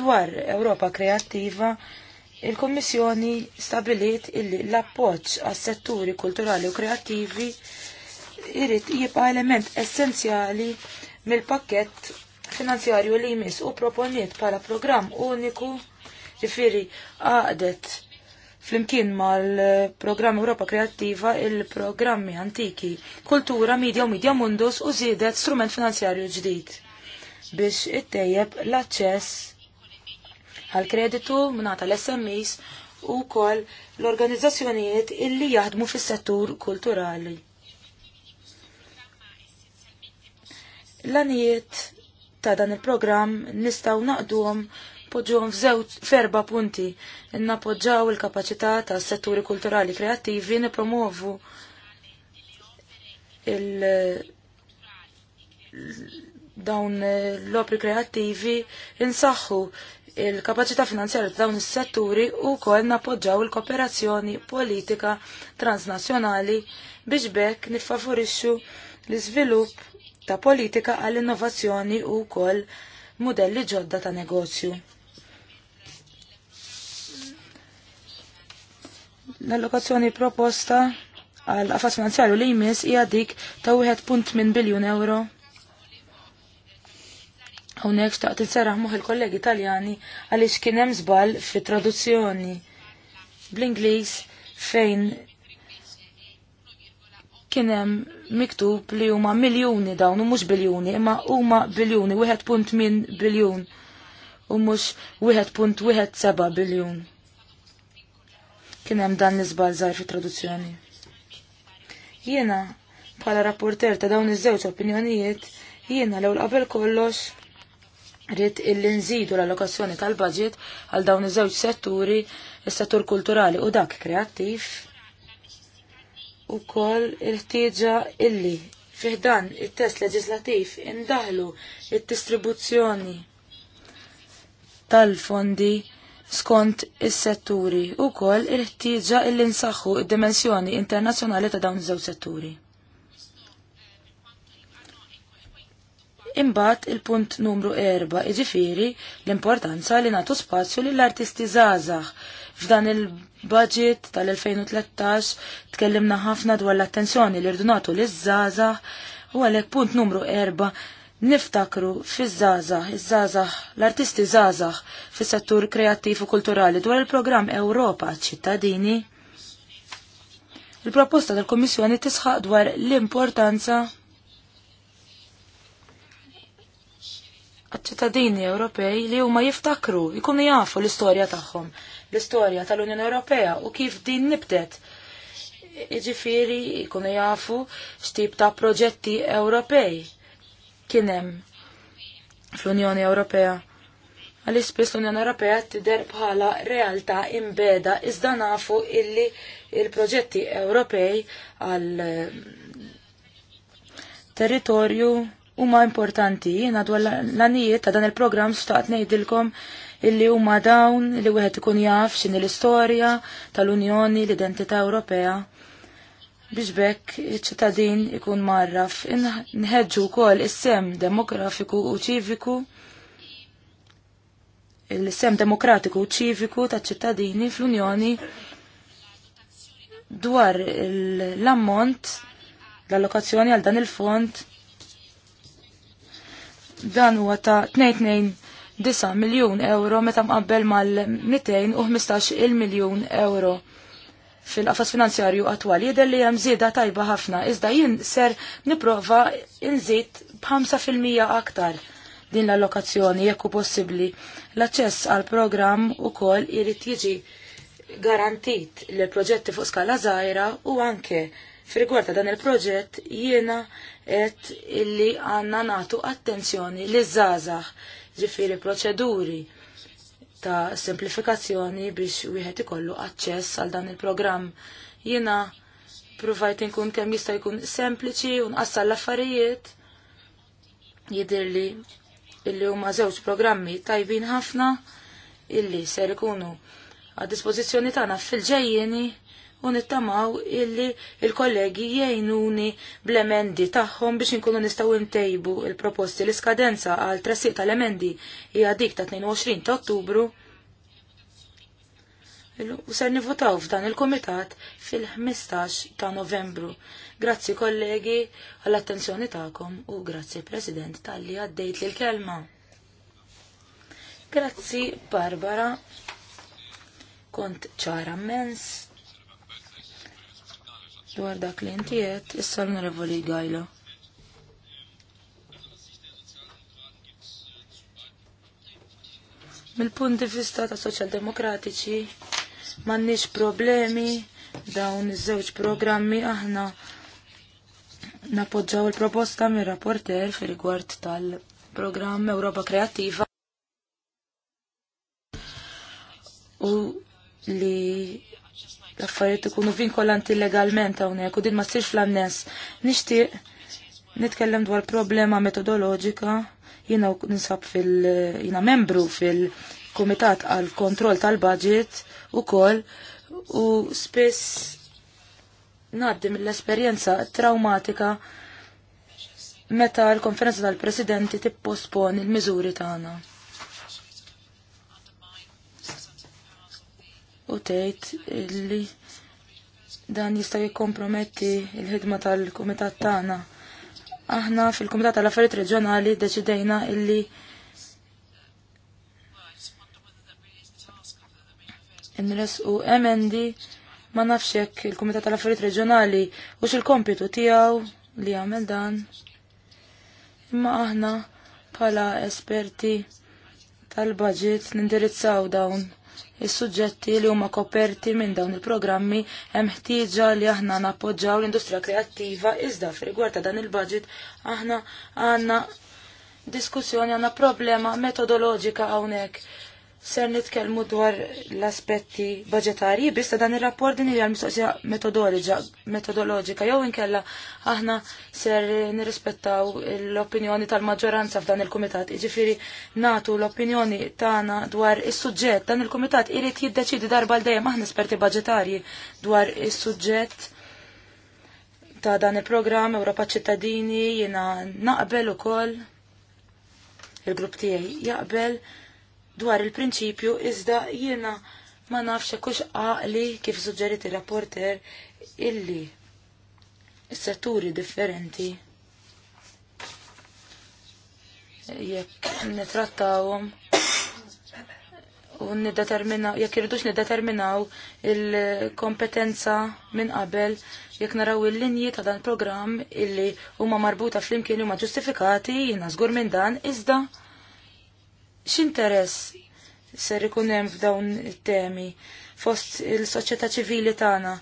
Dwar Ewropa kreattiva, il-Kommissjoni stabiliet illi l-appoġġ għas-setturi kulturali u kreattivi irrit jibqa' element essenzjali mill-pakkett finanzjarju li jmiss u proponiet bħala programm uniku ġifiri għaqdet flimkien mal-programm Europa Kreattiva il-programmi antiki, kultura, media u media mundus u zidet strument finanzjarju ġdid biex ittejjeb l-aċċess għal kreditu mnata l-SMEs u kol l-organizzazzjonijiet illi jaħdmu fis-settur kulturali. L-anijiet ta' dan il-programm nistaw naqduhom poġġuhom f'żewġ f'erba' punti. Nappoġġaw il-kapaċità ta' setturi kulturali kreattivi nipromuovu il- dawn l-opri kreattivi insaħħu il-kapacità finanzjarja ta' dawn is-setturi u koll napoġġaw il-kooperazzjoni politika transnazzjonali biex bekk niffavorixxu l-iżvilupp ta' politika għall innovazzjoni u koll modelli ġodda ta' negozju. L-allokazzjoni proposta għal qafas finanzjarju li jmiss hija dik ta' 1.8 biljun euro Hawnhekk xtaqt inserraħ moħ il-kollegi Taljani għaliex kien hemm żball fit-traduzzjoni bl-Ingliż fejn kien hemm miktub li huma miljuni dawn u mhux biljuni, imma huma biljuni, wieħed punt min biljun u mhux wieħed punt wieħed seba' biljun. Kien hemm dan l iżball żgħar fit-traduzzjoni. Jiena bħala rapporter ta' dawn iż-żewġ opinjonijiet, jiena l-ewwel qabel kollox rrit illi nżidu l-allokazzjoni tal-budget għal dawn iż-żewġ setturi, is-settur kulturali u dak kreattiv u kol il-ħtieġa illi fiħdan il-test leġislativ indaħlu il-distribuzzjoni tal-fondi skont is-setturi u kol il-ħtieġa illi nsaħħu id-dimensjoni internazzjonali ta' dawn iż-żewġ setturi. Imbagħad il-punt numru erba iġifiri l-importanza li nagħtu spazju lill artisti zazax. F'dan il-budget tal-2013 tkellimna ħafna dwar l-attenzjoni li rdu nagħtu liż-żgħażagħ u għalhekk punt numru erba' niftakru fiż-żgħażagħ, iż-żgħażagħ, l-artisti zazax, zazax, l artisti żgħażagħ fis settur kreattiv u kulturali dwar il-programm Ewropa ċittadini. Il-proposta tal komissjoni tisħaq dwar l-importanza għat-ċittadini Ewropej li huma jiftakru, jkunu jafu l-istorja tagħhom, l-istorja tal-Unjoni Ewropea u kif din nibdet. Iġifieri jkunu jafu x'tip ta' proġetti Ewropej kien hemm fl-Unjoni Ewropea. Għalli spiss l-Unjoni Ewropea tidher bħala realtà imbeda iżda nafu illi il-proġetti Ewropej għal territorju huma importanti, jiena dwar l anijiet ta' dan il-programm staqt ngħidilkom illi huma dawn li wieħed ikun jaf x'inhi l-istorja tal-Unjoni l-Identità Ewropea biex bekk iċ-ċittadin ikun marraf nħedġu wkoll is-sem demografiku u ċiviku il-sem demokratiku u ċiviku taċ ċittadini fl-Unjoni dwar l-ammont l-allokazzjoni għal dan il-fond Dan huwa ta' 2.9 miljun euro meta mqabbel mal-215 il-miljun euro fil-qafas finanzjarju attwali jidher li hemm żieda tajba ħafna iżda jien ser nipprova inżid b'5% aktar din l-allokazzjoni jekk possibbli. L-aċċess għal programm ukoll irid jiġi garantit li proġetti fuq skala żgħira u anke Fir-rigward ta' dan il-proġett jiena qed illi għandna nagħtu attenzjoni li żgħażagħ ġifieri proċeduri ta' semplifikazzjoni biex wieħed ikollu aċċess għal dan il-programm. Jiena provajt inkun kemm jista' jkun sempliċi u nqassal l-affarijiet jidirli illi huma żewġ programmi tajbin ħafna illi ser ikunu għad dispożizzjoni tagħna fil-ġejjeni u nittamaw illi il-kollegi jgħinuni bl-emendi tagħhom biex inkunu nistgħu ntejbu il-proposti l-iskadenza għal trasiq tal-emendi hija dik ta' 22 ta' Ottubru. U ser nivvotaw f'dan il-Komitat fil-15 ta' Novembru. Grazzi kollegi għall-attenzjoni tagħkom u grazzi President tal-li għaddejt l kelma. Grazzi Barbara. Kont ċara mens dwar dak li inti qed issa l-onorevoli Gajla. Mill-punt di vista ta' soċjaldemokratiċi m'għandniex problemi dawn iż-żewġ programmi aħna napoġġaw il-proposta mir rapporter fi rigward tal-programm Ewropa Kreattiva u li l-affarijiet ikunu vinkolanti legalment hawnhekk u din ma ssirx fl-annes. Nixtieq nitkellem dwar problema metodoloġika jiena ninsab fil jiena membru fil-Kumitat għal kontroll tal-budget ukoll u spiss ngħaddi mill-esperjenza traumatika meta l-konferenza tal-presidenti tippospon il-miżuri tagħna. u tgħid li dan jista' jikkomprometti l-ħidma tal-kumitat tagħna. Aħna fil-Kumitat tal-Affarijiet Reġjonali deċidejna illi nres u emendi ma nafx jekk il-Kumitat tal-Affarijiet Reġjonali u x'il-kompitu tiegħu li jagħmel dan. Imma aħna bħala esperti tal-budget nindirizzaw dawn is-suġġetti li huma koperti minn dawn il-programmi hemm ħtieġa li aħna nappoġġaw l-industrija kreattiva iżda f'rigward ta' dan il-budget aħna għandna diskussjoni għandna problema metodoloġika hawnhekk ser nitkellmu dwar l-aspetti budgetari, biss dan ir-rapport din hija l-mistoqsija metodoloġika jew inkella aħna ser nirrispettaw l-opinjoni tal-maġġoranza f'dan il-kumitat. Jiġifieri natu l-opinjoni tagħna dwar is-suġġett dan il-kumitat irid jiddeċidi darba l dejjem aħna esperti budgetari dwar is-suġġett ta' dan il-programm Ewropa ċittadini jiena naqbel ukoll il-grupp tiegħi jaqbel dwar il-prinċipju iżda jiena ma nafx kux għaqli kif suġġeriti rapporter illi setturi differenti jekk nitrattawhom u nideterminaw, jekk irridux nideterminaw il-kompetenza minn qabel, jekk naraw il-linji ta' dan il-programm illi huma marbuta fl-imkien huma ġustifikati, jiena żgur minn dan, iżda X'interess ser ikun hemm f'dawn it-temi fost il-soċjetà ċivili tagħna.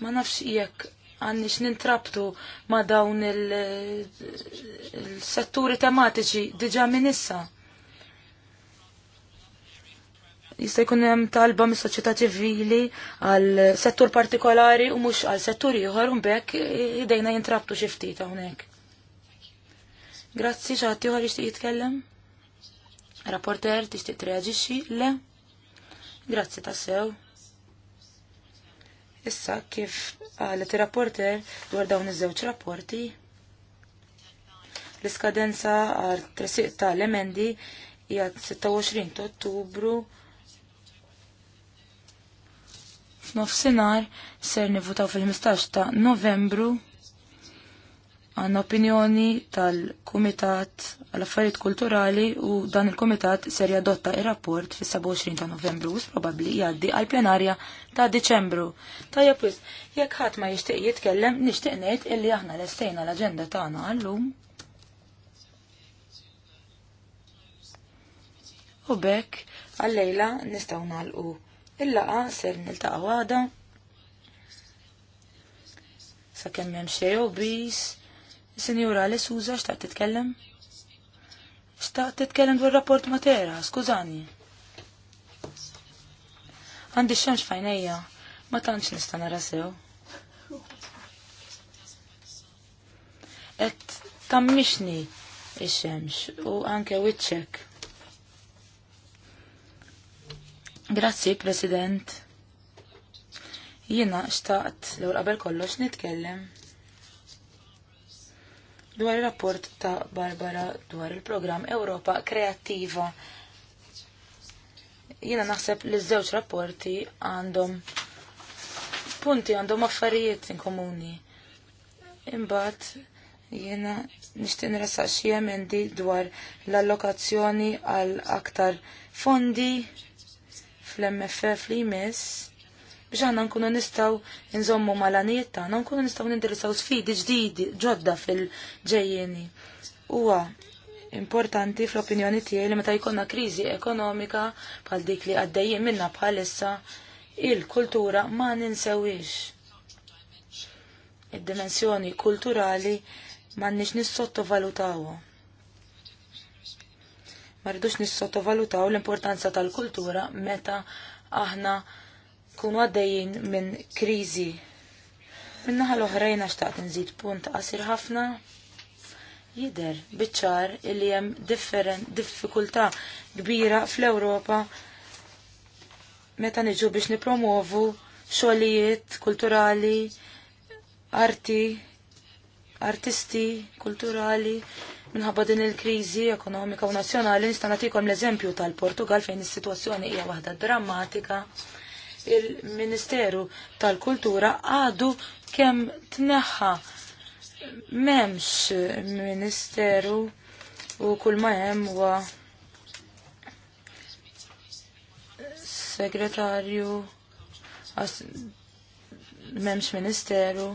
Ma nafx jekk għandix nintrabtu ma dawn il-setturi tematiċi diġà minn issa jista' jkun hemm talba mis-soċjetà ċivili għal settur partikolari u mhux għal settur ieħor u idejna jintrabtu xi ftit hawnhekk. Grazzi xi ħadd jixtieq jitkellem? Rapporter, tixtieq treaġixxi? Le. Grazzi tassew. Issa kif qalet ir-rapporter dwar dawn iż-żewġ rapporti. L-iskadenza għal tresiq tal-emendi hija 26 ta' Ottubru f'nofsinhar ser nivutaw fil-15 ta' Novembru għanna opinjoni tal-Kumitat għal-Affarijiet Kulturali u dan il-Kumitat ser jadotta ir-rapport fis-27 ta' Novembru u probabbli jgħaddi għal plenarja ta' Diċembru. Tajja pwis, jekk ħadd ma jixtieq jitkellem, nixtieq ngħid illi aħna lestejna l-aġenda tagħna għallum. U bekk għallejla nistgħu nagħlqu. Il-laqa ser niltaqgħu għada. Sa kemm hemm xejn Sinjura, li xtaqt titkellem? Xtaqt titkellem dwar rapport matera, skużani. Għandi xemx fajnejja, ma tantx nista' nara sew. Et tammixni ix-xemx u anke wiċċek. Grazzi, President. Jiena xtaqt l-qabel kollox nitkellem dwar il-rapport ta' Barbara dwar il-programm Ewropa Kreattiva. Jiena naħseb li żewġ rapporti għandhom punti għandhom affarijiet in komuni. Imbagħad jiena nixtieq nresaq xi emendi dwar l-allokazzjoni għal aktar fondi fl-MFF li jmiss biex aħna nkunu nistaw nżommu mal-għanijiet tagħna, nkunu nistaw nindirizzaw sfidi ġdidi ġodda fil-ġejjeni. Huwa importanti fl-opinjoni tiegħi li meta jkollna kriżi ekonomika bħal dik li għaddejjin minna bħalissa il-kultura ma ninsewix. Id-dimensjoni kulturali ma nix nissottovalutawha ma rridux nissottovalutaw l-importanza tal-kultura meta aħna kunu għaddejjin minn krizi. Minnaħa l-oħrajn għax taqt nżid punt qasir ħafna jider bieċar illi hemm diffikultà kbira fl-Ewropa meta niġu biex nipromovu xogħlijiet kulturali, arti, artisti kulturali minħabba din il-kriżi ekonomika u nazzjonali nista' nagħtikom l-eżempju tal-Portugal fejn is-sitwazzjoni hija waħda drammatika il-Ministeru tal-Kultura għadu kemm tneħħa memx Ministeru u kull ma hemm huwa segretarju memx Ministeru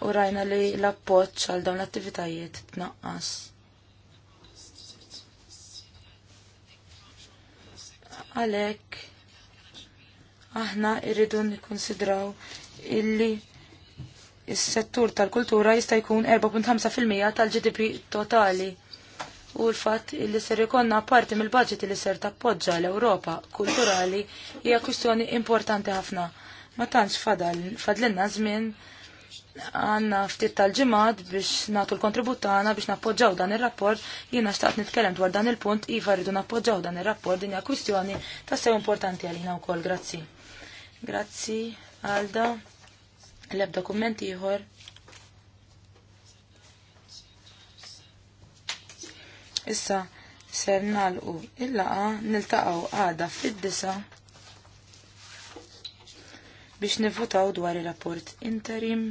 u rajna li l-appoġġ għal dawn l-attivitajiet tnaqqas. għalek aħna irridu nikkonsidraw illi is-settur tal-kultura jista' jkun 4.5% tal-GDP totali u l-fatt illi ser ikonna parti mill-budget li ser tappoġġa l-Ewropa kulturali hija kwistjoni importanti ħafna. Ma tantx fadal fadlinna żmien għanna ftit tal-ġimgħat biex nagħtu l-kontribut tagħna biex nappoġġaw dan ir-rapport, jiena xtaqt nitkellem dwar dan il-punt iva rridu nappoġġaw dan ir-rapport din hija kwistjoni tassew importanti għalina wkoll, grazzi. Grazzi, Alda. L-ebda kommenti jħor. Issa, ser nalqu il-laqa niltaqaw għada fid-disa biex nivvotaw dwar il-rapport interim.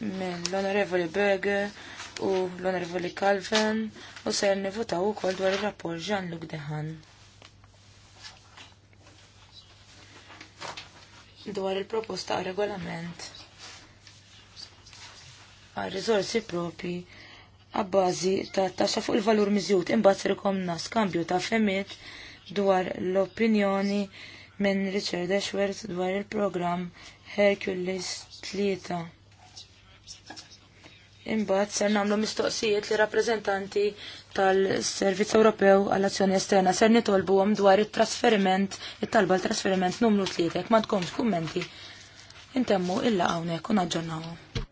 mill onorevoli Berger, u l-Onorevoli Calvin u ser u ukoll dwar ir-rapport Jean-Luc Dehan. Dwar il-proposta għal regolament għal rizorsi propi għabbażi ta' taxxa fuq il-valur miżjud imbagħad ser ikomna skambju ta' femiet dwar l-opinjoni minn Richard Ashworth dwar il-programm Hercules 3 Imbagħad ser nagħmlu mistoqsijiet li rappreżentanti tal-Servizz Ewropew għall-Azzjoni Esterna ser nitolbuhom dwar it-trasferiment, it-talba l-trasferiment numru tlietek ma tkomx kummenti intemmu illa hawnhekk u naġġornawhom.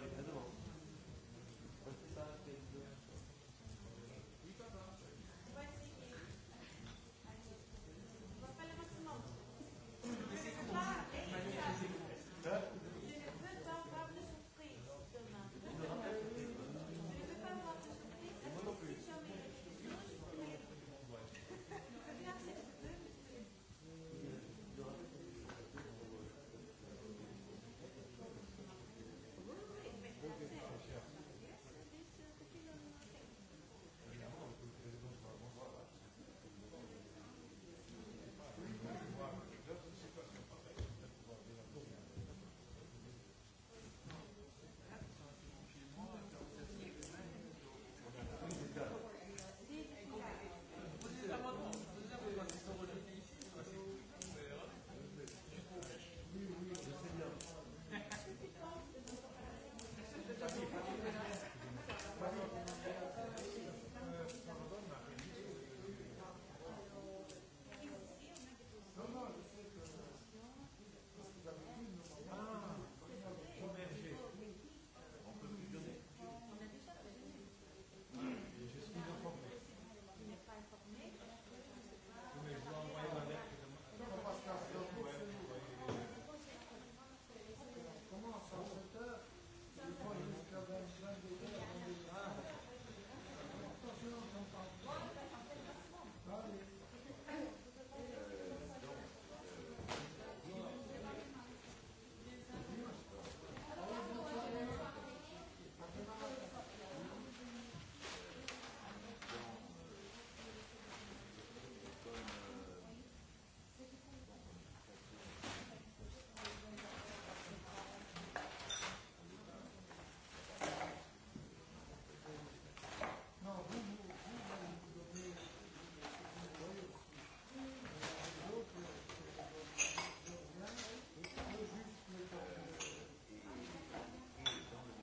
dwar